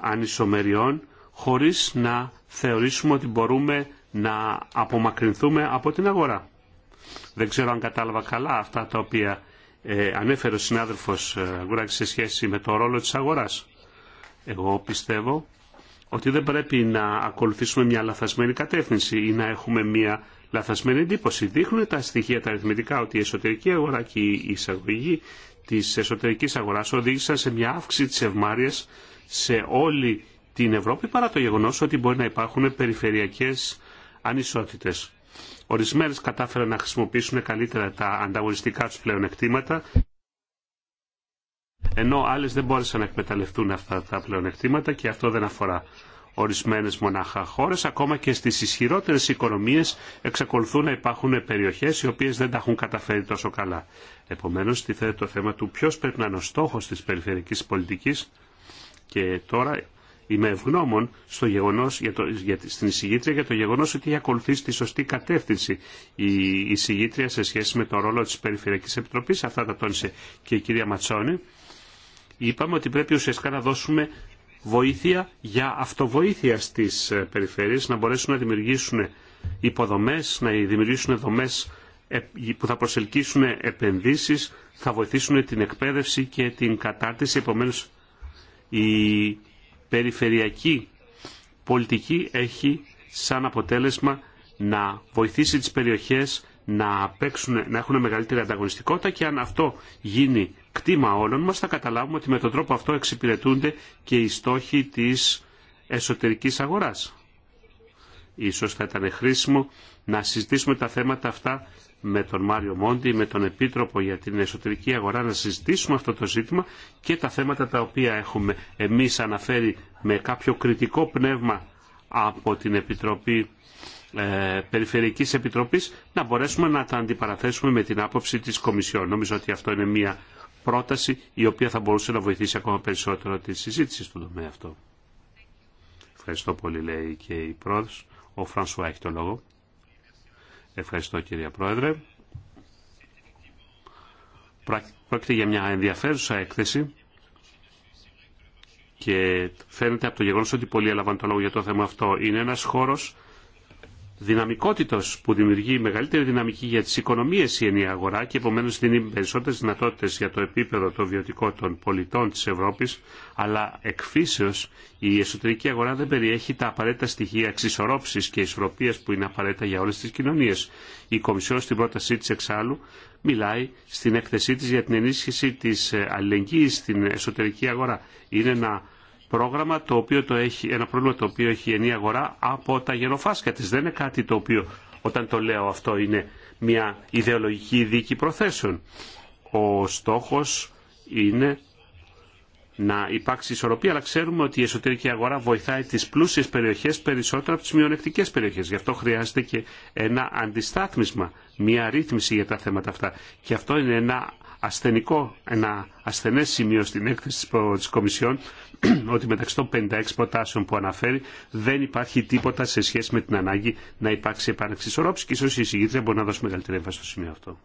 ανισομεριών χωρίς να θεωρήσουμε ότι μπορούμε να απομακρυνθούμε από την αγορά. Δεν ξέρω αν κατάλαβα καλά αυτά τα οποία ε, ανέφερε ο συνάδελφος ε, Γκουράκη σε σχέση με το ρόλο της αγοράς. Εγώ πιστεύω ότι δεν πρέπει να ακολουθήσουμε μια λαθασμένη κατεύθυνση ή να έχουμε μια λαθασμένη εντύπωση. Δείχνουν τα στοιχεία τα αριθμητικά ότι η εσωτερική αγορά και η εισαγωγή τη εσωτερική αγορά οδήγησαν σε μια αύξηση τη ευμάρεια σε όλη την Ευρώπη παρά το γεγονό ότι μπορεί να υπάρχουν περιφερειακές ανισότητες. Ορισμένες κατάφεραν να χρησιμοποιήσουν καλύτερα τα ανταγωνιστικά του πλεονεκτήματα ενώ άλλε δεν μπόρεσαν να εκμεταλλευτούν αυτά τα πλεονεκτήματα και αυτό δεν αφορά ορισμένες μονάχα χώρες, ακόμα και στις ισχυρότερες οικονομίες εξακολουθούν να υπάρχουν περιοχές οι οποίες δεν τα έχουν καταφέρει τόσο καλά. Επομένως, τίθεται το θέμα του ποιος πρέπει να είναι ο στόχος της περιφερειακής πολιτικής και τώρα είμαι ευγνώμων στο γεγονός, για το, για, στην εισηγήτρια για το γεγονός ότι έχει ακολουθήσει τη σωστή κατεύθυνση η εισηγήτρια σε σχέση με τον ρόλο της Περιφερειακής Επιτροπής. Αυτά τα τόνισε και η κυρία Ματσόνη. Είπαμε ότι πρέπει ουσιαστικά να δώσουμε βοήθεια για αυτοβοήθεια στις ε, περιφέρειες, να μπορέσουν να δημιουργήσουν υποδομές, να δημιουργήσουν δομές ε, που θα προσελκύσουν επενδύσεις, θα βοηθήσουν την εκπαίδευση και την κατάρτιση. Επομένως, η περιφερειακή πολιτική έχει σαν αποτέλεσμα να βοηθήσει τις περιοχές να, να έχουν μεγαλύτερη ανταγωνιστικότητα και αν αυτό γίνει κτήμα όλων μας, θα καταλάβουμε ότι με τον τρόπο αυτό εξυπηρετούνται και οι στόχοι της εσωτερικής αγοράς. Ίσως θα ήταν χρήσιμο να συζητήσουμε τα θέματα αυτά με τον Μάριο Μόντι, με τον Επίτροπο για την Εσωτερική Αγορά, να συζητήσουμε αυτό το ζήτημα και τα θέματα τα οποία έχουμε εμείς αναφέρει με κάποιο κριτικό πνεύμα από την Επιτροπή ε, Περιφερειακής Επιτροπής, να μπορέσουμε να τα αντιπαραθέσουμε με την άποψη της Κομισιόν. Νομίζω ότι αυτό είναι μια πρόταση η οποία θα μπορούσε να βοηθήσει ακόμα περισσότερο τη συζήτηση στον τομέα αυτό. Ευχαριστώ πολύ λέει και η πρόεδρο. Ο Φρανσουά έχει το λόγο. Ευχαριστώ κυρία Πρόεδρε. Πρόκειται για μια ενδιαφέρουσα έκθεση και φαίνεται από το γεγονός ότι πολλοί έλαβαν το λόγο για το θέμα αυτό. Είναι ένας χώρος Δυναμικότητα που δημιουργεί μεγαλύτερη δυναμική για τι οικονομίες η ενιαία αγορά και επομένω δίνει περισσότερε δυνατότητε για το επίπεδο το βιωτικό των πολιτών τη Ευρώπη, αλλά εκφύσεω η εσωτερική αγορά δεν περιέχει τα απαραίτητα στοιχεία εξισορρόψη και ισορροπία που είναι απαραίτητα για όλε τι κοινωνίε. Η Κομισιόν στην πρότασή τη εξάλλου μιλάει στην έκθεσή της για την ενίσχυση τη αλληλεγγύη. στην εσωτερική αγορά. Είναι ένα πρόγραμμα το οποίο το έχει, ένα πρόβλημα το οποίο έχει η ενή αγορά από τα γενοφάσκα της. Δεν είναι κάτι το οποίο όταν το λέω αυτό είναι μια ιδεολογική δίκη προθέσεων. Ο στόχος είναι να υπάρξει ισορροπία, αλλά ξέρουμε ότι η εσωτερική αγορά βοηθάει τις πλούσιες περιοχές περισσότερο από τις μειονεκτικές περιοχές. Γι' αυτό χρειάζεται και ένα αντιστάθμισμα, μια ρύθμιση για τα θέματα αυτά. Και αυτό είναι ένα ασθενικό, ένα ασθενές σημείο στην έκθεση της Κομισιόν ότι μεταξύ των 56 προτάσεων που αναφέρει δεν υπάρχει τίποτα σε σχέση με την ανάγκη να υπάρξει επάνεξη και ίσως η εισηγήτρια μπορεί να δώσει μεγαλύτερη έμφαση στο σημείο αυτό.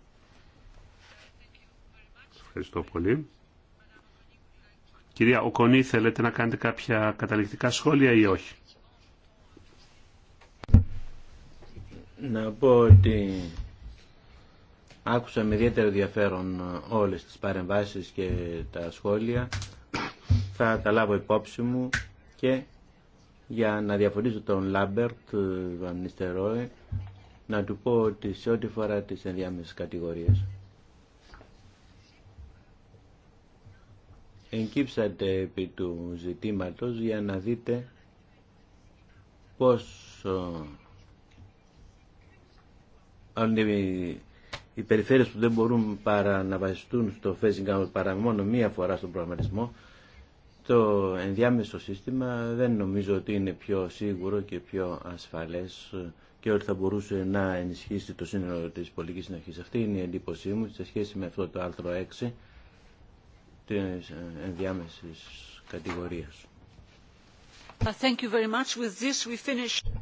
Ευχαριστώ πολύ. Κυρία Οκονή, θέλετε να κάνετε κάποια καταληκτικά σχόλια ή όχι. Να πω ότι Άκουσα με ιδιαίτερο ενδιαφέρον ε, όλες τις παρεμβάσεις και τα σχόλια. Θα τα λάβω υπόψη μου και για να διαφωνήσω τον Λάμπερτ Βανιστερόε να του πω ότι σε ό,τι φορά τις ενδιάμεσες κατηγορίες εγκύψατε επί του ζητήματος για να δείτε πώς ε, αν οι περιφέρειες που δεν μπορούν παρά να βασιστούν στο phasing out παρά μόνο μία φορά στον προγραμματισμό, το ενδιάμεσο σύστημα δεν νομίζω ότι είναι πιο σίγουρο και πιο ασφαλές και ότι θα μπορούσε να ενισχύσει το σύνολο της πολιτικής συνοχής. Αυτή είναι η εντύπωσή μου σε σχέση με αυτό το άρθρο 6 της ενδιάμεσης κατηγορίας.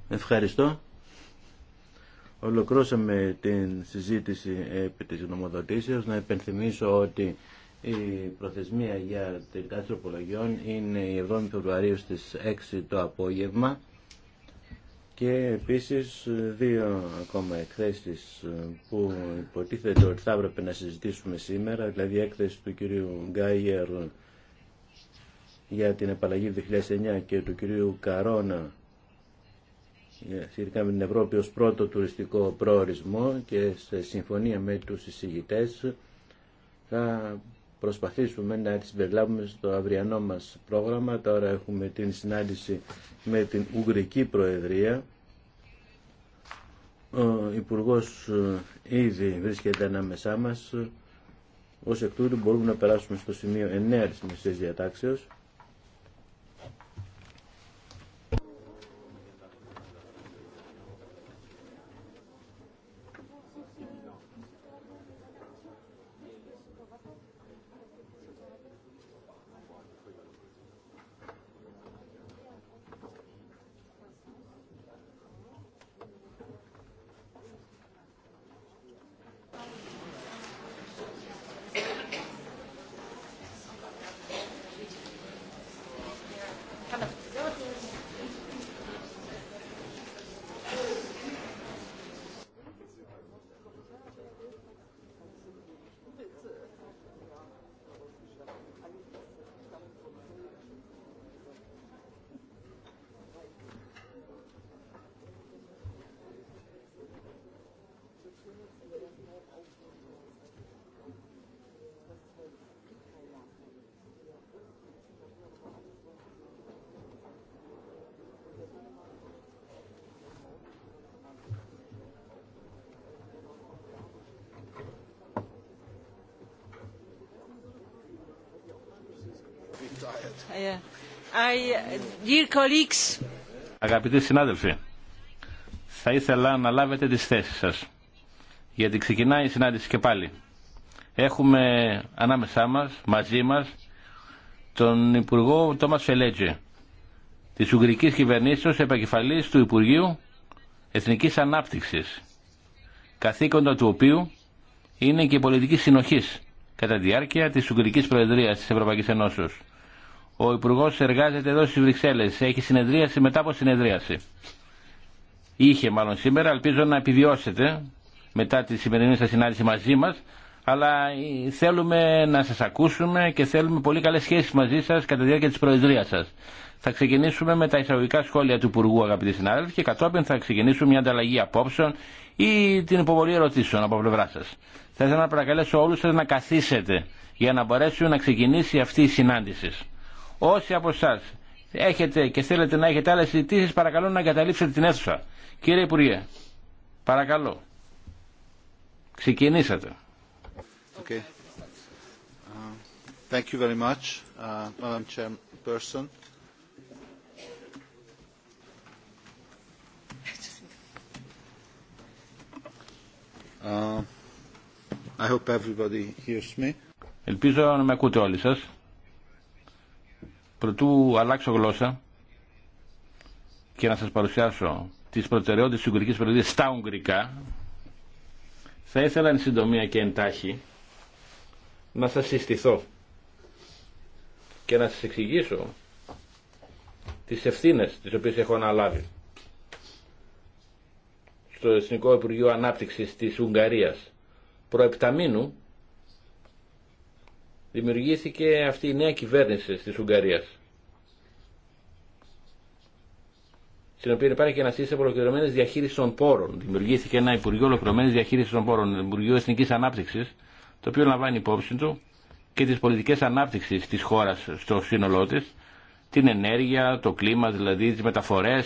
Ευχαριστώ. Ολοκλώσαμε την συζήτηση επί της νομοδοτήσεως. Να υπενθυμίσω ότι η προθεσμία για την τροπολογιών είναι η 7η Φεβρουαρίου στις 6 το απόγευμα και επίσης δύο ακόμα εκθέσεις που υποτίθεται ότι θα έπρεπε να συζητήσουμε σήμερα, δηλαδή η έκθεση του κυρίου Γκάιερ για την επαλλαγή 2009 και του κυρίου Καρόνα ε, σχετικά με την Ευρώπη ως πρώτο τουριστικό προορισμό και σε συμφωνία με τους εισηγητές θα προσπαθήσουμε να τις περιλάβουμε στο αυριανό μας πρόγραμμα. Τώρα έχουμε την συνάντηση με την Ουγγρική Προεδρία. Ο Υπουργός ε, ήδη βρίσκεται ανάμεσά μας. Ως εκ τούτου μπορούμε να περάσουμε στο σημείο 9 της Διατάξεως. Αγαπητοί συνάδελφοι, θα ήθελα να λάβετε τις θέσεις σας, γιατί ξεκινάει η συνάντηση και πάλι. Έχουμε ανάμεσά μας, μαζί μας, τον Υπουργό Τόμας Φελέτζε, της Ουγγρικής Κυβερνήσεως επακεφαλής του Υπουργείου Εθνικής Ανάπτυξης, καθήκοντα του οποίου είναι και η πολιτική συνοχής κατά τη διάρκεια της Ουγγρικής Προεδρίας της Ευρωπαϊκής ο Υπουργό εργάζεται εδώ στι Βρυξέλλε. Έχει συνεδρίαση μετά από συνεδρίαση. Είχε μάλλον σήμερα. Ελπίζω να επιβιώσετε μετά τη σημερινή σα συνάντηση μαζί μα. Αλλά ε, θέλουμε να σα ακούσουμε και θέλουμε πολύ καλέ σχέσει μαζί σα κατά τη διάρκεια τη Προεδρία σα. Θα ξεκινήσουμε με τα εισαγωγικά σχόλια του Υπουργού, αγαπητοί συνάδελφοι, και κατόπιν θα ξεκινήσουμε μια ανταλλαγή απόψεων ή την υποβολή ερωτήσεων από πλευρά σα. Θα ήθελα να παρακαλέσω όλου σα να καθίσετε για να μπορέσουν να ξεκινήσει αυτή η συνάντηση. Όσοι από εσά έχετε και θέλετε να έχετε άλλε συζητήσει, παρακαλώ να εγκαταλείψετε την αίθουσα. Κύριε Υπουργέ, παρακαλώ. Ξεκινήσατε. Okay. Uh, thank you very much, uh, Madam Chairperson. Uh, I hope everybody hears me. Ελπίζω να με ακούτε όλοι σας. Προτού αλλάξω γλώσσα και να σας παρουσιάσω τις προτεραιότητες της Ουγγρικής Προεδρίας στα Ουγγρικά, θα ήθελα εν συντομία και εντάχει να σας συστηθώ και να σας εξηγήσω τις ευθύνες τις οποίες έχω αναλάβει στο Εθνικό Υπουργείο Ανάπτυξης της Ουγγαρίας προεπταμίνου δημιουργήθηκε αυτή η νέα κυβέρνηση της Ουγγαρίας. Στην οποία υπάρχει και ένα σύστημα ολοκληρωμένη διαχείριση των πόρων. Δημιουργήθηκε ένα Υπουργείο Ολοκληρωμένη Διαχείριση των Πόρων, Υπουργείο Εθνική Ανάπτυξη, το οποίο λαμβάνει υπόψη του και τι πολιτικέ ανάπτυξη τη χώρα στο σύνολό τη, την ενέργεια, το κλίμα δηλαδή, τι μεταφορέ,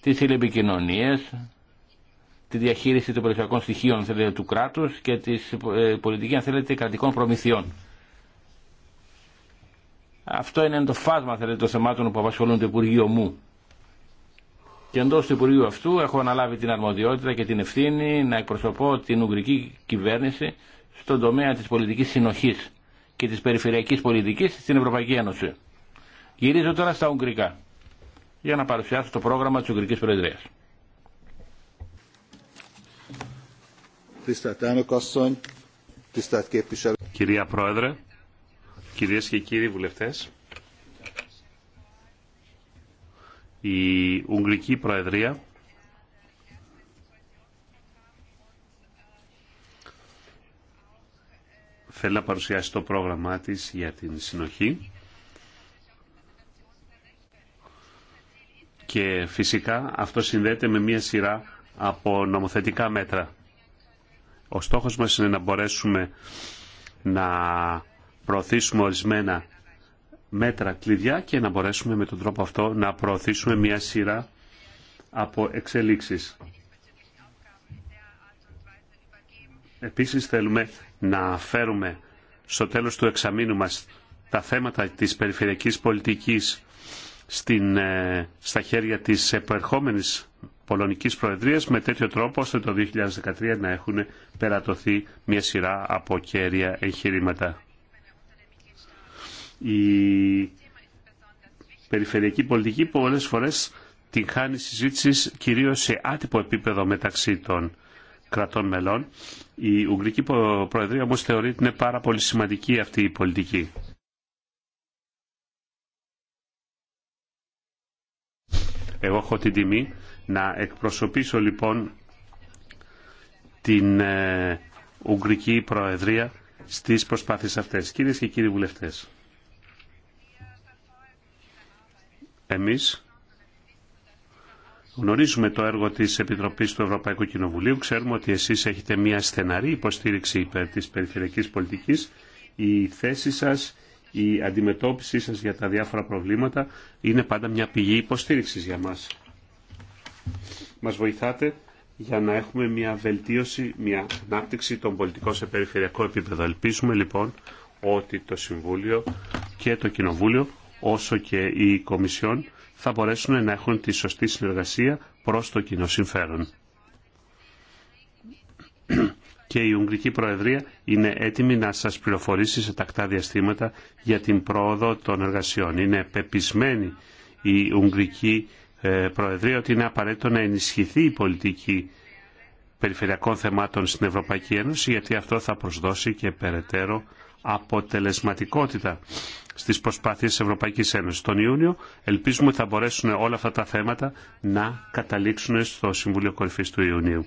τι τηλεπικοινωνίε, τη διαχείριση των περιουσιακών στοιχείων θέλετε, του κράτου και τη ε, πολιτική αν θέλετε κρατικών προμηθειών. Αυτό είναι το φάσμα θέλετε, των θεμάτων που απασχολούν το Υπουργείο μου. Και εντό του Υπουργείου αυτού έχω αναλάβει την αρμοδιότητα και την ευθύνη να εκπροσωπώ την Ουγγρική κυβέρνηση στον τομέα τη πολιτική συνοχή και τη περιφερειακή πολιτική στην Ευρωπαϊκή Ένωση. Γυρίζω τώρα στα Ουγγρικά για να παρουσιάσω το πρόγραμμα τη Ουγγρική Προεδρία. Κυρία Πρόεδρε, Κυρίες και κύριοι βουλευτές, η Ουγγρική Προεδρία θέλει να παρουσιάσει το πρόγραμμά της για την συνοχή και φυσικά αυτό συνδέεται με μία σειρά από νομοθετικά μέτρα. Ο στόχος μας είναι να μπορέσουμε να προωθήσουμε ορισμένα μέτρα κλειδιά και να μπορέσουμε με τον τρόπο αυτό να προωθήσουμε μια σειρά από εξελίξεις. Επίσης θέλουμε να φέρουμε στο τέλος του εξαμήνου μας τα θέματα της περιφερειακής πολιτικής στην, ε, στα χέρια της επερχόμενης Πολωνικής Προεδρίας με τέτοιο τρόπο ώστε το 2013 να έχουν περατωθεί μια σειρά από κέρια εγχειρήματα η περιφερειακή πολιτική πολλές φορές την χάνει συζήτηση κυρίως σε άτυπο επίπεδο μεταξύ των κρατών μελών. Η Ουγγρική Προεδρία όμως θεωρεί ότι είναι πάρα πολύ σημαντική αυτή η πολιτική. Εγώ έχω την τιμή να εκπροσωπήσω λοιπόν την ε, Ουγγρική Προεδρία στις προσπάθειες αυτές. Κυρίες και κύριοι βουλευτές. Εμείς γνωρίζουμε το έργο της Επιτροπής του Ευρωπαϊκού Κοινοβουλίου. Ξέρουμε ότι εσείς έχετε μια στεναρή υποστήριξη υπέρ της περιφερειακής πολιτικής. Η θέση σας, η αντιμετώπιση σας για τα διάφορα προβλήματα είναι πάντα μια πηγή υποστήριξης για μας. Μας βοηθάτε για να έχουμε μια βελτίωση, μια ανάπτυξη των πολιτικών σε περιφερειακό επίπεδο. Ελπίζουμε λοιπόν ότι το Συμβούλιο και το Κοινοβούλιο όσο και η Κομισιόν θα μπορέσουν να έχουν τη σωστή συνεργασία προς το κοινό συμφέρον. Και η Ουγγρική Προεδρία είναι έτοιμη να σας πληροφορήσει σε τακτά διαστήματα για την πρόοδο των εργασιών. Είναι πεπισμένη η Ουγγρική ε, Προεδρία ότι είναι απαραίτητο να ενισχυθεί η πολιτική περιφερειακών θεμάτων στην Ευρωπαϊκή Ένωση γιατί αυτό θα προσδώσει και περαιτέρω αποτελεσματικότητα στις προσπάθειες της Ευρωπαϊκής Ένωσης. Τον Ιούνιο ελπίζουμε ότι θα μπορέσουν όλα αυτά τα θέματα να καταλήξουν στο Συμβούλιο Κορυφής του Ιουνίου.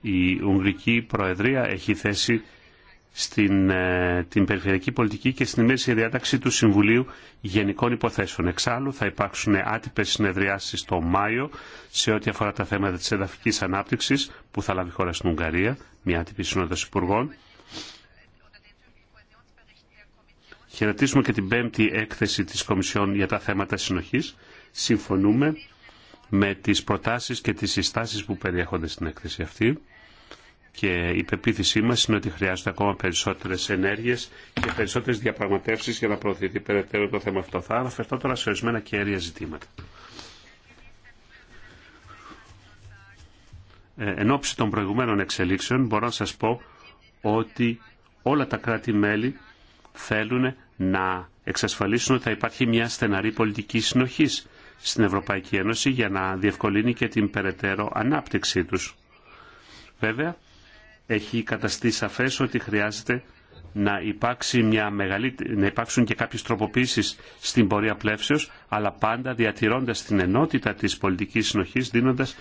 Η Ουγγρική Προεδρία έχει θέση στην ε, την περιφερειακή πολιτική και στην μέση διάταξη του Συμβουλίου Γενικών Υποθέσεων. Εξάλλου θα υπάρξουν άτυπες συνεδριάσεις το Μάιο σε ό,τι αφορά τα θέματα της εδαφικής ανάπτυξης που θα λάβει χώρα στην Ουγγαρία, μια άτυπη σύνοδος υπουργών Χαιρετίζουμε και την πέμπτη έκθεση της Κομισιόν για τα θέματα συνοχής. Συμφωνούμε με τις προτάσεις και τις συστάσεις που περιέχονται στην έκθεση αυτή και η πεποίθησή μας είναι ότι χρειάζονται ακόμα περισσότερες ενέργειες και περισσότερες διαπραγματεύσεις για να προωθηθεί περαιτέρω το θέμα αυτό. Θα αναφερθώ τώρα σε ορισμένα κέρια ζητήματα. Ε, εν ώψη των προηγουμένων εξελίξεων μπορώ να σας πω ότι όλα τα κράτη-μέλη θέλουν να εξασφαλίσουν ότι θα υπάρχει μια στεναρή πολιτική συνοχής στην Ευρωπαϊκή Ένωση για να διευκολύνει και την περαιτέρω ανάπτυξή τους. Βέβαια, έχει καταστεί σαφές ότι χρειάζεται να, υπάρξει μια να υπάρξουν και κάποιες τροποποίησεις στην πορεία πλεύσεως, αλλά πάντα διατηρώντας την ενότητα της πολιτικής συνοχής, δίνοντας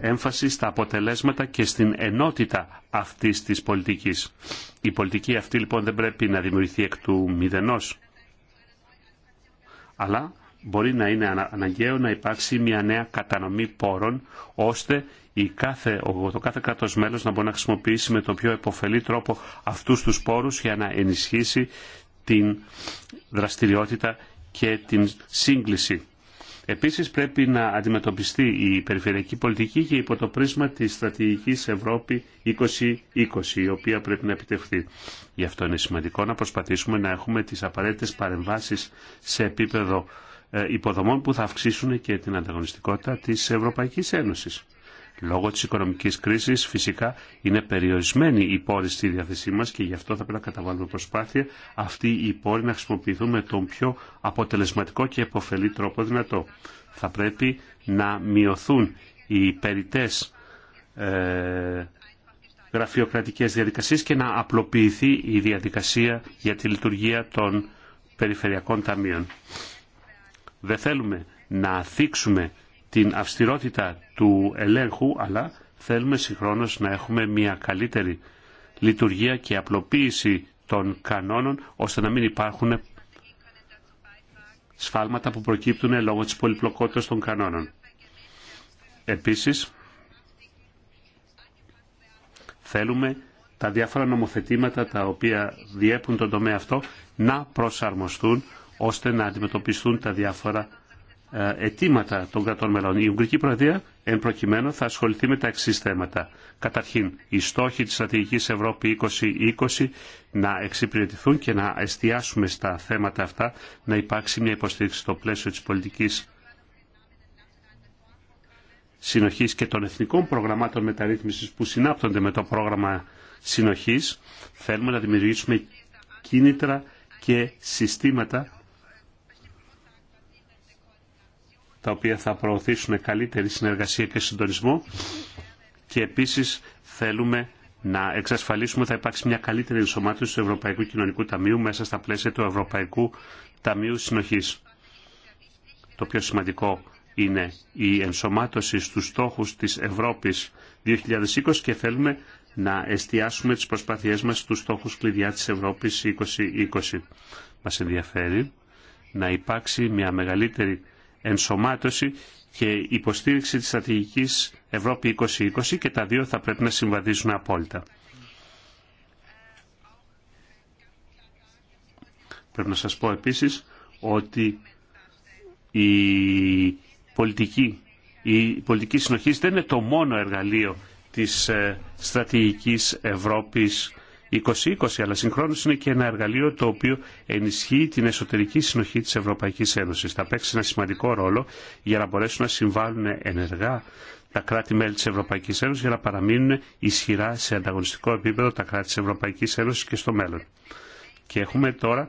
έμφαση στα αποτελέσματα και στην ενότητα αυτής της πολιτικής. Η πολιτική αυτή λοιπόν δεν πρέπει να δημιουργηθεί εκ του μηδενός, αλλά μπορεί να είναι αναγκαίο να υπάρξει μια νέα κατανομή πόρων, ώστε η κάθε, το κάθε κράτος μέλος να μπορεί να χρησιμοποιήσει με τον πιο επωφελή τρόπο αυτούς τους πόρους για να ενισχύσει την δραστηριότητα και την σύγκληση Επίσης πρέπει να αντιμετωπιστεί η περιφερειακή πολιτική και υπό το πρίσμα της στρατηγικής Ευρώπη 2020, η οποία πρέπει να επιτευχθεί. Γι' αυτό είναι σημαντικό να προσπαθήσουμε να έχουμε τις απαραίτητες παρεμβάσεις σε επίπεδο ε, υποδομών που θα αυξήσουν και την ανταγωνιστικότητα της Ευρωπαϊκής Ένωσης. Λόγω της οικονομικής κρίσης φυσικά είναι περιορισμένη οι πόροι στη διάθεσή μας και γι' αυτό θα πρέπει να καταβάλουμε προσπάθεια αυτή η πόρη να χρησιμοποιηθούν με τον πιο αποτελεσματικό και επωφελή τρόπο δυνατό. Θα πρέπει να μειωθούν οι περιτές ε, γραφειοκρατικές διαδικασίες και να απλοποιηθεί η διαδικασία για τη λειτουργία των περιφερειακών ταμείων. Δεν θέλουμε να θίξουμε την αυστηρότητα του ελέγχου, αλλά θέλουμε συγχρόνως να έχουμε μια καλύτερη λειτουργία και απλοποίηση των κανόνων, ώστε να μην υπάρχουν σφάλματα που προκύπτουν λόγω της πολυπλοκότητας των κανόνων. Επίσης, θέλουμε τα διάφορα νομοθετήματα τα οποία διέπουν τον τομέα αυτό να προσαρμοστούν ώστε να αντιμετωπιστούν τα διάφορα ε, αιτήματα των κρατών μελών. Η Ουγγρική Προεδρία, εν προκειμένου, θα ασχοληθεί με τα εξή θέματα. Καταρχήν, οι στόχοι της στρατηγικής Ευρώπη 2020 να εξυπηρετηθούν και να εστιάσουμε στα θέματα αυτά, να υπάρξει μια υποστήριξη στο πλαίσιο της πολιτικής συνοχής και των εθνικών προγραμμάτων μεταρρύθμισης που συνάπτονται με το πρόγραμμα συνοχής. Θέλουμε να δημιουργήσουμε κίνητρα και συστήματα τα οποία θα προωθήσουν καλύτερη συνεργασία και συντονισμό και επίσης θέλουμε να εξασφαλίσουμε ότι θα υπάρξει μια καλύτερη ενσωμάτωση του Ευρωπαϊκού Κοινωνικού Ταμείου μέσα στα πλαίσια του Ευρωπαϊκού Ταμείου Συνοχής. Το πιο σημαντικό είναι η ενσωμάτωση στους στόχους της Ευρώπης 2020 και θέλουμε να εστιάσουμε τις προσπάθειές μας στους στόχους κλειδιά της Ευρώπης 2020. Μας ενδιαφέρει να υπάρξει μια μεγαλύτερη ενσωμάτωση και υποστήριξη της στρατηγικής Ευρώπη 2020 και τα δύο θα πρέπει να συμβαδίζουν απόλυτα. Πρέπει να σας πω επίσης ότι η πολιτική, η πολιτική συνοχής δεν είναι το μόνο εργαλείο της ε, στρατηγικής Ευρώπης 2020, αλλά συγχρόνως είναι και ένα εργαλείο το οποίο ενισχύει την εσωτερική συνοχή της Ευρωπαϊκής Ένωσης. Θα παίξει ένα σημαντικό ρόλο για να μπορέσουν να συμβάλλουν ενεργά τα κράτη-μέλη της Ευρωπαϊκής Ένωσης για να παραμείνουν ισχυρά σε ανταγωνιστικό επίπεδο τα κράτη της Ευρωπαϊκής Ένωσης και στο μέλλον. Και έχουμε τώρα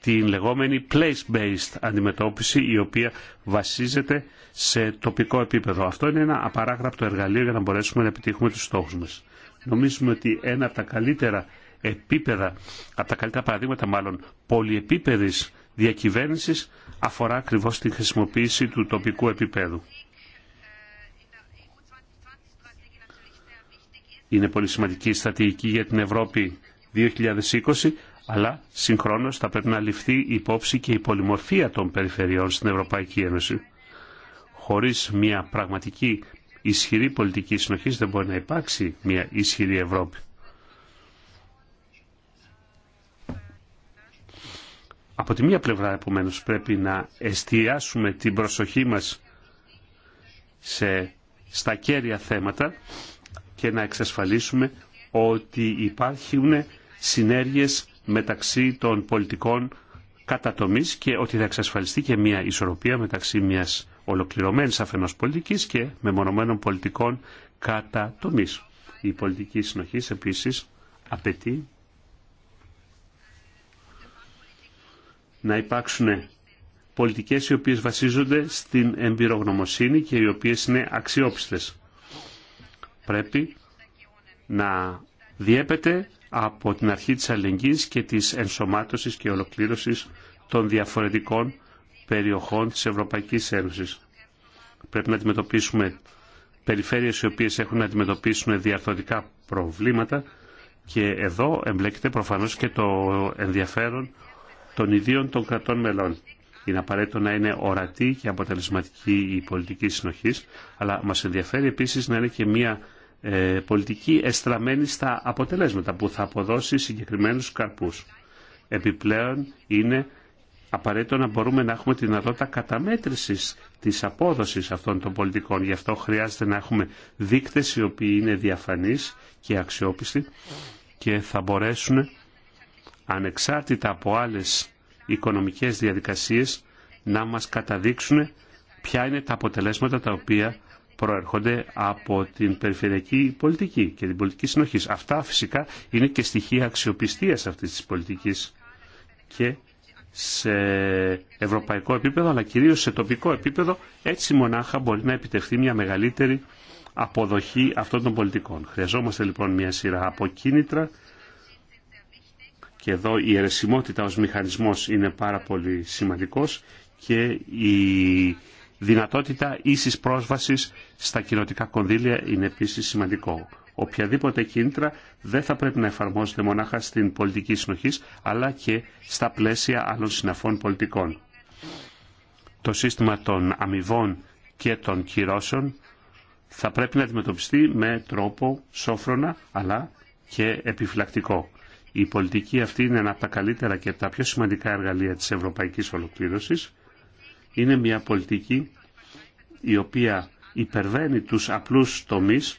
την λεγόμενη place-based αντιμετώπιση η οποία βασίζεται σε τοπικό επίπεδο. Αυτό είναι ένα απαράγραπτο εργαλείο για να μπορέσουμε να επιτύχουμε τους στόχους μας. Νομίζουμε ότι ένα από τα καλύτερα επίπεδα, από τα καλύτερα παραδείγματα μάλλον, πολυεπίπεδης διακυβέρνησης αφορά ακριβώς τη χρησιμοποίηση του τοπικού επίπεδου. Είναι πολύ σημαντική η στρατηγική για την Ευρώπη 2020, αλλά συγχρόνως θα πρέπει να ληφθεί υπόψη και η πολυμορφία των περιφερειών στην Ευρωπαϊκή Ένωση. Χωρίς μια πραγματική ισχυρή πολιτική συνοχή δεν μπορεί να υπάρξει μια ισχυρή Ευρώπη. Από τη μία πλευρά, επομένω πρέπει να εστιάσουμε την προσοχή μας σε, στα κέρια θέματα και να εξασφαλίσουμε ότι υπάρχουν συνέργειες μεταξύ των πολιτικών κατατομής και ότι θα εξασφαλιστεί και μια ισορροπία μεταξύ μιας ολοκληρωμένης αφενός πολιτικής και μεμονωμένων πολιτικών κατατομής. Η πολιτική συνοχή επίσης απαιτεί να υπάρξουν πολιτικές οι οποίες βασίζονται στην εμπειρογνωμοσύνη και οι οποίες είναι αξιόπιστες. Πρέπει να διέπεται από την αρχή της αλληλεγγύης και της ενσωμάτωσης και ολοκλήρωσης των διαφορετικών περιοχών της Ευρωπαϊκής Ένωσης. Πρέπει να αντιμετωπίσουμε περιφέρειες οι οποίες έχουν να αντιμετωπίσουν διαρθωτικά προβλήματα και εδώ εμπλέκεται προφανώς και το ενδιαφέρον των ιδίων των κρατών μελών. Είναι απαραίτητο να είναι ορατή και αποτελεσματική η πολιτική συνοχή, αλλά μα ενδιαφέρει επίση να είναι και μια ε, πολιτική εστραμμένη στα αποτελέσματα που θα αποδώσει συγκεκριμένου καρπού. Επιπλέον είναι απαραίτητο να μπορούμε να έχουμε την δυνατότητα καταμέτρηση τη απόδοση αυτών των πολιτικών. Γι' αυτό χρειάζεται να έχουμε δείκτε οι οποίοι είναι διαφανεί και αξιόπιστοι και θα μπορέσουν ανεξάρτητα από άλλες οικονομικές διαδικασίες να μας καταδείξουν ποια είναι τα αποτελέσματα τα οποία προέρχονται από την περιφερειακή πολιτική και την πολιτική συνοχής. Αυτά φυσικά είναι και στοιχεία αξιοπιστίας αυτής της πολιτικής και σε ευρωπαϊκό επίπεδο αλλά κυρίως σε τοπικό επίπεδο έτσι μονάχα μπορεί να επιτευχθεί μια μεγαλύτερη αποδοχή αυτών των πολιτικών. Χρειαζόμαστε λοιπόν μια σειρά από κίνητρα και εδώ η αιρεσιμότητα ως μηχανισμός είναι πάρα πολύ σημαντικός και η δυνατότητα ίσης πρόσβασης στα κοινωτικά κονδύλια είναι επίσης σημαντικό. Οποιαδήποτε κίνητρα δεν θα πρέπει να εφαρμόζεται μονάχα στην πολιτική συνοχή, αλλά και στα πλαίσια άλλων συναφών πολιτικών. Το σύστημα των αμοιβών και των κυρώσεων θα πρέπει να αντιμετωπιστεί με τρόπο σόφρονα αλλά και επιφυλακτικό. Η πολιτική αυτή είναι ένα από τα καλύτερα και τα πιο σημαντικά εργαλεία της ευρωπαϊκής ολοκλήρωσης. Είναι μια πολιτική η οποία υπερβαίνει τους απλούς τομείς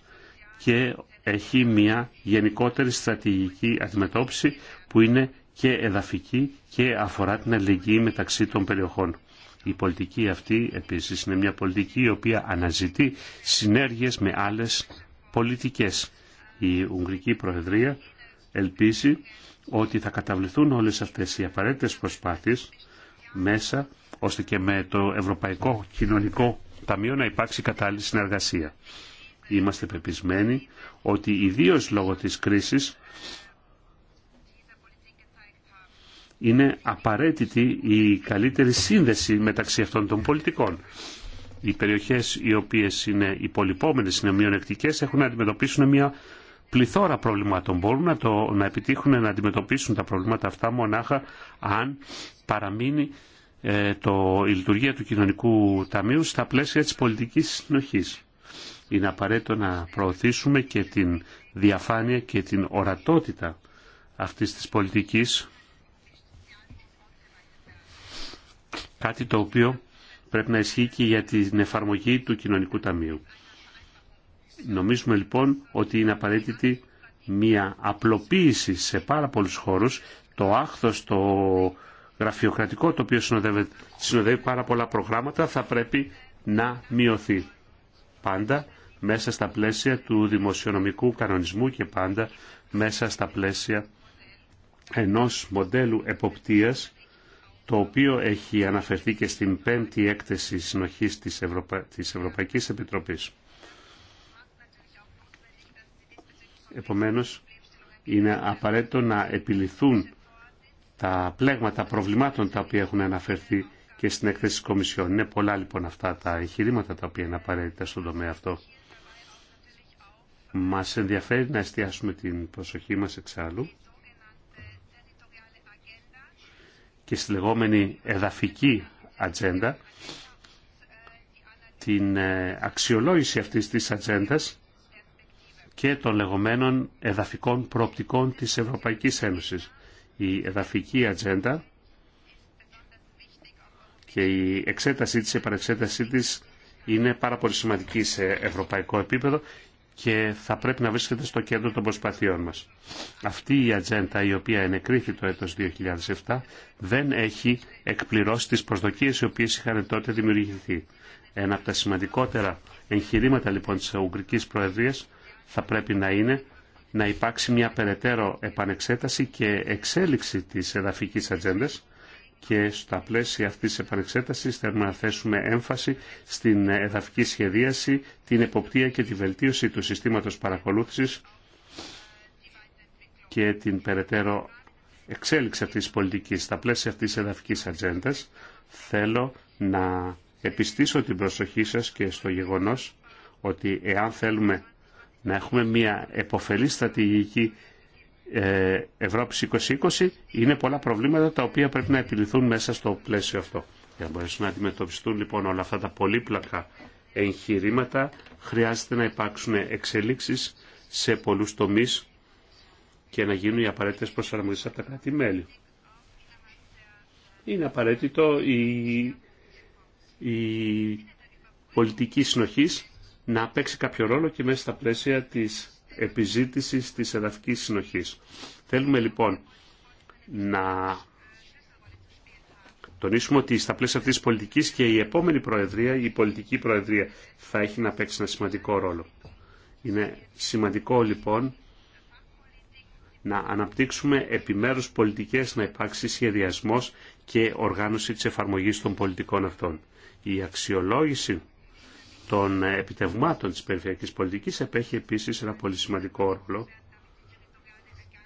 και έχει μια γενικότερη στρατηγική αντιμετώπιση που είναι και εδαφική και αφορά την αλληλεγγύη μεταξύ των περιοχών. Η πολιτική αυτή επίσης είναι μια πολιτική η οποία αναζητεί συνέργειες με άλλες πολιτικές. Η Ουγγρική Προεδρία ελπίζει ότι θα καταβληθούν όλες αυτές οι απαραίτητες προσπάθειες μέσα ώστε και με το Ευρωπαϊκό Κοινωνικό Ταμείο να υπάρξει κατάλληλη συνεργασία. Είμαστε πεπισμένοι ότι ιδίως λόγω της κρίσης είναι απαραίτητη η καλύτερη σύνδεση μεταξύ αυτών των πολιτικών. Οι περιοχές οι οποίες είναι υπολοιπόμενες, είναι μειονεκτικές, έχουν να αντιμετωπίσουν μια πληθώρα προβλημάτων. Μπορούν να, το, να επιτύχουν να αντιμετωπίσουν τα προβλήματα αυτά μονάχα αν παραμείνει ε, το, η λειτουργία του κοινωνικού ταμείου στα πλαίσια της πολιτικής συνοχής. Είναι απαραίτητο να προωθήσουμε και την διαφάνεια και την ορατότητα αυτής της πολιτικής κάτι το οποίο πρέπει να ισχύει και για την εφαρμογή του κοινωνικού ταμείου. Νομίζουμε λοιπόν ότι είναι απαραίτητη μια απλοποίηση σε πάρα πολλούς χώρους, το άχθος, το γραφειοκρατικό το οποίο συνοδεύει, πάρα πολλά προγράμματα θα πρέπει να μειωθεί. Πάντα μέσα στα πλαίσια του δημοσιονομικού κανονισμού και πάντα μέσα στα πλαίσια ενός μοντέλου εποπτείας το οποίο έχει αναφερθεί και στην πέμπτη έκθεση συνοχής της, Ευρωπα... της Ευρωπαϊκής Επιτροπής. Επομένως, είναι απαραίτητο να επιληθούν τα πλέγματα προβλημάτων τα οποία έχουν αναφερθεί και στην έκθεση της Κομισιόν. Είναι πολλά λοιπόν αυτά τα εγχειρήματα τα οποία είναι απαραίτητα στον τομέα αυτό. Μας ενδιαφέρει να εστιάσουμε την προσοχή μας εξάλλου και στη λεγόμενη εδαφική ατζέντα την ε, αξιολόγηση αυτής της ατζέντα και των λεγόμενων εδαφικών προοπτικών της Ευρωπαϊκής Ένωσης. Η εδαφική ατζέντα και η εξέτασή της, η παρεξέτασή της είναι πάρα πολύ σημαντική σε ευρωπαϊκό επίπεδο και θα πρέπει να βρίσκεται στο κέντρο των προσπαθειών μας. Αυτή η ατζέντα η οποία ενεκρίθη το έτος 2007 δεν έχει εκπληρώσει τις προσδοκίες οι οποίες είχαν τότε δημιουργηθεί. Ένα από τα σημαντικότερα εγχειρήματα λοιπόν της Ουγγρικής Προεδρίας θα πρέπει να είναι να υπάρξει μια περαιτέρω επανεξέταση και εξέλιξη της εδαφικής ατζέντα και στα πλαίσια αυτής της επανεξέτασης θέλουμε να θέσουμε έμφαση στην εδαφική σχεδίαση, την εποπτεία και τη βελτίωση του συστήματος παρακολούθησης και την περαιτέρω εξέλιξη αυτής της πολιτικής. Στα πλαίσια αυτής της εδαφικής ατζέντα θέλω να επιστήσω την προσοχή σας και στο γεγονός ότι εάν θέλουμε να έχουμε μια εποφελή στρατηγική ε, Ευρώπης 2020 είναι πολλά προβλήματα τα οποία πρέπει να επιληθούν μέσα στο πλαίσιο αυτό. Για να μπορέσουν να αντιμετωπιστούν λοιπόν όλα αυτά τα πολύπλακα εγχειρήματα χρειάζεται να υπάρξουν εξελίξεις σε πολλούς τομείς και να γίνουν οι απαραίτητες προσαρμογές από τα κράτη-μέλη. Είναι απαραίτητο η, η πολιτική συνοχής να παίξει κάποιο ρόλο και μέσα στα πλαίσια της επιζήτησης της εδαφικής συνοχής. Θέλουμε λοιπόν να τονίσουμε ότι στα πλαίσια αυτής της πολιτικής και η επόμενη προεδρία, η πολιτική προεδρία, θα έχει να παίξει ένα σημαντικό ρόλο. Είναι σημαντικό λοιπόν να αναπτύξουμε επιμέρους πολιτικές, να υπάρξει σχεδιασμός και οργάνωση της εφαρμογής των πολιτικών αυτών. Η αξιολόγηση των επιτευγμάτων της περιφερειακής πολιτικής επέχει επίσης ένα πολύ σημαντικό ρόλο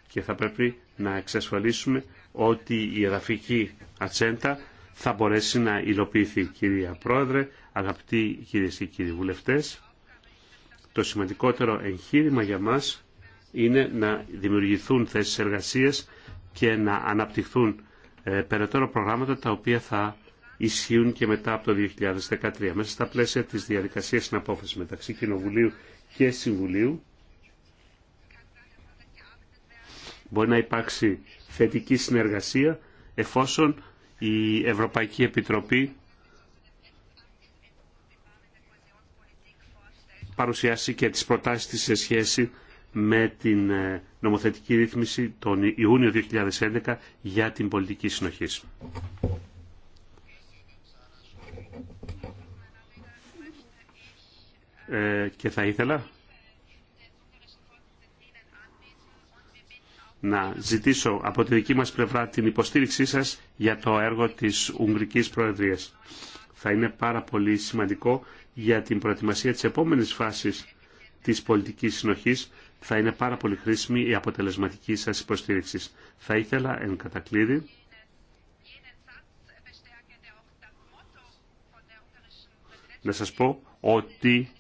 και θα πρέπει να εξασφαλίσουμε ότι η εδαφική ατσέντα θα μπορέσει να υλοποιηθεί. Κυρία Πρόεδρε, αγαπητοί κυρίες και κύριοι βουλευτές, το σημαντικότερο εγχείρημα για μας είναι να δημιουργηθούν θέσεις εργασίας και να αναπτυχθούν ε, περαιτέρω προγράμματα τα οποία θα ισχύουν και μετά από το 2013. Μέσα στα πλαίσια της διαδικασίας συναπόφασης μεταξύ Κοινοβουλίου και Συμβουλίου μπορεί να υπάρξει θετική συνεργασία εφόσον η Ευρωπαϊκή Επιτροπή παρουσιάσει και τις προτάσεις της σε σχέση με την ε, νομοθετική ρύθμιση τον Ιούνιο 2011 για την πολιτική συνοχή. Ε, και θα ήθελα να ζητήσω από τη δική μας πλευρά την υποστήριξή σας για το έργο της Ουγγρικής Προεδρίας. Θα είναι πάρα πολύ σημαντικό για την προετοιμασία της επόμενης φάσης της πολιτικής συνοχής. Θα είναι πάρα πολύ χρήσιμη η αποτελεσματική σας υποστήριξη. Θα ήθελα εν κατακλείδη να σας πω ότι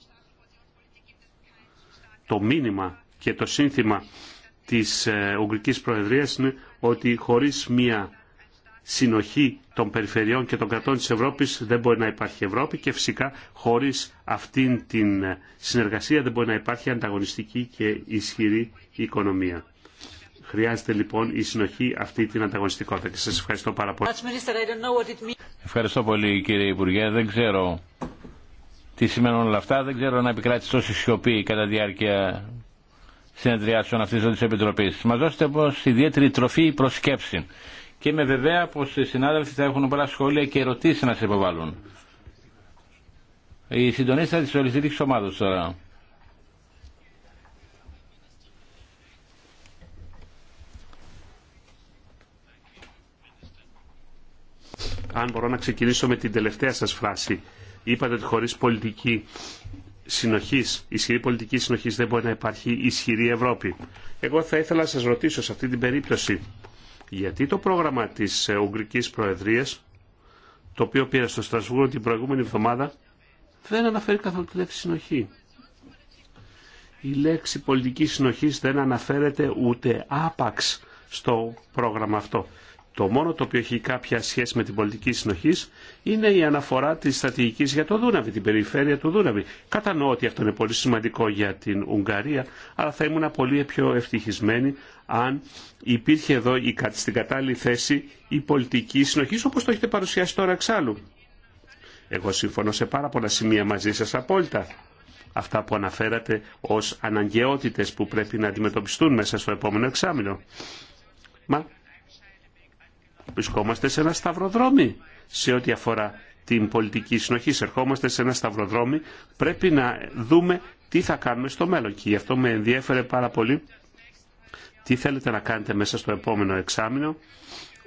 το μήνυμα και το σύνθημα της ε, Ουγγρικής Προεδρίας είναι ότι χωρίς μια συνοχή των περιφερειών και των κρατών της Ευρώπης δεν μπορεί να υπάρχει Ευρώπη και φυσικά χωρίς αυτήν την ε, συνεργασία δεν μπορεί να υπάρχει ανταγωνιστική και ισχυρή οικονομία. Χρειάζεται λοιπόν η συνοχή αυτή την ανταγωνιστικότητα και σας ευχαριστώ πάρα πολύ. Ευχαριστώ πολύ κύριε Υπουργέ. Δεν ξέρω τι σημαίνουν όλα αυτά. Δεν ξέρω να επικράτησε τόση σιωπή κατά διάρκεια συνεδριάσεων αυτή τη Επιτροπή. Μα δώσετε όμω ιδιαίτερη τροφή προ Και είμαι βεβαία πω οι συνάδελφοι θα έχουν πολλά σχόλια και ερωτήσει να σε υποβάλουν. Η συντονίστρια τη οριστική Ομάδα τώρα. Αν μπορώ να ξεκινήσω με την τελευταία σας φράση Είπατε ότι χωρίς πολιτική συνοχής, ισχυρή πολιτική συνοχής δεν μπορεί να υπάρχει ισχυρή Ευρώπη. Εγώ θα ήθελα να σας ρωτήσω σε αυτή την περίπτωση γιατί το πρόγραμμα της ε, Ουγγρικής Προεδρίας το οποίο πήρα στο Στρασβούργο την προηγούμενη εβδομάδα δεν αναφέρει καθόλου τη λέξη συνοχή. Η λέξη πολιτική συνοχής δεν αναφέρεται ούτε άπαξ στο πρόγραμμα αυτό το μόνο το οποίο έχει κάποια σχέση με την πολιτική συνοχή είναι η αναφορά τη στρατηγική για το Δούναβι, την περιφέρεια του Δούναβι. Κατανοώ ότι αυτό είναι πολύ σημαντικό για την Ουγγαρία, αλλά θα ήμουν πολύ πιο ευτυχισμένη αν υπήρχε εδώ στην κατάλληλη θέση η πολιτική συνοχή όπω το έχετε παρουσιάσει τώρα εξάλλου. Εγώ συμφωνώ σε πάρα πολλά σημεία μαζί σα απόλυτα. Αυτά που αναφέρατε ω αναγκαιότητε που πρέπει να αντιμετωπιστούν μέσα στο επόμενο εξάμεινο. Μα Βρισκόμαστε σε ένα σταυροδρόμι σε ό,τι αφορά την πολιτική συνοχή. Ερχόμαστε σε ένα σταυροδρόμι. Πρέπει να δούμε τι θα κάνουμε στο μέλλον. Και γι' αυτό με ενδιέφερε πάρα πολύ τι θέλετε να κάνετε μέσα στο επόμενο εξάμεινο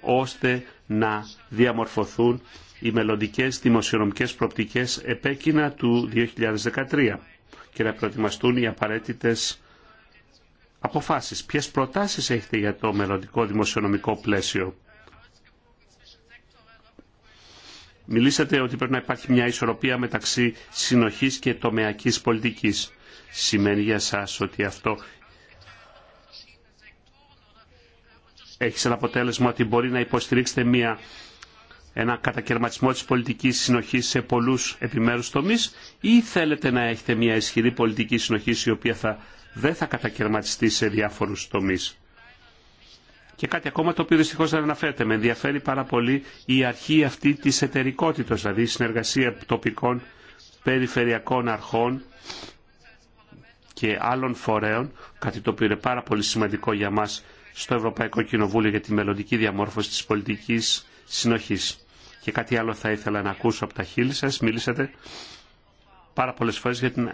ώστε να διαμορφωθούν οι μελλοντικέ δημοσιονομικές προπτικές επέκεινα του 2013 και να προετοιμαστούν οι απαραίτητες αποφάσεις. Ποιες προτάσεις έχετε για το μελλοντικό δημοσιονομικό πλαίσιο. Μιλήσατε ότι πρέπει να υπάρχει μια ισορροπία μεταξύ συνοχής και τομεακής πολιτικής. Σημαίνει για σας ότι αυτό έχει σαν αποτέλεσμα ότι μπορεί να υποστηρίξετε μια, ένα κατακαιρματισμό της πολιτικής συνοχής σε πολλούς επιμέρους τομείς ή θέλετε να έχετε μια ισχυρή πολιτική συνοχή η οποία θα, δεν θα κατακαιρματιστεί σε διάφορους τομείς. Και κάτι ακόμα το οποίο δυστυχώ δεν αναφέρεται. Με ενδιαφέρει πάρα πολύ η αρχή αυτή τη εταιρικότητα, δηλαδή η συνεργασία τοπικών περιφερειακών αρχών και άλλων φορέων, κάτι το οποίο είναι πάρα πολύ σημαντικό για μας στο Ευρωπαϊκό Κοινοβούλιο για τη μελλοντική διαμόρφωση της πολιτικής συνοχής. Και κάτι άλλο θα ήθελα να ακούσω από τα χείλη σας. Μίλησατε πάρα πολλές φορές για την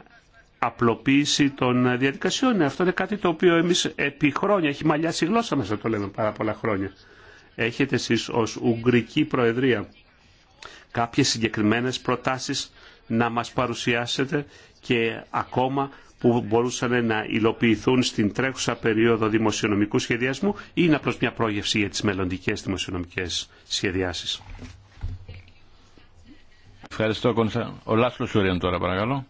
απλοποίηση των διαδικασιών. Ναι, αυτό είναι κάτι το οποίο εμείς επί χρόνια, έχει μαλλιάσει η γλώσσα μας, θα το λέμε πάρα πολλά χρόνια. Έχετε εσείς ως Ουγγρική Προεδρία κάποιες συγκεκριμένες προτάσεις να μας παρουσιάσετε και ακόμα που μπορούσαν να υλοποιηθούν στην τρέχουσα περίοδο δημοσιονομικού σχεδιασμού ή είναι απλώς μια πρόγευση για τις μελλοντικές δημοσιονομικές σχεδιάσεις. Ευχαριστώ, Ο Σουρίαν τώρα, παρακαλώ.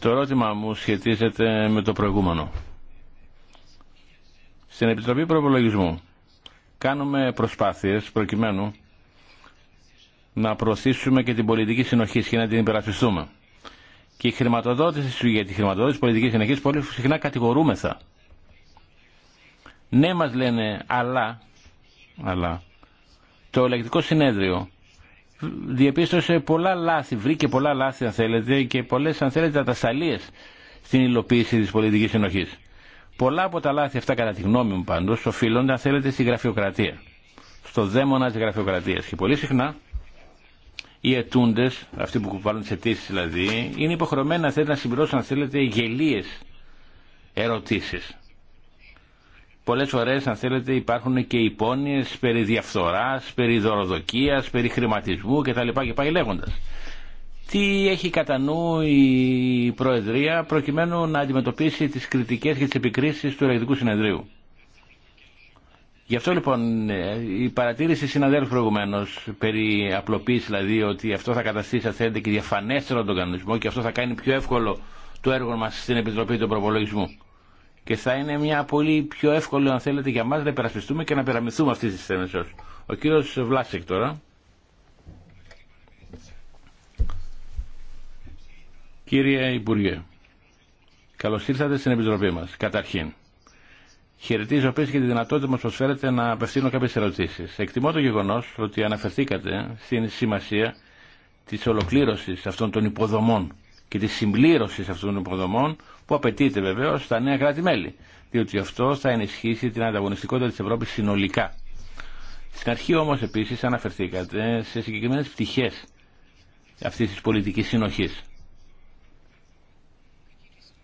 Το ερώτημά μου σχετίζεται με το προηγούμενο. Στην Επιτροπή Προπολογισμού κάνουμε προσπάθειες προκειμένου να προωθήσουμε και την πολιτική συνοχή και να την υπερασπιστούμε. Και η χρηματοδότηση για τη χρηματοδότηση πολιτική συνοχή πολύ συχνά κατηγορούμεθα. Ναι, μα λένε, αλλά, αλλά το ελεκτικό συνέδριο διαπίστωσε πολλά λάθη, βρήκε πολλά λάθη αν θέλετε και πολλές αν θέλετε ατασταλίες στην υλοποίηση της πολιτικής συνοχής. Πολλά από τα λάθη αυτά κατά τη γνώμη μου πάντως οφείλονται αν θέλετε στη γραφειοκρατία, στο δαίμονα της γραφειοκρατίας και πολύ συχνά οι ετούντες, αυτοί που κουβάλλουν τι αιτήσει δηλαδή, είναι υποχρεωμένοι να θέλετε να συμπληρώσουν αν θέλετε γελίες ερωτήσεις Πολλές φορές αν θέλετε υπάρχουν και υπόνοιες περί διαφθοράς, περί δωροδοκίας, περί χρηματισμού κτλ. και πάει λέγοντα. Τι έχει κατά νου η Προεδρία προκειμένου να αντιμετωπίσει τις κριτικές και τις επικρίσεις του Ελεκτικού Συνεδρίου. Γι' αυτό λοιπόν ε, η παρατήρηση συναδέλφου προηγουμένω περί απλοποίηση, δηλαδή ότι αυτό θα καταστήσει, αν θέλετε, και διαφανέστερο τον κανονισμό και αυτό θα κάνει πιο εύκολο το έργο μα στην Επιτροπή του Προπολογισμού και θα είναι μια πολύ πιο εύκολη αν θέλετε για μας να υπερασπιστούμε και να περαμηθούμε αυτή τη στιγμή. Ο κύριος Βλάσικ τώρα. Κύριε Υπουργέ, καλώ ήρθατε στην Επιτροπή μας, καταρχήν. Χαιρετίζω επίση και τη δυνατότητα που μα προσφέρετε να απευθύνω κάποιε ερωτήσει. Εκτιμώ το γεγονό ότι αναφερθήκατε στην σημασία τη ολοκλήρωση αυτών των υποδομών και τη συμπλήρωση αυτών των υποδομών που απαιτείται βεβαίω στα νέα κράτη-μέλη διότι αυτό θα ενισχύσει την ανταγωνιστικότητα τη Ευρώπη συνολικά. Στην αρχή όμω επίση αναφερθήκατε σε συγκεκριμένε πτυχέ αυτή τη πολιτική συνοχή.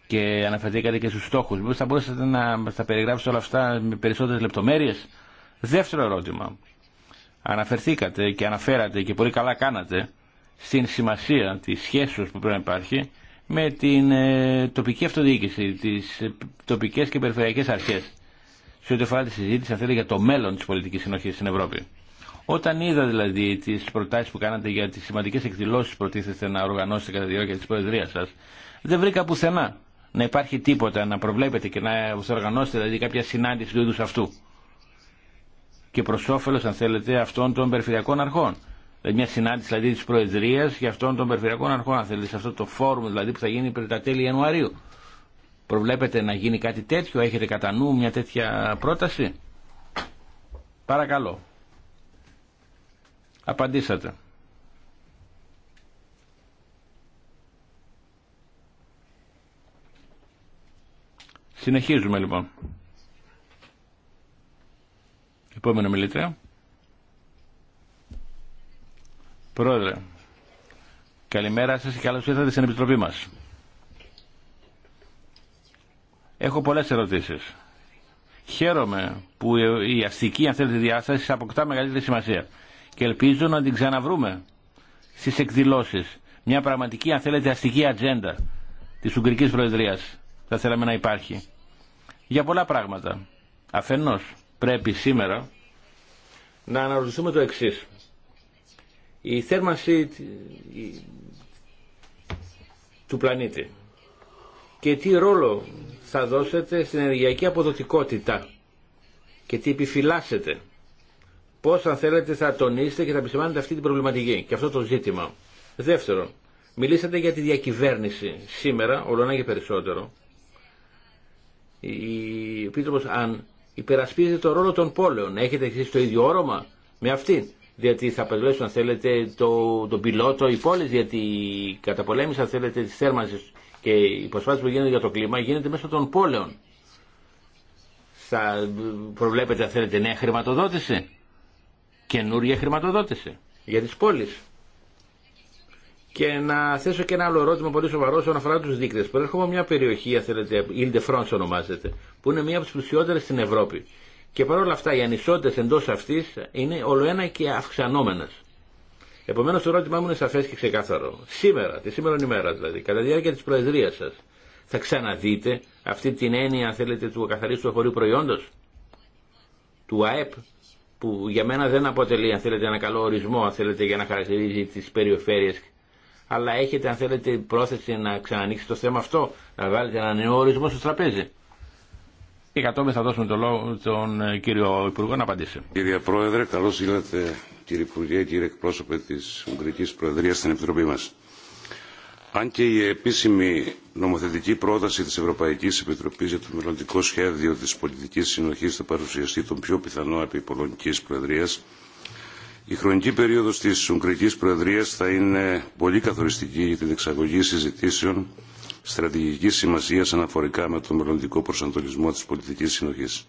και αναφερθήκατε και στου στόχου. Μπορείτε θα μπορούσατε να τα περιγράψετε όλα αυτά με περισσότερε λεπτομέρειε. Δεύτερο ερώτημα. Αναφερθήκατε και αναφέρατε και πολύ καλά κάνατε στην σημασία της σχέση που πρέπει να υπάρχει με την ε, τοπική αυτοδιοίκηση, τις ε, τοπικές και περιφερειακές αρχές σε ό,τι αφορά τη συζήτηση αν θέλετε, για το μέλλον της πολιτικής συνοχής στην Ευρώπη. Όταν είδα δηλαδή τις προτάσεις που κάνατε για τις σημαντικές εκδηλώσεις που προτίθεστε να οργανώσετε κατά τη διάρκεια της Προεδρίας σας, δεν βρήκα πουθενά να υπάρχει τίποτα, να προβλέπετε και να οργανώσετε δηλαδή κάποια συνάντηση του είδους αυτού. Και προ όφελο αν θέλετε, αυτών των περιφερειακών αρχών. Ε, μια συνάντηση δηλαδή της Προεδρίας για αυτόν τον περιφερειακό αρχών, αν θέλετε, σε αυτό το φόρουμ δηλαδή που θα γίνει πριν τα τέλη Ιανουαρίου. Προβλέπετε να γίνει κάτι τέτοιο, έχετε κατά νου μια τέτοια πρόταση. Παρακαλώ. Απαντήσατε. Συνεχίζουμε λοιπόν. Επόμενο μιλήτρια. Πρόεδρε, καλημέρα σας και καλώς ήρθατε στην Επιτροπή μας. Έχω πολλές ερωτήσεις. Χαίρομαι που η αστική αν θέλετε διάσταση αποκτά μεγαλύτερη σημασία και ελπίζω να την ξαναβρούμε στις εκδηλώσεις. Μια πραγματική αν θέλετε αστική ατζέντα της Ουγγρικής Προεδρίας θα θέλαμε να υπάρχει. Για πολλά πράγματα. Αφενός πρέπει σήμερα να αναρωτηθούμε το εξής η θέρμανση του πλανήτη και τι ρόλο θα δώσετε στην ενεργειακή αποδοτικότητα και τι επιφυλάσσετε. Πώς αν θέλετε θα τονίσετε και θα επισημάνετε αυτή την προβληματική και αυτό το ζήτημα. Δεύτερον, μιλήσατε για τη διακυβέρνηση σήμερα, ολονά και περισσότερο. Η Επίτροπος αν υπερασπίζεται το ρόλο των πόλεων, έχετε εσείς το ίδιο όρομα με αυτήν διότι θα απελευθερώσουν αν θέλετε το, τον πιλότο, οι πόλεις γιατί η καταπολέμηση αν θέλετε τις θέρμανση και η προσπάθεια που γίνεται για το κλίμα γίνεται μέσω των πόλεων. Θα προβλέπετε αν θέλετε νέα χρηματοδότηση, καινούργια χρηματοδότηση για τις πόλεις. Και να θέσω και ένα άλλο ερώτημα πολύ σοβαρό όσον αφορά του δείκτε. Προέρχομαι από μια περιοχή, αν θέλετε, ονομάζεται, που είναι μια από τι πλουσιότερε στην Ευρώπη. Και παρόλα αυτά οι ανισότητες εντός αυτής είναι ολοένα και αυξανόμενες. Επομένως το ερώτημά μου είναι σαφές και ξεκάθαρο. Σήμερα, τη σήμερα ημέρα δηλαδή, κατά τη διάρκεια της Προεδρίας σας, θα ξαναδείτε αυτή την έννοια, αν θέλετε, του καθαρίστου χωρίου προϊόντος, του ΑΕΠ, που για μένα δεν αποτελεί, αν θέλετε, ένα καλό ορισμό, αν θέλετε, για να χαρακτηρίζει τις περιοφέρειες αλλά έχετε αν θέλετε πρόθεση να ξανανοίξετε το θέμα αυτό, να βάλετε ένα νέο ορισμό στο τραπέζι και κατόπιν θα δώσουμε το λόγο τον ε, κύριο Υπουργό να απαντήσει. Κύριε Πρόεδρε, Καλώ ήλθατε κύριε Υπουργέ, κύριε εκπρόσωπε τη Ουγγρική Προεδρία στην Επιτροπή μα. Αν και η επίσημη νομοθετική πρόταση της Ευρωπαϊκής Επιτροπής για το μελλοντικό σχέδιο της πολιτικής συνοχής θα παρουσιαστεί τον πιο πιθανό επί Πολωνικής Προεδρίας, η χρονική περίοδος της Ουγγρικής Προεδρίας θα είναι πολύ καθοριστική για την εξαγωγή συζητήσεων στρατηγική σημασία αναφορικά με το μελλοντικό προσανατολισμό της πολιτικής συνοχής.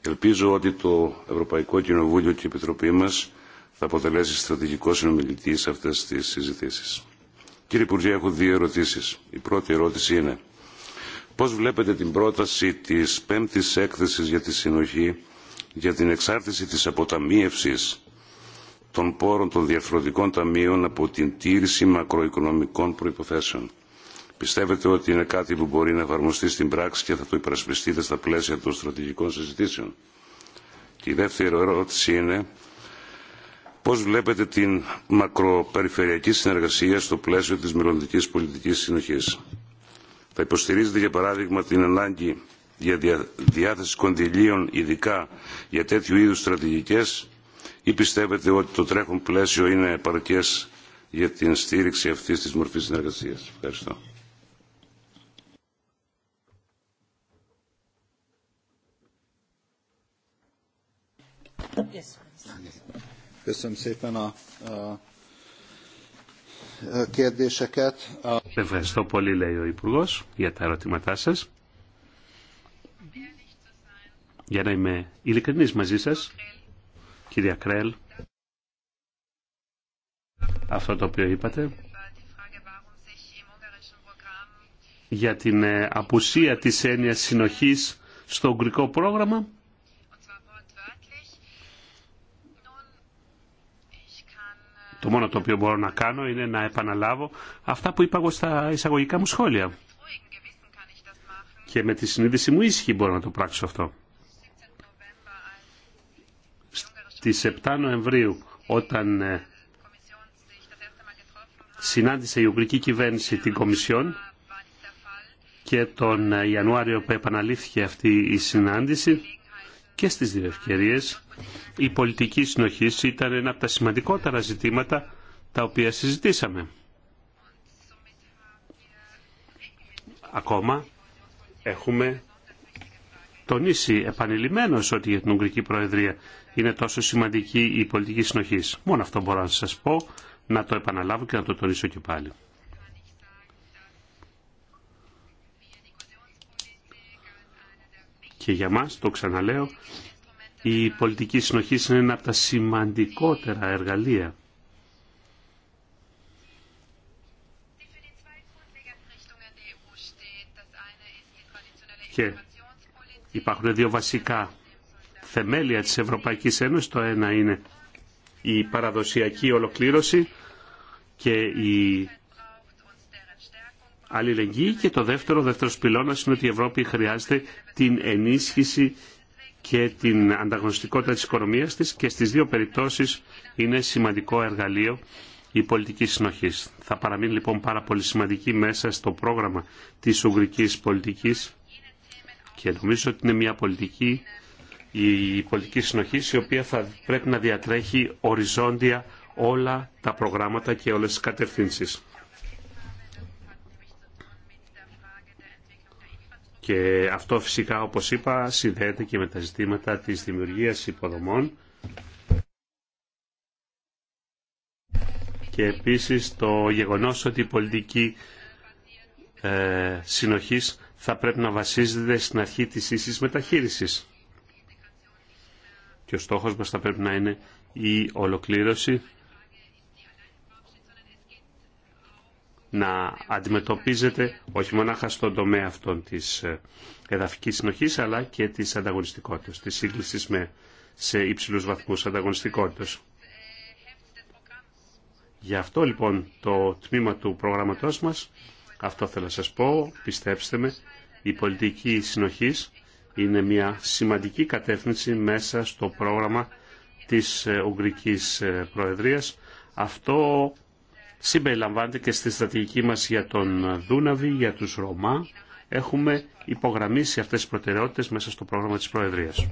Ελπίζω ότι το Ευρωπαϊκό Κοινοβούλιο και η Επιτροπή μας θα αποτελέσει στρατηγικό συνομιλητή σε αυτές τις συζητήσεις. Κύριε Υπουργέ, έχω δύο ερωτήσεις. Η πρώτη ερώτηση είναι πώς βλέπετε την πρόταση της πέμπτης έκθεσης για τη συνοχή για την εξάρτηση της αποταμίευσης των πόρων των διαφορετικών ταμείων από την τήρηση μακροοικονομικών προϋποθέσεων. Πιστεύετε ότι είναι κάτι που μπορεί να εφαρμοστεί στην πράξη και θα το υπερασπιστείτε στα πλαίσια των στρατηγικών συζητήσεων. Και η δεύτερη ερώτηση είναι πώς βλέπετε την μακροπεριφερειακή συνεργασία στο πλαίσιο της μελλοντικής πολιτικής συνοχής. Θα υποστηρίζετε για παράδειγμα την ανάγκη για διάθεση κονδυλίων ειδικά για τέτοιου είδους στρατηγικές ή πιστεύετε ότι το τρέχον πλαίσιο είναι επαρκές για την στήριξη αυτής της μορφής συνεργασίας. Ευχαριστώ. Ευχαριστώ πολύ, λέει ο Υπουργό, για τα ερωτήματά σα. Για να είμαι ειλικρινή μαζί σα, κυρία Κρέλ, αυτό το οποίο είπατε για την ε, απουσία της έννοιας συνοχής στο ουγγρικό πρόγραμμα Το μόνο το οποίο μπορώ να κάνω είναι να επαναλάβω αυτά που είπα εγώ στα εισαγωγικά μου σχόλια. Και με τη συνείδηση μου ήσυχη μπορώ να το πράξω αυτό. Στις 7 Νοεμβρίου όταν ε, συνάντησε η Ουγγρική κυβέρνηση την Κομισιόν και τον ε, Ιανουάριο που επαναλήφθηκε αυτή η συνάντηση και στις δύο ευκαιρίες η πολιτική συνοχή ήταν ένα από τα σημαντικότερα ζητήματα τα οποία συζητήσαμε. Ακόμα έχουμε τονίσει επανειλημμένως ότι για την Ουγγρική Προεδρία είναι τόσο σημαντική η πολιτική συνοχή. Μόνο αυτό μπορώ να σας πω, να το επαναλάβω και να το τονίσω και πάλι. Και για μας, το ξαναλέω, η πολιτική συνοχή είναι ένα από τα σημαντικότερα εργαλεία. Και υπάρχουν δύο βασικά θεμέλια της Ευρωπαϊκής Ένωσης. Το ένα είναι η παραδοσιακή ολοκλήρωση και η αλληλεγγύη και το δεύτερο, δεύτερος πυλώνας είναι ότι η Ευρώπη χρειάζεται την ενίσχυση και την ανταγωνιστικότητα της οικονομίας της και στις δύο περιπτώσεις είναι σημαντικό εργαλείο η πολιτική συνοχή. Θα παραμείνει λοιπόν πάρα πολύ σημαντική μέσα στο πρόγραμμα της ουγγρικής πολιτικής και νομίζω ότι είναι μια πολιτική η πολιτική συνοχή η οποία θα πρέπει να διατρέχει οριζόντια όλα τα προγράμματα και όλες τις κατευθύνσεις. Και αυτό φυσικά, όπως είπα, συνδέεται και με τα ζητήματα της δημιουργίας υποδομών και επίσης το γεγονός ότι η πολιτική ε, συνοχής θα πρέπει να βασίζεται στην αρχή της ίσης μεταχείρισης. Και ο στόχος μας θα πρέπει να είναι η ολοκλήρωση να αντιμετωπίζεται όχι μονάχα στον τομέα αυτών της ε, εδαφικής συνοχής αλλά και της ανταγωνιστικότητας, της σύγκλησης με, σε υψηλούς βαθμούς ανταγωνιστικότητας. Γι' αυτό λοιπόν το τμήμα του προγραμματός μας, αυτό θέλω να σας πω, πιστέψτε με, η πολιτική συνοχής είναι μια σημαντική κατεύθυνση μέσα στο πρόγραμμα της ε, Ουγγρικής ε, Προεδρίας. Αυτό συμπεριλαμβάνεται και στη στρατηγική μας για τον Δούναβη, για τους Ρωμά. Έχουμε υπογραμμίσει αυτές τις προτεραιότητες μέσα στο πρόγραμμα της Προεδρίας.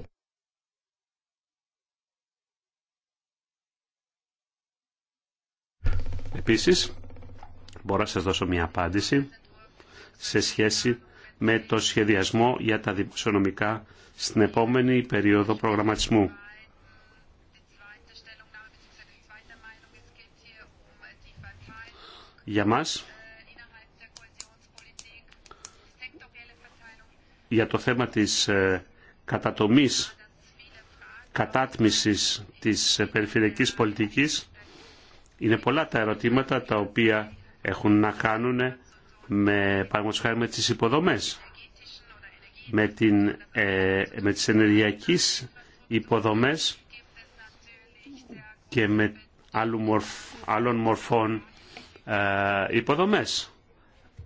Επίσης, μπορώ να σας δώσω μια απάντηση σε σχέση με το σχεδιασμό για τα δημοσιονομικά στην επόμενη περίοδο προγραμματισμού. για μας για το θέμα της ε, κατατομής κατάτμισης της ε, περιφερειακής πολιτικής είναι πολλά τα ερωτήματα τα οποία έχουν να κάνουν με, με τις υποδομές, με, την, ε, με τις ενεργειακές υποδομές και με άλλων μορφών ε, υποδομές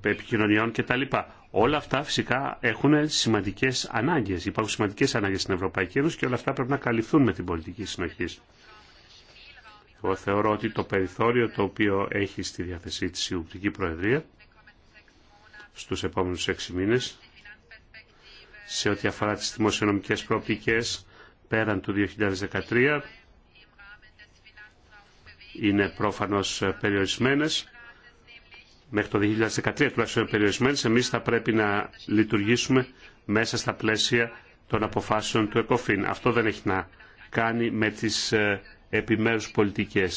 επικοινωνιών κτλ. Όλα αυτά φυσικά έχουν σημαντικές ανάγκες. Υπάρχουν σημαντικές ανάγκες στην Ευρωπαϊκή Ένωση και όλα αυτά πρέπει να καλυφθούν με την πολιτική συνοχή. Εγώ θεωρώ ότι το περιθώριο το οποίο έχει στη διάθεσή της η Προεδρία στους επόμενους έξι μήνες σε ό,τι αφορά τις δημοσιονομικές προοπτικές πέραν του 2013 είναι πρόφανως περιορισμένες μέχρι το 2013 τουλάχιστον περιορισμένε, εμεί θα πρέπει να λειτουργήσουμε μέσα στα πλαίσια των αποφάσεων του ΕΚΟΦΗΝ. Αυτό δεν έχει να κάνει με τι ε, επιμέρου πολιτικέ.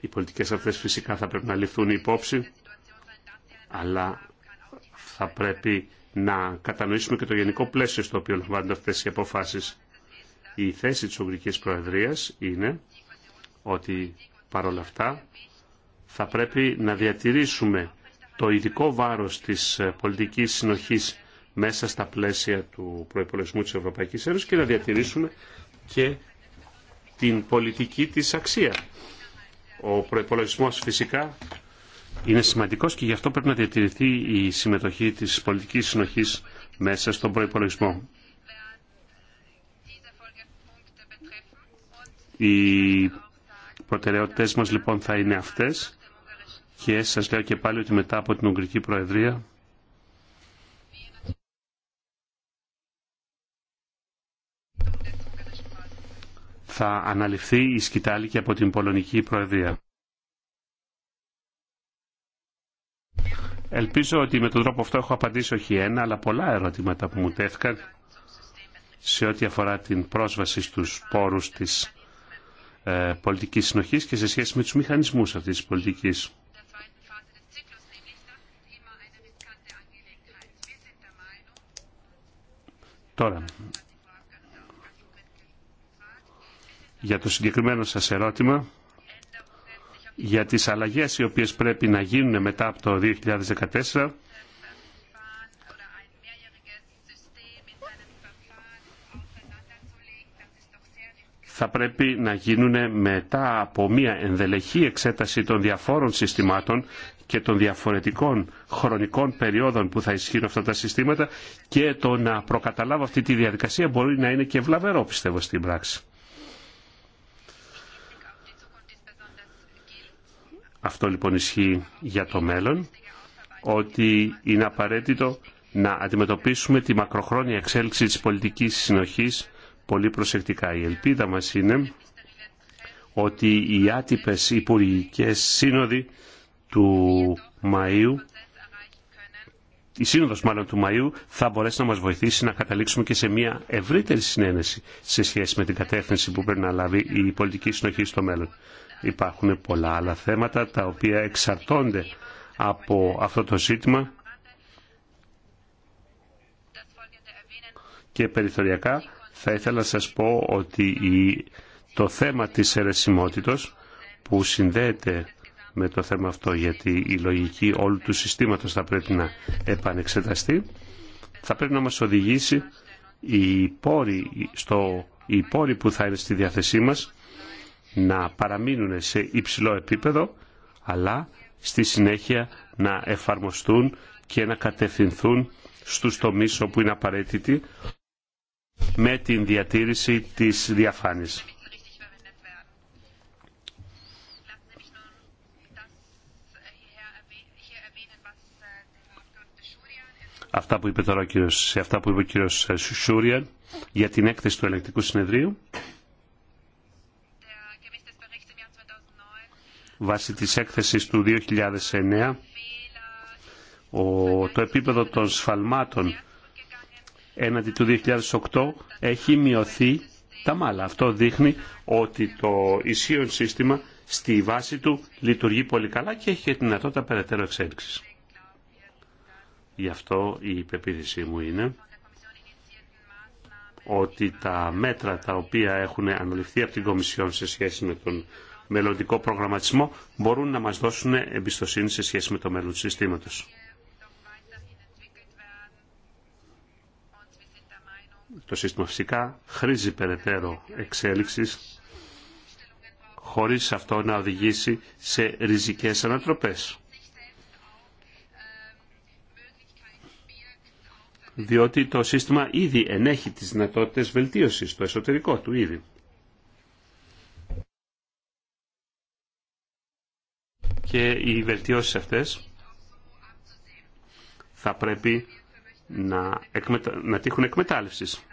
Οι πολιτικέ αυτέ φυσικά θα πρέπει να ληφθούν υπόψη, αλλά θα πρέπει να κατανοήσουμε και το γενικό πλαίσιο στο οποίο λαμβάνονται αυτές οι αποφάσεις. Η θέση της Ουγγρικής Προεδρίας είναι ότι παρόλα αυτά θα πρέπει να διατηρήσουμε το ειδικό βάρος της πολιτικής συνοχής μέσα στα πλαίσια του προϋπολογισμού της Ευρωπαϊκής Ένωσης και να διατηρήσουμε και την πολιτική της αξία. Ο προϋπολογισμός φυσικά είναι σημαντικός και γι' αυτό πρέπει να διατηρηθεί η συμμετοχή της πολιτικής συνοχής μέσα στον προϋπολογισμό προτεραιότητες μας λοιπόν θα είναι αυτές και σας λέω και πάλι ότι μετά από την Ουγγρική Προεδρία θα αναλυφθεί η σκητάλη και από την Πολωνική Προεδρία. Ελπίζω ότι με τον τρόπο αυτό έχω απαντήσει όχι ένα, αλλά πολλά ερωτήματα που μου τέθηκαν σε ό,τι αφορά την πρόσβαση στους πόρους της ε, πολιτικής συνοχής και σε σχέση με τους μηχανισμούς αυτής της πολιτικής. Τώρα, για το συγκεκριμένο σας ερώτημα, για τις αλλαγές οι οποίες πρέπει να γίνουν μετά από το 2014, θα πρέπει να γίνουν μετά από μια ενδελεχή εξέταση των διαφόρων συστημάτων και των διαφορετικών χρονικών περιόδων που θα ισχύουν αυτά τα συστήματα και το να προκαταλάβω αυτή τη διαδικασία μπορεί να είναι και βλαβερό πιστεύω στην πράξη. Αυτό λοιπόν ισχύει για το μέλλον, ότι είναι απαραίτητο να αντιμετωπίσουμε τη μακροχρόνια εξέλιξη της πολιτικής συνοχής πολύ προσεκτικά. Η ελπίδα μας είναι ότι οι άτυπες υπουργικέ σύνοδοι του Μαΐου η σύνοδος μάλλον του Μαΐου θα μπορέσει να μας βοηθήσει να καταλήξουμε και σε μια ευρύτερη συνένεση σε σχέση με την κατεύθυνση που πρέπει να λάβει η πολιτική συνοχή στο μέλλον. Υπάρχουν πολλά άλλα θέματα τα οποία εξαρτώνται από αυτό το ζήτημα και περιθωριακά θα ήθελα να σας πω ότι το θέμα της αιρεσιμότητος που συνδέεται με το θέμα αυτό γιατί η λογική όλου του συστήματος θα πρέπει να επανεξεταστεί θα πρέπει να μας οδηγήσει οι πόροι, στο, οι που θα είναι στη διάθεσή μας να παραμείνουν σε υψηλό επίπεδο αλλά στη συνέχεια να εφαρμοστούν και να κατευθυνθούν στους τομείς όπου είναι απαραίτητοι με την διατήρηση της διαφάνειας. Αυτά που είπε τώρα ο κύριος, σε αυτά που είπε ο κύριος Σούριαν για την έκθεση του ελεκτικού συνεδρίου. Βάσει της έκθεσης του 2009, ο, το επίπεδο των σφαλμάτων έναντι του 2008 έχει μειωθεί τα μάλα. Αυτό δείχνει ότι το ισχύον σύστημα στη βάση του λειτουργεί πολύ καλά και έχει τη δυνατότητα περαιτέρω εξέλιξη. Γι' αυτό η υπεποίθησή μου είναι ότι τα μέτρα τα οποία έχουν αναλυφθεί από την Κομισιόν σε σχέση με τον μελλοντικό προγραμματισμό μπορούν να μας δώσουν εμπιστοσύνη σε σχέση με το μέλλον του συστήματος. Το σύστημα φυσικά χρήζει περαιτέρω εξέλιξης χωρίς αυτό να οδηγήσει σε ριζικές ανατροπές. διότι το σύστημα ήδη ενέχει τις δυνατότητες βελτίωσης στο εσωτερικό του ήδη. Και οι βελτιώσεις αυτές θα πρέπει να, να τύχουν εκμετάλλευσης.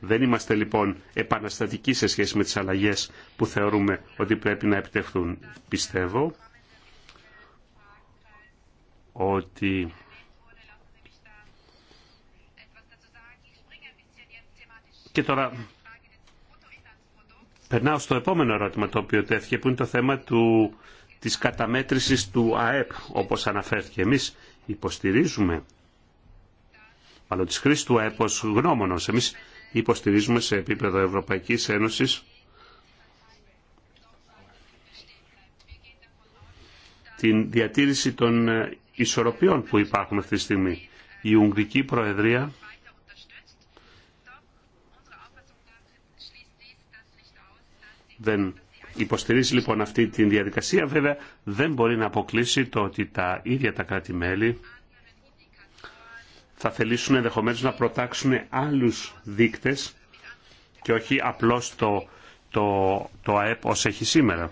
Δεν είμαστε λοιπόν επαναστατικοί σε σχέση με τις αλλαγές που θεωρούμε ότι πρέπει να επιτευχθούν. Πιστεύω ότι και τώρα περνάω στο επόμενο ερώτημα το οποίο τέθηκε που είναι το θέμα του, της καταμέτρησης του ΑΕΠ όπως αναφέρθηκε εμείς υποστηρίζουμε αλλά τη χρήση του ΑΕΠ γνώμονος. Εμείς υποστηρίζουμε σε επίπεδο Ευρωπαϊκής Ένωσης την διατήρηση των ε, ισορροπιών που υπάρχουν αυτή τη στιγμή. Η Ουγγρική Προεδρία δεν υποστηρίζει λοιπόν αυτή τη διαδικασία. Βέβαια δεν μπορεί να αποκλείσει το ότι τα ίδια τα κράτη-μέλη θα θελήσουν ενδεχομένως να προτάξουν άλλους δείκτες και όχι απλώς το, το, το ΑΕΠ ως έχει σήμερα.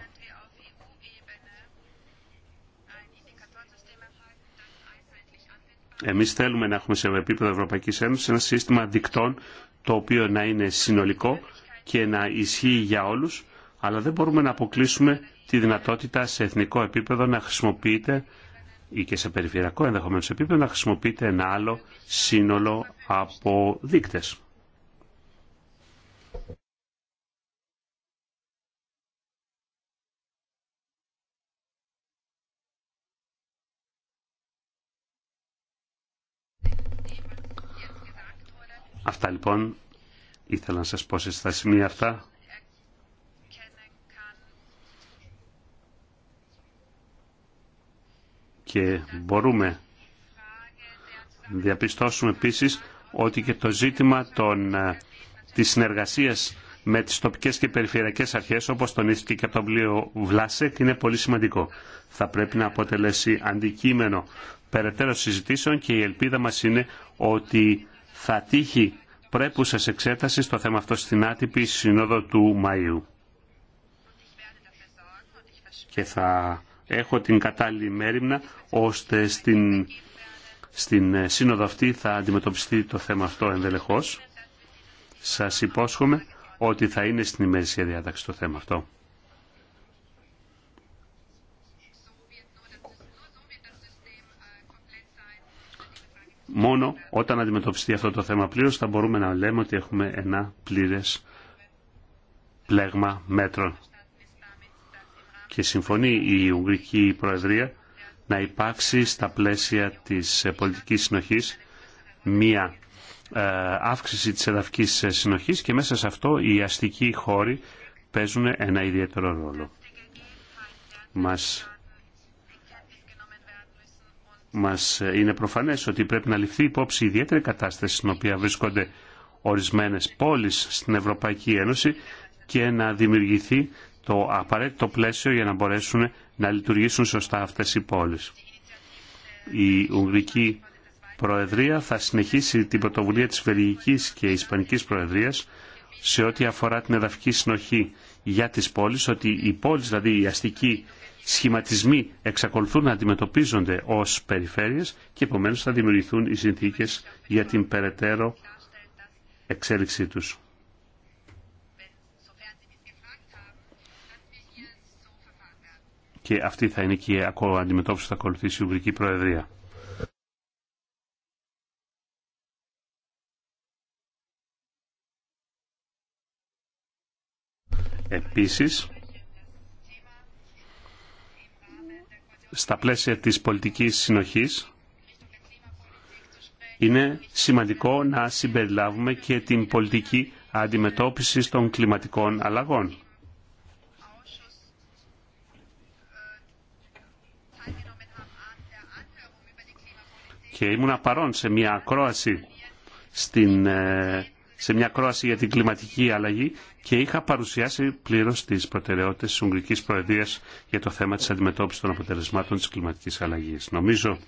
Εμείς θέλουμε να έχουμε σε επίπεδο Ευρωπαϊκής Ένωσης ένα σύστημα δικτών το οποίο να είναι συνολικό και να ισχύει για όλους, αλλά δεν μπορούμε να αποκλείσουμε τη δυνατότητα σε εθνικό επίπεδο να χρησιμοποιείται ή και σε περιφερειακό ενδεχομένω επίπεδο να χρησιμοποιείται ένα άλλο σύνολο από δείκτες. Αυτά λοιπόν ήθελα να σας πω στα σημεία αυτά. Και μπορούμε να διαπιστώσουμε επίσης ότι και το ζήτημα των, ε, της συνεργασίας με τις τοπικές και περιφερειακές αρχές, όπως τονίστηκε και από το βιβλίο Βλάσεκ, είναι πολύ σημαντικό. Θα πρέπει να αποτελέσει αντικείμενο περαιτέρω συζητήσεων και η ελπίδα μας είναι ότι θα τύχει πρέπουσα εξέταση στο θέμα αυτό στην άτυπη συνόδο του Μαΐου. Και θα έχω την κατάλληλη μέρημνα ώστε στην, στην ε, σύνοδο αυτή θα αντιμετωπιστεί το θέμα αυτό ενδελεχώς. Σας υπόσχομαι ότι θα είναι στην ημερησία διάταξη το θέμα αυτό. Μόνο όταν αντιμετωπιστεί αυτό το θέμα πλήρως θα μπορούμε να λέμε ότι έχουμε ένα πλήρες πλέγμα μέτρων και συμφωνεί η Ουγγρική Προεδρία να υπάρξει στα πλαίσια της ε, πολιτικής συνοχής μία ε, αύξηση της εδαφικής ε, συνοχής και μέσα σε αυτό οι αστικοί χώροι παίζουν ένα ιδιαίτερο ρόλο. Μας, μας είναι προφανές ότι πρέπει να ληφθεί υπόψη η ιδιαίτερη κατάσταση στην οποία βρίσκονται ορισμένες πόλεις στην Ευρωπαϊκή Ένωση και να δημιουργηθεί το απαραίτητο πλαίσιο για να μπορέσουν να λειτουργήσουν σωστά αυτές οι πόλεις. Η Ουγγρική Προεδρία θα συνεχίσει την πρωτοβουλία της Βελγικής και Ισπανικής Προεδρίας σε ό,τι αφορά την εδαφική συνοχή για τις πόλεις, ότι οι πόλεις, δηλαδή οι αστικοί σχηματισμοί εξακολουθούν να αντιμετωπίζονται ως περιφέρειες και επομένως θα δημιουργηθούν οι συνθήκες για την περαιτέρω εξέλιξή τους. και αυτή θα είναι και η αντιμετώπιση που θα ακολουθήσει η Ουγγρική Προεδρία. Επίσης, στα πλαίσια της πολιτικής συνοχής, είναι σημαντικό να συμπεριλάβουμε και την πολιτική αντιμετώπιση των κλιματικών αλλαγών. και ήμουν παρόν σε μια ακρόαση στην, ε, σε μια για την κλιματική αλλαγή και είχα παρουσιάσει πλήρω τι προτεραιότητε τη Ουγγρική Προεδρία για το θέμα τη αντιμετώπιση των αποτελεσμάτων τη κλιματική αλλαγή. Νομίζω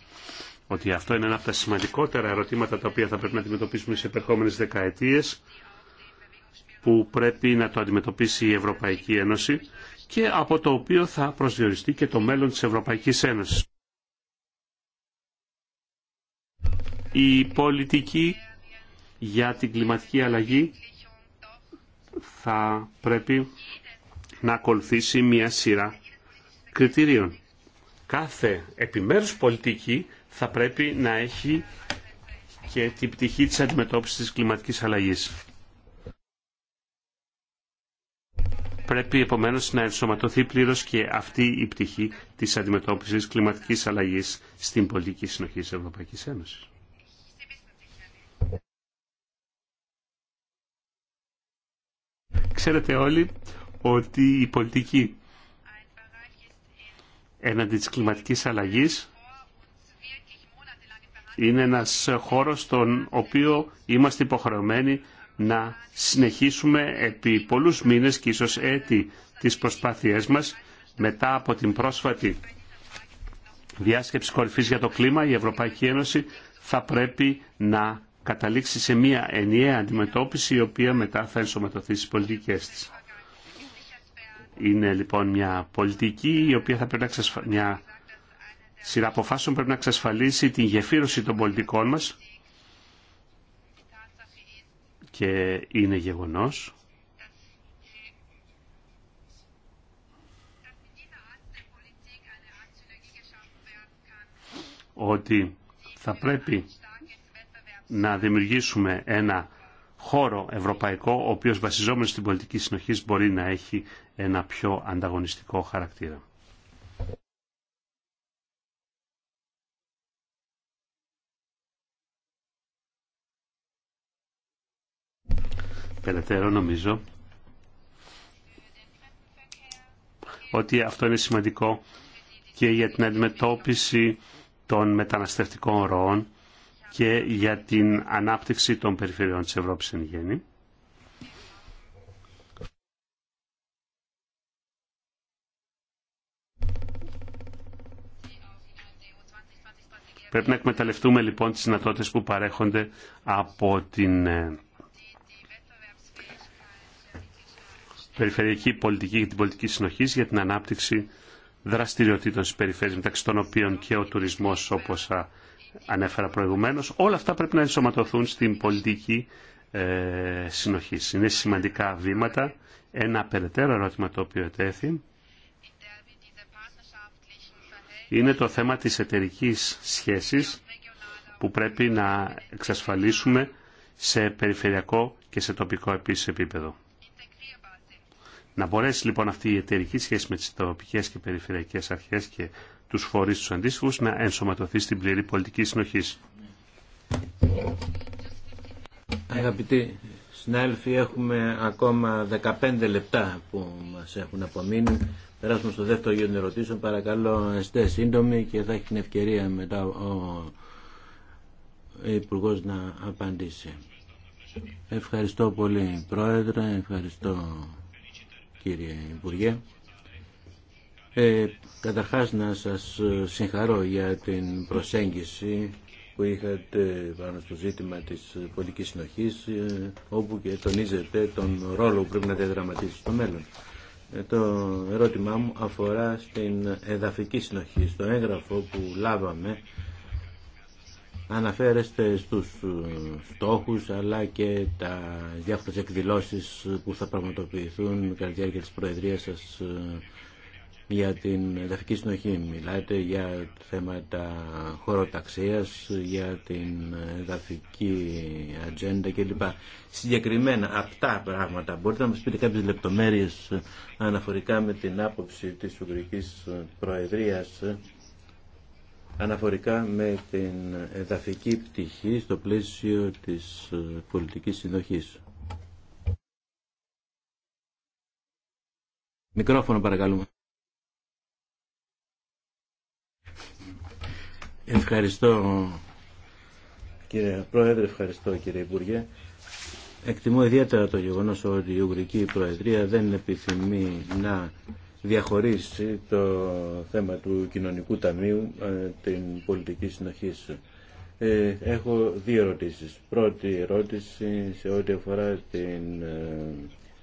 ότι αυτό είναι ένα από τα σημαντικότερα ερωτήματα τα οποία θα πρέπει να αντιμετωπίσουμε στι επερχόμενε δεκαετίε που πρέπει να το αντιμετωπίσει η Ευρωπαϊκή Ένωση και από το οποίο θα προσδιοριστεί και το μέλλον της Ευρωπαϊκής Ένωσης. η πολιτική για την κλιματική αλλαγή θα πρέπει να ακολουθήσει μια σειρά κριτηρίων. Κάθε επιμέρους πολιτική θα πρέπει να έχει και την πτυχή της αντιμετώπισης της κλιματικής αλλαγής. Πρέπει επομένως να ενσωματωθεί πλήρως και αυτή η πτυχή της αντιμετώπισης κλιματικής αλλαγής στην πολιτική συνοχή της Ευρωπαϊκής Ένωσης. ξέρετε όλοι ότι η πολιτική έναντι της κλιματικής αλλαγής είναι ένας χώρος στον οποίο είμαστε υποχρεωμένοι να συνεχίσουμε επί πολλούς μήνες και ίσως έτη τις προσπάθειές μας μετά από την πρόσφατη διάσκεψη κορυφής για το κλίμα η Ευρωπαϊκή Ένωση θα πρέπει να καταλήξει σε μια ενιαία αντιμετώπιση η οποία μετά θα ενσωματωθεί στις πολιτικές της. Είναι λοιπόν μια πολιτική η οποία θα πρέπει να ξεσφα... μια σειρά αποφάσεων πρέπει να εξασφαλίσει την γεφύρωση των πολιτικών μας και είναι γεγονός ότι θα πρέπει να δημιουργήσουμε ένα χώρο ευρωπαϊκό, ο οποίος βασιζόμενος στην πολιτική συνοχή μπορεί να έχει ένα πιο ανταγωνιστικό χαρακτήρα. Περαιτέρω νομίζω ότι αυτό είναι σημαντικό και για την αντιμετώπιση των μεταναστευτικών ροών και για την ανάπτυξη των περιφερειών της Ευρώπης εν γέννη. Πρέπει να εκμεταλλευτούμε λοιπόν τις δυνατότητες που παρέχονται από την ε, περιφερειακή πολιτική και την πολιτική συνοχής για την ανάπτυξη δραστηριοτήτων στις περιφέρειες μεταξύ των οποίων και ο τουρισμός όπως ανέφερα προηγουμένως, όλα αυτά πρέπει να ενσωματωθούν στην πολιτική ε, συνοχής. Είναι σημαντικά βήματα. Ένα περαιτέρω ερώτημα το οποίο ετέθη είναι το θέμα της εταιρικής σχέσης που πρέπει να εξασφαλίσουμε σε περιφερειακό και σε τοπικό επίσης επίπεδο. Να μπορέσει λοιπόν αυτή η εταιρική σχέση με τις τοπικές και περιφερειακές αρχές και τους φορείς τους αντίστοιχους να ενσωματωθεί στην πλήρη πολιτική συνοχή. Αγαπητοί συνάδελφοι, έχουμε ακόμα 15 λεπτά που μας έχουν απομείνει. Περάσουμε στο δεύτερο γύρο των ερωτήσεων. Παρακαλώ, εστε σύντομοι και θα έχει την ευκαιρία μετά ο Υπουργό να απαντήσει. Ευχαριστώ πολύ, Πρόεδρε. Ευχαριστώ, κύριε Υπουργέ. Ε, Καταρχάς να σας συγχαρώ για την προσέγγιση που είχατε πάνω στο ζήτημα της πολιτικής συνοχής ε, όπου και τονίζετε τον ρόλο που πρέπει να διαδραματίσει στο μέλλον. Ε, το ερώτημά μου αφορά στην εδαφική συνοχή. Στο έγγραφο που λάβαμε αναφέρεστε στους ε, στόχους αλλά και τα διάφορες εκδηλώσεις που θα πραγματοποιηθούν κατά τη της Προεδρίας σας για την εδαφική συνοχή, μιλάτε για θέματα χωροταξίας, για την εδαφική ατζέντα κλπ. Συγκεκριμένα αυτά πράγματα μπορείτε να μας πείτε κάποιες λεπτομέρειες αναφορικά με την άποψη της Ουγγρικής Προεδρίας αναφορικά με την εδαφική πτυχή στο πλαίσιο της πολιτικής συνοχής. Μικρόφωνο παρακαλούμε. Ευχαριστώ κύριε Πρόεδρε, ευχαριστώ κύριε Υπουργέ. Εκτιμώ ιδιαίτερα το γεγονός ότι η Ουγγρική Προεδρία δεν επιθυμεί να διαχωρίσει το θέμα του κοινωνικού ταμείου ε, την πολιτική συνοχή. Ε, έχω δύο ερωτήσεις. Πρώτη ερώτηση σε ό,τι αφορά την ε,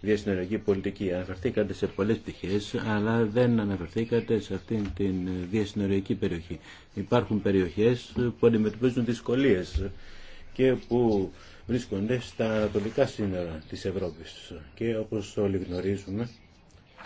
διασυνοριακή πολιτική. Αναφερθήκατε σε πολλές πτυχές, αλλά δεν αναφερθήκατε σε αυτήν την ε, διασυνοριακή περιοχή. Υπάρχουν περιοχές που αντιμετωπίζουν δυσκολίες και που βρίσκονται στα ανατολικά σύνορα της Ευρώπης. Και όπως όλοι γνωρίζουμε,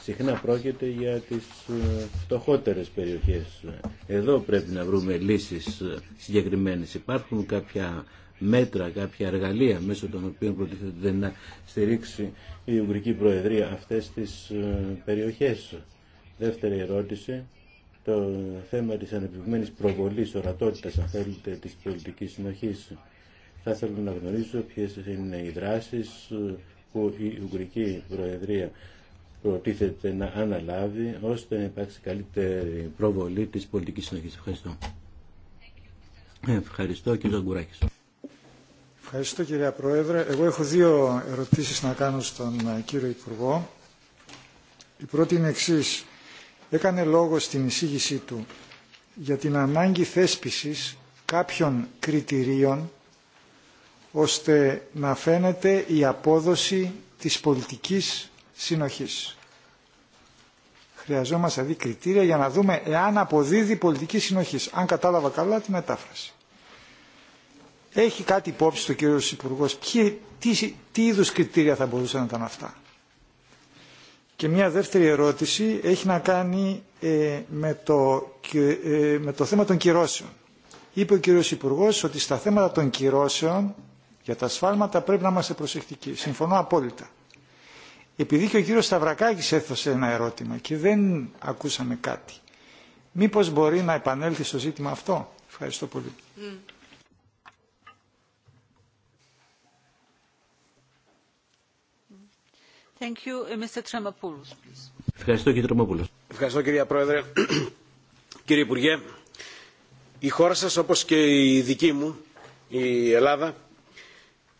συχνά πρόκειται για τις ε, φτωχότερες περιοχές. Εδώ πρέπει να βρούμε λύσεις συγκεκριμένες. Υπάρχουν κάποια μέτρα, κάποια εργαλεία μέσω των οποίων προτίθεται να στηρίξει η Ουγγρική Προεδρία αυτές τις ε, περιοχές. Δεύτερη ερώτηση, το θέμα της ανεπιβημένης προβολής ορατότητας, αν θέλετε, της πολιτικής συνοχής. Θα ήθελα να γνωρίσω ποιες είναι οι δράσεις ε, που η Ουγγρική Προεδρία προτίθεται να αναλάβει ώστε να υπάρξει καλύτερη προβολή της πολιτικής συνοχής. Ευχαριστώ. Ευχαριστώ κύριε Αγκουράκης. Ευχαριστώ κυρία Πρόεδρε. Εγώ έχω δύο ερωτήσεις να κάνω στον ε, κύριο Υπουργό. Η πρώτη είναι εξή. Έκανε λόγο στην εισήγησή του για την ανάγκη θέσπισης κάποιων κριτηρίων ώστε να φαίνεται η απόδοση της πολιτικής συνοχής. Χρειαζόμαστε δηλαδή κριτήρια για να δούμε εάν αποδίδει πολιτική συνοχής. Αν κατάλαβα καλά τη μετάφραση. Έχει κάτι υπόψη το κύριο Υπουργό τι, τι είδους κριτήρια θα μπορούσαν να ήταν αυτά. Και μια δεύτερη ερώτηση έχει να κάνει ε, με, το, ε, με το θέμα των κυρώσεων. Είπε ο κύριο Υπουργό ότι στα θέματα των κυρώσεων για τα σφάλματα πρέπει να είμαστε προσεκτικοί. Συμφωνώ απόλυτα. Επειδή και ο κύριο Σταυρακάκη έθωσε ένα ερώτημα και δεν ακούσαμε κάτι, Μήπω μπορεί να επανέλθει στο ζήτημα αυτό. Ευχαριστώ πολύ. Uh, Ευχαριστώ κύριε κυρία Πρόεδρε. Κύριε Υπουργέ, η χώρα σας όπως και η δική μου, η Ελλάδα,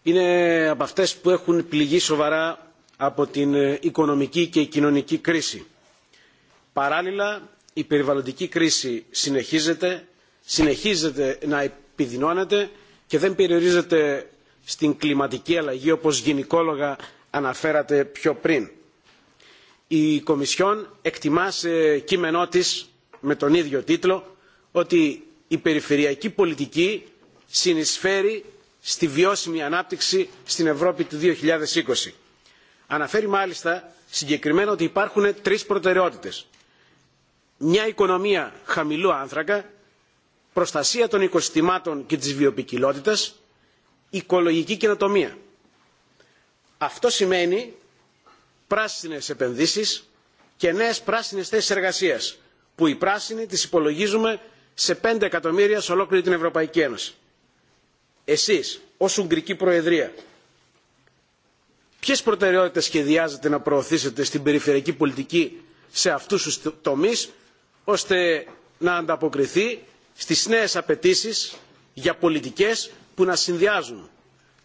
είναι από αυτές που έχουν πληγεί σοβαρά από την ε, οικονομική και κοινωνική κρίση. Παράλληλα, η περιβαλλοντική κρίση συνεχίζεται, συνεχίζεται να επιδεινώνεται και δεν περιορίζεται στην κλιματική αλλαγή όπως γενικόλογα αναφέρατε πιο πριν. Η Κομισιόν εκτιμά σε κείμενό της με τον ίδιο τίτλο ότι η περιφερειακή πολιτική συνεισφέρει στη βιώσιμη ανάπτυξη στην Ευρώπη του 2020. Αναφέρει μάλιστα συγκεκριμένα ότι υπάρχουν τρεις προτεραιότητες. Μια οικονομία χαμηλού άνθρακα, προστασία των οικοσυστημάτων και της βιοπικιλότητας, οικολογική καινοτομία. Αυτό σημαίνει πράσινες επενδύσεις και νέες πράσινες θέσεις εργασίας, που οι πράσινοι τις υπολογίζουμε σε 5 εκατομμύρια σε ολόκληρη την Ευρωπαϊκή Ένωση. Εσείς, ως Ουγγρική Προεδρία, ποιες προτεραιότητες σχεδιάζετε να προωθήσετε στην περιφερειακή πολιτική σε αυτούς τους τομείς, ώστε να ανταποκριθεί στις νέες απαιτήσει για πολιτικές που να συνδυάζουν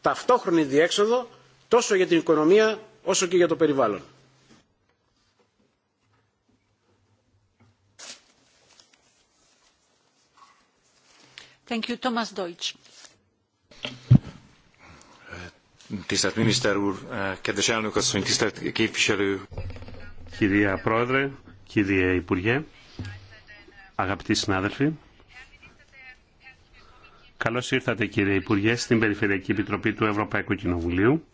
ταυτόχρονη διέξοδο τόσο για την οικονομία όσο και για το περιβάλλον. Thank you, Thomas Deutsch. Eh, eh, Κυρία Πρόεδρε, κύριε Υπουργέ, αγαπητοί συνάδελφοι, καλώς ήρθατε κύριε Υπουργέ στην Περιφερειακή Επιτροπή του Ευρωπαϊκού Κοινοβουλίου.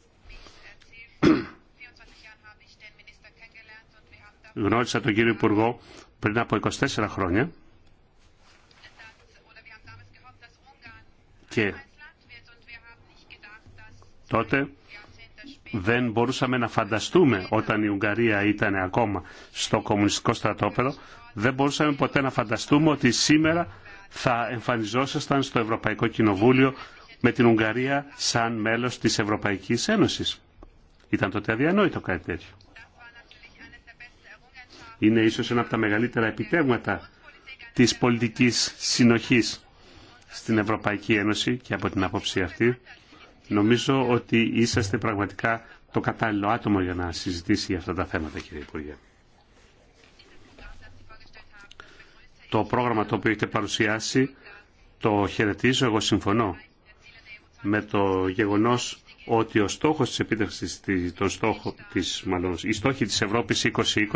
Γνώρισα τον κύριο Υπουργό πριν από 24 χρόνια και τότε δεν μπορούσαμε να φανταστούμε όταν η Ουγγαρία ήταν ακόμα στο κομμουνιστικό στρατόπεδο δεν μπορούσαμε ποτέ να φανταστούμε ότι σήμερα θα εμφανιζόσασταν στο Ευρωπαϊκό Κοινοβούλιο με την Ουγγαρία σαν μέλος της Ευρωπαϊκής Ένωσης. Ήταν τότε αδιανόητο κάτι τέτοιο. Είναι ίσως ένα από τα μεγαλύτερα επιτεύγματα της πολιτικής συνοχής στην Ευρωπαϊκή Ένωση και από την άποψη αυτή νομίζω ότι είσαστε πραγματικά το κατάλληλο άτομο για να συζητήσει αυτά τα θέματα κύριε Υπουργέ. Το πρόγραμμα το οποίο έχετε παρουσιάσει το χαιρετίζω, εγώ συμφωνώ με το γεγονός ότι ο στόχος της μάλλον, η στόχη της Ευρώπης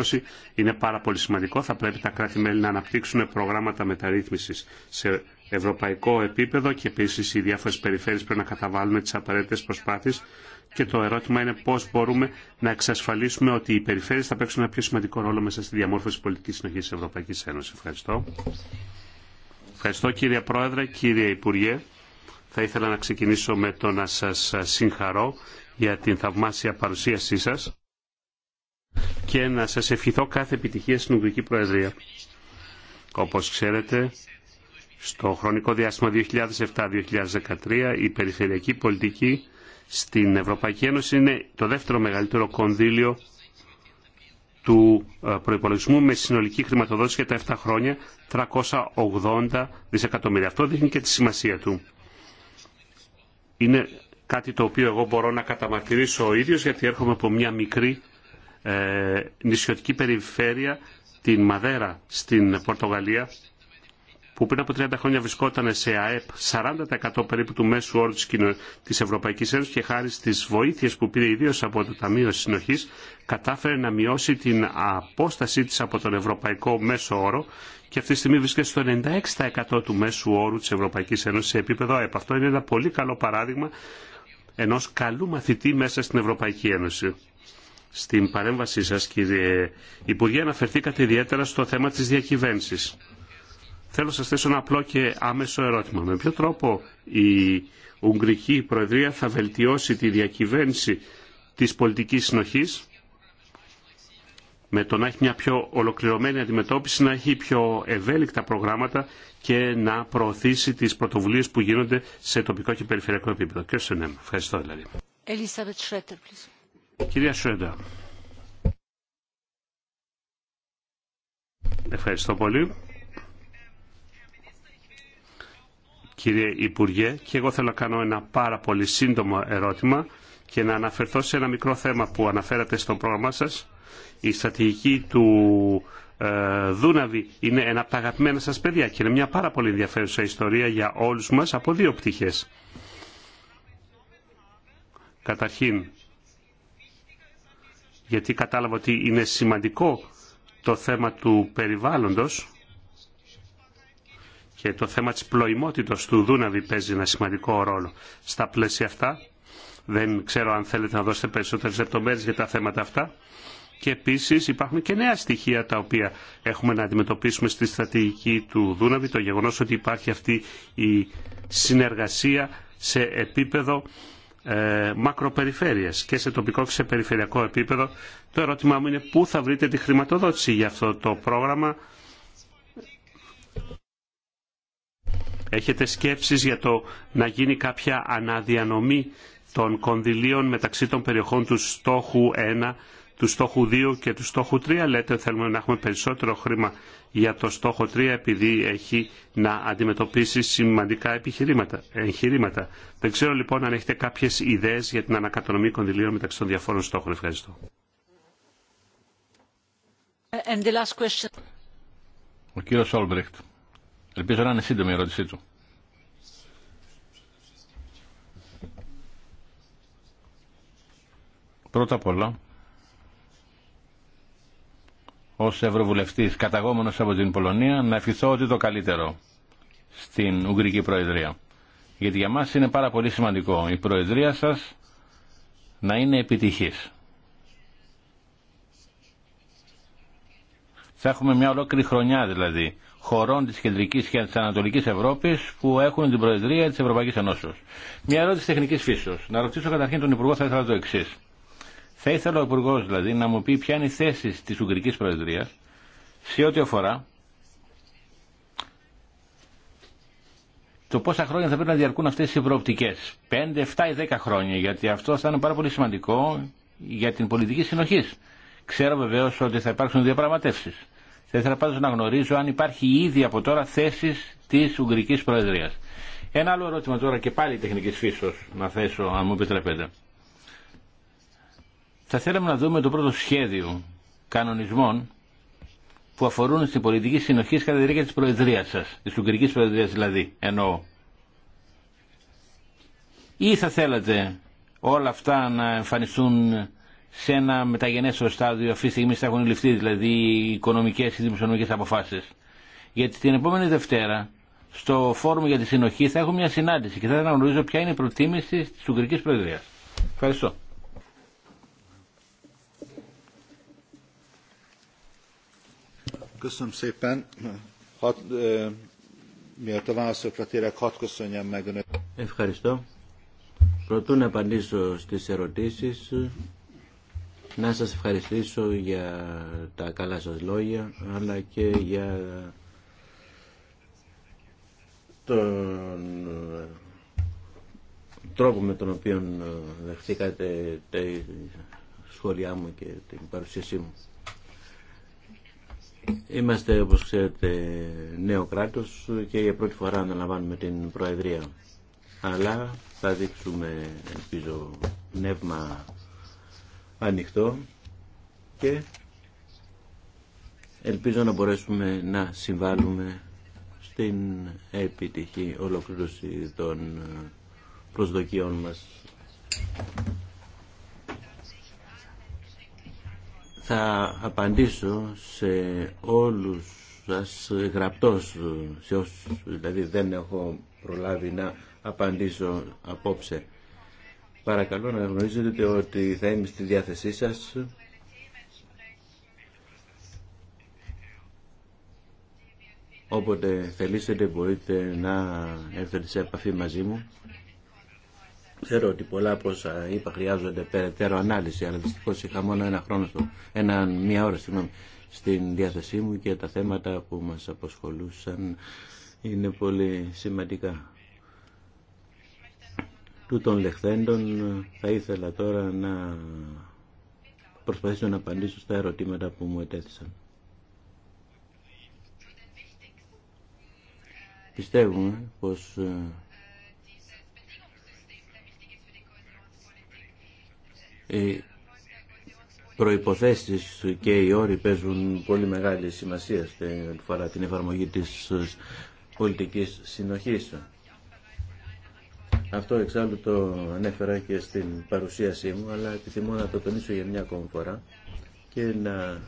2020 είναι πάρα πολύ σημαντικό. Θα πρέπει τα κράτη-μέλη να αναπτύξουν προγράμματα μεταρρύθμισης σε ευρωπαϊκό επίπεδο και επίσης οι διάφορες περιφέρειες πρέπει να καταβάλουν τις απαραίτητες προσπάθειες και το ερώτημα είναι πώς μπορούμε να εξασφαλίσουμε ότι οι περιφέρειες θα παίξουν ένα πιο σημαντικό ρόλο μέσα στη διαμόρφωση πολιτικής συνοχής της Ευρωπαϊκής Ένωσης. Ευχαριστώ. Ευχαριστώ κύριε Πρόεδρε, κύριε Υπουργέ. Θα ήθελα να ξεκινήσω με το να σας συγχαρώ για την θαυμάσια παρουσίασή σας και να σας ευχηθώ κάθε επιτυχία στην Ουγγρική Προεδρία. Όπως ξέρετε, στο χρονικό διάστημα 2007-2013 η περιφερειακή πολιτική στην Ευρωπαϊκή Ένωση είναι το δεύτερο μεγαλύτερο κονδύλιο του ε, προϋπολογισμού με συνολική χρηματοδότηση για τα 7 χρόνια 380 δισεκατομμύρια. Αυτό δείχνει και τη σημασία του είναι κάτι το οποίο εγώ μπορώ να καταμαρτυρήσω ο ίδιος γιατί έρχομαι από μια μικρή ε, νησιωτική περιφέρεια την Μαδέρα στην Πορτογαλία που πριν από 30 χρόνια βρισκόταν σε ΑΕΠ 40% περίπου του μέσου όρου της Ευρωπαϊκής Ένωσης και χάρη στις βοήθειες που πήρε ιδίως από το Ταμείο Συνοχής κατάφερε να μειώσει την απόστασή της από τον Ευρωπαϊκό Μέσο Όρο και αυτή τη στιγμή βρίσκεται στο 96% του μέσου όρου της Ευρωπαϊκής Ένωσης σε επίπεδο ΑΕΠ. Αυτό είναι ένα πολύ καλό παράδειγμα ενός καλού μαθητή μέσα στην Ευρωπαϊκή Ένωση. Στην παρέμβασή σας κύριε Υπουργέ αναφερθήκατε ιδιαίτερα στο θέμα της διακυβέρνησης. Θέλω να σας θέσω ένα απλό και άμεσο ερώτημα. Με ποιο τρόπο η Ουγγρική Προεδρία θα βελτιώσει τη διακυβέρνηση της πολιτικής συνοχής με το να έχει μια πιο ολοκληρωμένη αντιμετώπιση, να έχει πιο ευέλικτα προγράμματα και να προωθήσει τις πρωτοβουλίες που γίνονται σε τοπικό και περιφερειακό επίπεδο. Κύριε Σενέμ, ευχαριστώ δηλαδή. Κυρία Σρέντα. Ευχαριστώ πολύ. Κύριε Υπουργέ, και εγώ θέλω να κάνω ένα πάρα πολύ σύντομο ερώτημα και να αναφερθώ σε ένα μικρό θέμα που αναφέρατε στο πρόγραμμά σας η στρατηγική του ε, Δούναβη είναι ένα από τα αγαπημένα σας παιδιά και είναι μια πάρα πολύ ενδιαφέρουσα ιστορία για όλους μας από δύο πτυχές. Καταρχήν, γιατί κατάλαβα ότι είναι σημαντικό το θέμα του περιβάλλοντος και το θέμα της πλοημότητος του Δούναβη παίζει ένα σημαντικό ρόλο. Στα πλαίσια αυτά, δεν ξέρω αν θέλετε να δώσετε περισσότερες λεπτομέρειες για τα θέματα αυτά και επίση υπάρχουν και νέα στοιχεία τα οποία έχουμε να αντιμετωπίσουμε στη στρατηγική του Δούναβη, το γεγονός ότι υπάρχει αυτή η συνεργασία σε επίπεδο ε, μακροπεριφέρειας και σε τοπικό και σε περιφερειακό επίπεδο. Το ερώτημά μου είναι πού θα βρείτε τη χρηματοδότηση για αυτό το πρόγραμμα. Έχετε σκέψεις για το να γίνει κάποια αναδιανομή των κονδυλίων μεταξύ των περιοχών του στόχου 1 του στόχου 2 και του στόχου 3. Λέτε θέλουμε να έχουμε περισσότερο χρήμα για το στόχο 3 επειδή έχει να αντιμετωπίσει σημαντικά επιχειρήματα, εγχειρήματα. Δεν ξέρω λοιπόν αν έχετε κάποιες ιδέες για την ανακατονομή κονδυλίων μεταξύ των διαφόρων στόχων. Ευχαριστώ. And the last question. Ο κύριος Όλμπρεχτ. Ελπίζω να είναι σύντομη η ερώτησή του. Πρώτα απ' όλα ω ευρωβουλευτή καταγόμενος από την Πολωνία να ευχηθώ ότι το καλύτερο στην Ουγγρική Προεδρία. Γιατί για μα είναι πάρα πολύ σημαντικό η Προεδρία σας να είναι επιτυχής. Θα έχουμε μια ολόκληρη χρονιά δηλαδή χωρών της Κεντρικής και της Ανατολικής Ευρώπης που έχουν την Προεδρία της Ευρωπαϊκής Ενώσεως. Μια ερώτηση τεχνικής φύσεως. Να ρωτήσω καταρχήν τον Υπουργό θα ήθελα το εξής. Θα ήθελα ο Υπουργό δηλαδή να μου πει ποια είναι η θέση τη Ουγγρική Προεδρία σε ό,τι αφορά το πόσα χρόνια θα πρέπει να διαρκούν αυτέ οι ευρωοπτικέ. 5, 7 ή 10 χρόνια, γιατί αυτό θα είναι πάρα πολύ σημαντικό για την πολιτική συνοχή. Ξέρω βεβαίω ότι θα υπάρξουν διαπραγματεύσει. Θα ήθελα πάντω να γνωρίζω αν υπάρχει ήδη από τώρα θέση τη Ουγγρική Προεδρία. Ένα άλλο ερώτημα τώρα και πάλι τεχνική φύσεω να θέσω, αν μου επιτρέπετε. Θα θέλαμε να δούμε το πρώτο σχέδιο κανονισμών που αφορούν στην πολιτική συνοχή κατά τη διάρκεια τη Προεδρία σα, τη Ουγγρική Προεδρία δηλαδή, εννοώ. Ή θα θέλατε όλα αυτά να εμφανιστούν σε ένα μεταγενέστερο στάδιο, αυτή τη στιγμή θα έχουν ληφθεί δηλαδή οι οικονομικέ ή δημοσιονομικέ αποφάσει. Γιατί την επόμενη Δευτέρα στο Φόρουμ για τη Συνοχή θα έχω μια συνάντηση και θα ήθελα να γνωρίζω ποια είναι η προτίμηση τη Ουγγρική Προεδρία. Ευχαριστώ. Ευχαριστώ. Προτού να απαντήσω στις ερωτήσεις, να σας ευχαριστήσω για τα καλά σας λόγια, αλλά και για τον ε, τρόπο με τον οποίο ε, δεχτήκατε τα σχόλιά μου και την παρουσίασή μου. Είμαστε, όπως ξέρετε, νέο κράτος και για πρώτη φορά αναλαμβάνουμε την Προεδρία. Αλλά θα δείξουμε, ελπίζω, πνεύμα ανοιχτό και ελπίζω να μπορέσουμε να συμβάλλουμε στην επιτυχή ολοκλήρωση των προσδοκιών μας. θα απαντήσω σε όλους σας γραπτός, σε όσους, δηλαδή δεν έχω προλάβει να απαντήσω απόψε. Παρακαλώ να γνωρίζετε ότι θα είμαι στη διάθεσή σας. Όποτε θελήσετε μπορείτε να έρθετε σε επαφή μαζί μου Ξέρω ότι πολλά από όσα είπα χρειάζονται περαιτέρω ανάλυση, αλλά δυστυχώ είχα μόνο ένα χρόνο, στο, ένα, μία ώρα συγγνώμη, στην διάθεσή μου και τα θέματα που μας απασχολούσαν είναι πολύ σημαντικά. Του των λεχθέντων θα ήθελα τώρα να προσπαθήσω να απαντήσω στα ερωτήματα που μου ετέθησαν. Πιστεύουμε πως ε, οι προϋποθέσεις και οι όροι παίζουν πολύ μεγάλη σημασία στην φορά την εφαρμογή της πολιτικής συνοχής. Αυτό εξάλλου το ανέφερα και στην παρουσίασή μου, αλλά επιθυμώ να το τονίσω για μια ακόμη φορά και να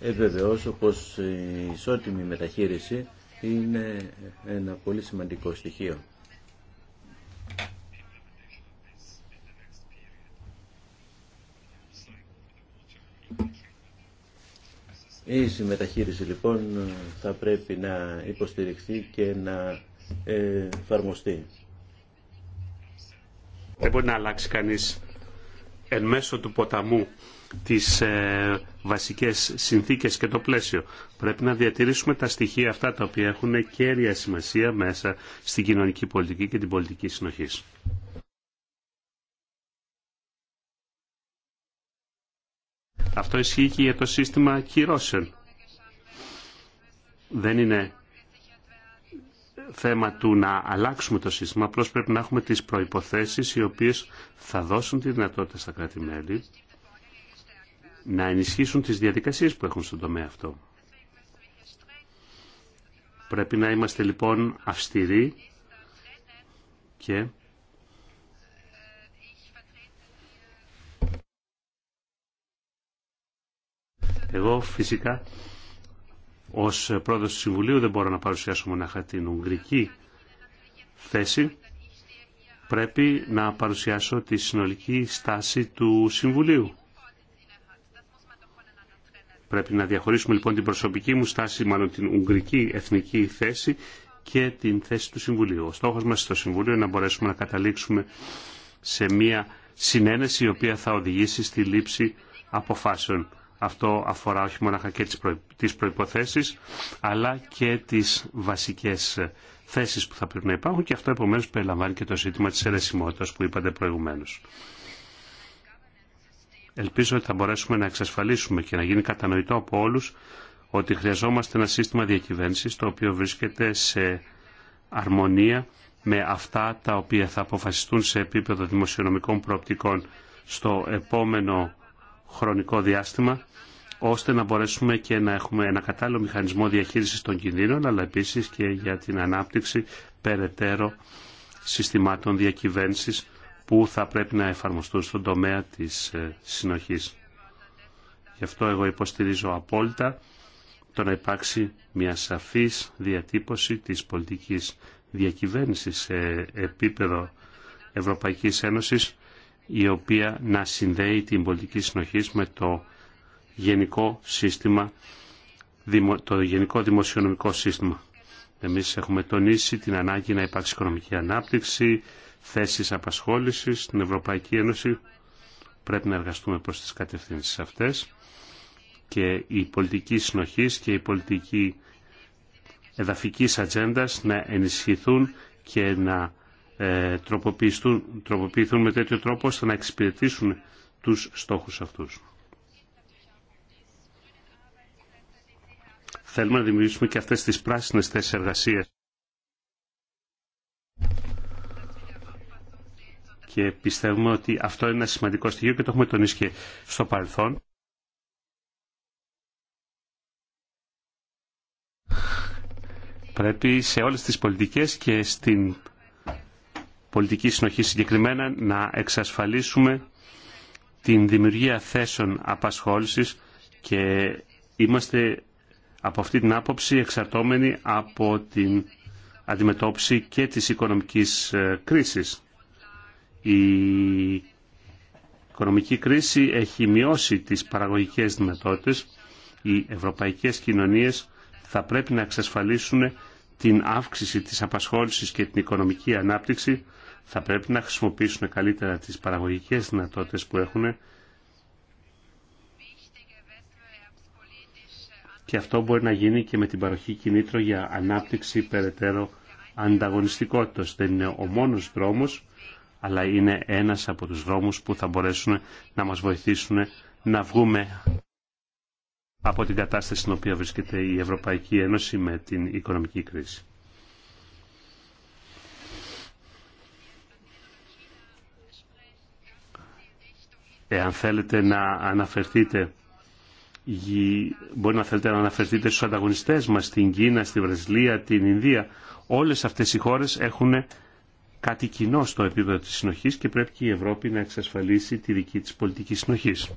ευεβεβαιώσω πως η ισότιμη μεταχείριση είναι ένα πολύ σημαντικό στοιχείο Η συμμεταχείριση λοιπόν θα πρέπει να υποστηριχθεί και να εφαρμοστεί. Δεν μπορεί να αλλάξει κανείς εν μέσω του ποταμού τις ε, βασικές συνθήκες και το πλαίσιο. Πρέπει να διατηρήσουμε τα στοιχεία αυτά τα οποία έχουν κέρια σημασία μέσα στην κοινωνική πολιτική και την πολιτική συνοχής. Αυτό ισχύει και για το σύστημα κυρώσεων. Δεν είναι θέμα του να αλλάξουμε το σύστημα, απλώς πρέπει να έχουμε τις προϋποθέσεις οι οποίες θα δώσουν τη δυνατότητα στα κράτη-μέλη να ενισχύσουν τις διαδικασίες που έχουν στον τομέα αυτό. Πρέπει να είμαστε λοιπόν αυστηροί και Εγώ φυσικά ως πρόεδρος του Συμβουλίου δεν μπορώ να παρουσιάσω μονάχα την Ουγγρική θέση. Πρέπει να παρουσιάσω τη συνολική στάση του Συμβουλίου. Πρέπει να διαχωρίσουμε λοιπόν την προσωπική μου στάση, μάλλον την Ουγγρική εθνική θέση και την θέση του Συμβουλίου. Ο στόχος μας στο Συμβουλίο είναι να μπορέσουμε να καταλήξουμε σε μια συνένεση η οποία θα οδηγήσει στη λήψη αποφάσεων. Αυτό αφορά όχι μόνο και τις προϋποθέσεις, αλλά και τις βασικές θέσεις που θα πρέπει να υπάρχουν και αυτό επομένως περιλαμβάνει και το ζήτημα της αιρεσιμότητας που είπατε προηγουμένως. Ελπίζω ότι θα μπορέσουμε να εξασφαλίσουμε και να γίνει κατανοητό από όλους ότι χρειαζόμαστε ένα σύστημα διακυβέρνησης το οποίο βρίσκεται σε αρμονία με αυτά τα οποία θα αποφασιστούν σε επίπεδο δημοσιονομικών προοπτικών στο επόμενο χρονικό διάστημα ώστε να μπορέσουμε και να έχουμε ένα κατάλληλο μηχανισμό διαχείρισης των κινδύνων, αλλά επίσης και για την ανάπτυξη περαιτέρω συστημάτων διακυβέρνησης που θα πρέπει να εφαρμοστούν στον τομέα της ε, συνοχής. Γι' αυτό εγώ υποστηρίζω απόλυτα το να υπάρξει μια σαφής διατύπωση της πολιτικής διακυβέρνησης σε επίπεδο Ευρωπαϊκής Ένωσης η οποία να συνδέει την πολιτική συνοχής με το γενικό σύστημα, το γενικό δημοσιονομικό σύστημα. Εμείς έχουμε τονίσει την ανάγκη να υπάρξει οικονομική ανάπτυξη, θέσεις απασχόλησης στην Ευρωπαϊκή Ένωση. Πρέπει να εργαστούμε προς τις κατευθύνσεις αυτές και η πολιτική συνοχής και η πολιτική εδαφική ατζέντα να ενισχυθούν και να ε, τροποποιηθούν, τροποποιηθούν με τέτοιο τρόπο ώστε να εξυπηρετήσουν τους στόχους αυτούς. θέλουμε να δημιουργήσουμε και αυτές τις πράσινες θέσεις εργασίας. Και πιστεύουμε ότι αυτό είναι ένα σημαντικό στοιχείο και το έχουμε τονίσει και στο παρελθόν. Πρέπει σε όλες τις πολιτικές και στην πολιτική συνοχή συγκεκριμένα να εξασφαλίσουμε την δημιουργία θέσεων απασχόλησης και είμαστε από αυτή την άποψη εξαρτώμενη από την αντιμετώπιση και της οικονομικής ε, κρίσης. Η οικονομική κρίση έχει μειώσει τις παραγωγικές δυνατότητες. Οι ευρωπαϊκές κοινωνίες θα πρέπει να εξασφαλίσουν την αύξηση της απασχόλησης και την οικονομική ανάπτυξη. Θα πρέπει να χρησιμοποιήσουν καλύτερα τις παραγωγικές δυνατότητες που έχουν και αυτό μπορεί να γίνει και με την παροχή κινήτρων για ανάπτυξη περαιτέρω ανταγωνιστικότητας. Δεν είναι ο μόνος δρόμος, αλλά είναι ένας από τους δρόμους που θα μπορέσουν να μας βοηθήσουν να βγούμε από την κατάσταση στην οποία βρίσκεται η Ευρωπαϊκή Ένωση με την οικονομική κρίση. Εάν θέλετε να αναφερθείτε μπορεί να θέλετε να αναφερθείτε στους ανταγωνιστές μας στην Κίνα, στη Βραζιλία, την Ινδία. Όλες αυτές οι χώρες έχουν κάτι κοινό στο επίπεδο της συνοχής και πρέπει και η Ευρώπη να εξασφαλίσει τη δική της πολιτική συνοχής.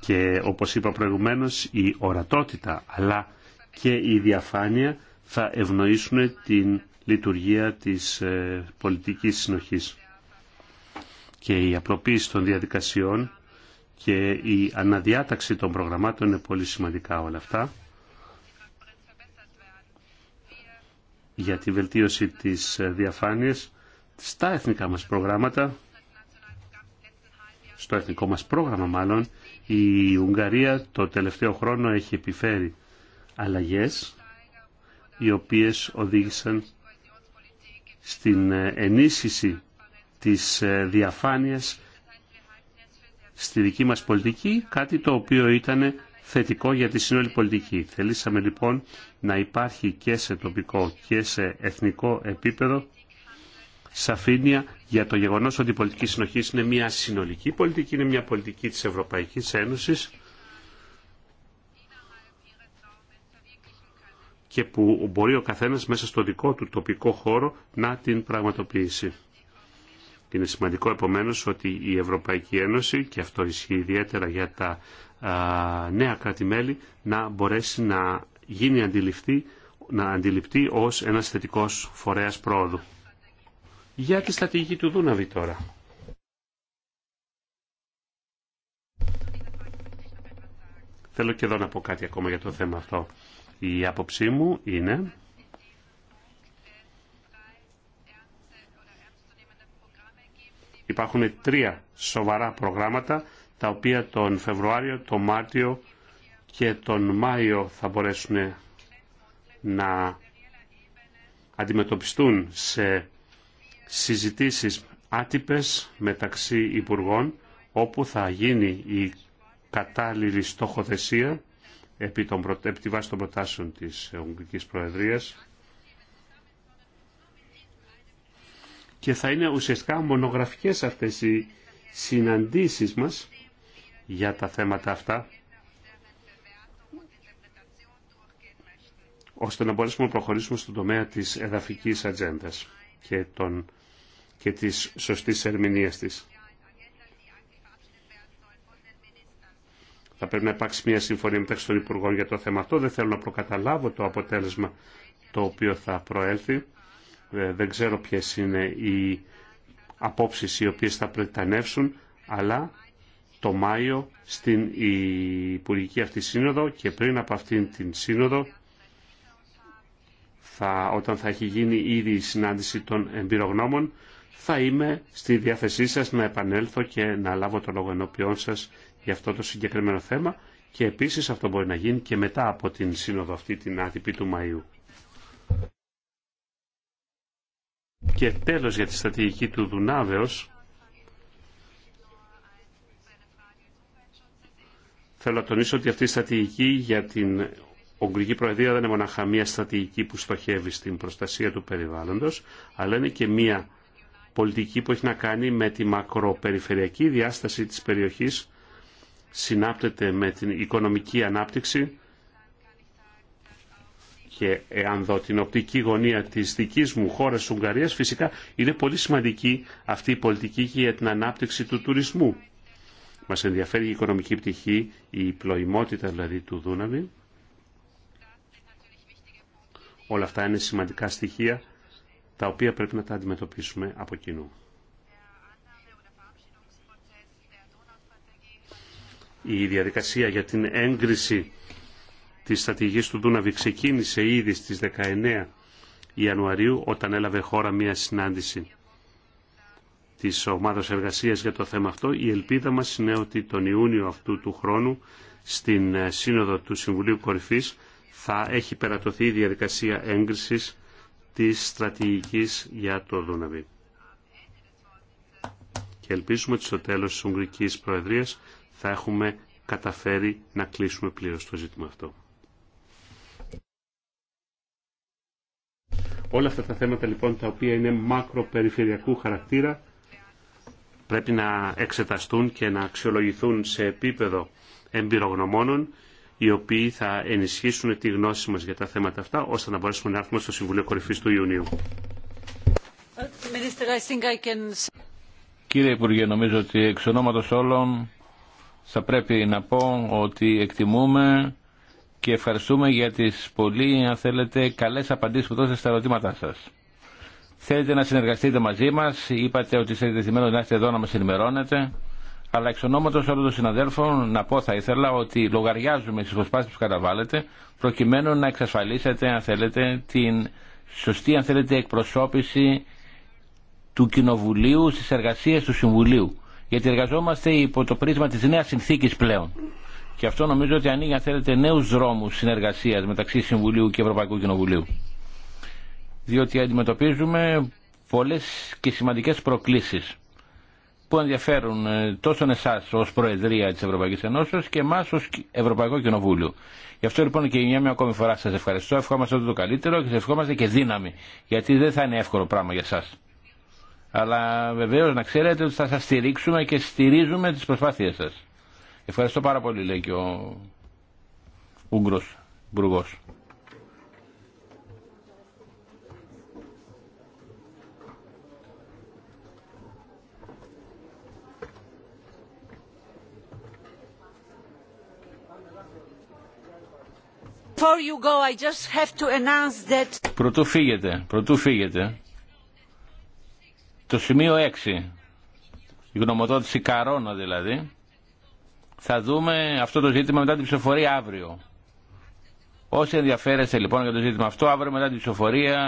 Και όπως είπα προηγουμένως η ορατότητα αλλά και η διαφάνεια θα ευνοήσουν την λειτουργία της ε, πολιτικής συνοχής. Και η απλοποίηση των διαδικασιών και η αναδιάταξη των προγραμμάτων είναι πολύ σημαντικά όλα αυτά για τη βελτίωση της ε, διαφάνειας στα εθνικά μας προγράμματα στο εθνικό μας πρόγραμμα μάλλον η Ουγγαρία το τελευταίο χρόνο έχει επιφέρει αλλαγές οι οποίες οδήγησαν στην ε, ενίσχυση της ε, διαφάνειας στη δική μας πολιτική, κάτι το οποίο ήταν θετικό για τη σύνολη πολιτική. Θελήσαμε λοιπόν να υπάρχει και σε τοπικό και σε εθνικό επίπεδο σαφήνεια για το γεγονός ότι η πολιτική συνοχή είναι μια συνολική πολιτική, είναι μια πολιτική της Ευρωπαϊκής Ένωσης και που μπορεί ο καθένας μέσα στο δικό του τοπικό χώρο να την πραγματοποιήσει. Είναι σημαντικό επομένως ότι η Ευρωπαϊκή Ένωση, και αυτό ισχύει ιδιαίτερα για τα νέα κράτη-μέλη, να μπορέσει να γίνει αντιληπτή να αντιληφτεί ως ένας θετικός φορέας πρόοδου. Για τη στρατηγική του Δούναβη τώρα. Θέλω και εδώ να πω κάτι ακόμα για το θέμα αυτό. Η άποψή μου είναι υπάρχουν τρία σοβαρά προγράμματα τα οποία τον Φεβρουάριο, τον Μάρτιο και τον Μάιο θα μπορέσουν να αντιμετωπιστούν σε συζητήσεις άτυπες μεταξύ Υπουργών όπου θα γίνει η κατάλληλη στόχοθεσία επί, των, επί τη βάση των προτάσεων της Ουγγρικής Προεδρίας και θα είναι ουσιαστικά μονογραφικές αυτές οι συναντήσεις μας για τα θέματα αυτά ώστε να μπορέσουμε να προχωρήσουμε στον τομέα της εδαφικής ατζέντα και, των, και της σωστής ερμηνείας της. Θα πρέπει να υπάρξει μια συμφωνία μεταξύ των Υπουργών για το θέμα αυτό. Δεν θέλω να προκαταλάβω το αποτέλεσμα το οποίο θα προέλθει. Ε, δεν ξέρω ποιες είναι οι απόψεις οι οποίες θα πρετανεύσουν, αλλά το Μάιο στην Υπουργική αυτή Σύνοδο και πριν από αυτήν την Σύνοδο θα, όταν θα έχει γίνει ήδη η συνάντηση των εμπειρογνώμων θα είμαι στη διάθεσή σας να επανέλθω και να λάβω το λόγο ενώπιόν σας για αυτό το συγκεκριμένο θέμα και επίσης αυτό μπορεί να γίνει και μετά από την σύνοδο αυτή την άτυπη του Μαΐου. Και τέλος για τη στρατηγική του Δουνάβεως, θέλω να τονίσω ότι αυτή η στρατηγική για την Ογκρική Προεδρία δεν είναι μοναχα μία στρατηγική που στοχεύει στην προστασία του περιβάλλοντος, αλλά είναι και μία πολιτική που έχει να κάνει με τη μακροπεριφερειακή διάσταση της περιοχής συνάπτεται με την οικονομική ανάπτυξη και εάν δω την οπτική γωνία της δικής μου χώρας της Ουγγαρίας, φυσικά είναι πολύ σημαντική αυτή η πολιτική και για την ανάπτυξη του τουρισμού. Μας ενδιαφέρει η οικονομική πτυχή, η πλοημότητα δηλαδή του Δούναβη. Όλα αυτά είναι σημαντικά στοιχεία τα οποία πρέπει να τα αντιμετωπίσουμε από κοινού. η διαδικασία για την έγκριση της στρατηγικής του Δούναβη ξεκίνησε ήδη στις 19 Ιανουαρίου όταν έλαβε χώρα μια συνάντηση της ομάδας εργασίας για το θέμα αυτό. Η ελπίδα μας είναι ότι τον Ιούνιο αυτού του χρόνου στην ε, Σύνοδο του Συμβουλίου Κορυφής θα έχει περατωθεί η διαδικασία έγκρισης της στρατηγικής για το Δούναβη. Και ελπίζουμε ότι στο τέλος της Ουγγρικής Προεδρίας θα έχουμε καταφέρει να κλείσουμε πλήρως το ζήτημα αυτό. Όλα αυτά τα θέματα λοιπόν τα οποία είναι μακροπεριφερειακού χαρακτήρα πρέπει να εξεταστούν και να αξιολογηθούν σε επίπεδο εμπειρογνωμόνων οι οποίοι θα ενισχύσουν τη γνώση μας για τα θέματα αυτά ώστε να μπορέσουμε να έρθουμε στο Συμβουλίο Κορυφής του Ιουνίου. Κύριε Υπουργέ, νομίζω ότι εξ ονόματος όλων θα πρέπει να πω ότι εκτιμούμε και ευχαριστούμε για τις πολύ, αν θέλετε, καλές απαντήσεις που δώσατε στα ερωτήματά σας. Θέλετε να συνεργαστείτε μαζί μας, είπατε ότι είστε δεθειμένος να είστε εδώ να μας ενημερώνετε, αλλά εξ ονόματος όλων των συναδέλφων να πω θα ήθελα ότι λογαριάζουμε στις προσπάθειες που καταβάλλετε, προκειμένου να εξασφαλίσετε, αν θέλετε, την σωστή, αν θέλετε, εκπροσώπηση του Κοινοβουλίου στις εργασίες του Συμβουλίου γιατί εργαζόμαστε υπό το πρίσμα της νέας συνθήκης πλέον. Και αυτό νομίζω ότι ανοίγει, αν θέλετε, νέους δρόμους συνεργασίας μεταξύ Συμβουλίου και Ευρωπαϊκού Κοινοβουλίου. Διότι αντιμετωπίζουμε πολλές και σημαντικές προκλήσεις που ενδιαφέρουν ε, τόσο εσά ως Προεδρία της Ευρωπαϊκής Ενώσεω και εμά ως Ευρωπαϊκό Κοινοβούλιο. Γι' αυτό λοιπόν και για μια ακόμη φορά σα ευχαριστώ. Ευχόμαστε το καλύτερο και σα ευχόμαστε και δύναμη. Γιατί δεν θα είναι εύκολο πράγμα για εσά αλλά βεβαίω να ξέρετε ότι θα σας στηρίξουμε και στηρίζουμε τις προσπάθειε σας. Ευχαριστώ πάρα πολύ, λέει και ο Ούγγρος Υπουργό. Before you go, I just have to announce that... Πρωτού φύγετε, πρωτού φύγετε. Το σημείο 6, η γνωμοδότηση Καρόνα δηλαδή, θα δούμε αυτό το ζήτημα μετά την ψηφοφορία αύριο. Όσοι ενδιαφέρεστε λοιπόν για το ζήτημα αυτό, αύριο μετά την ψηφοφορία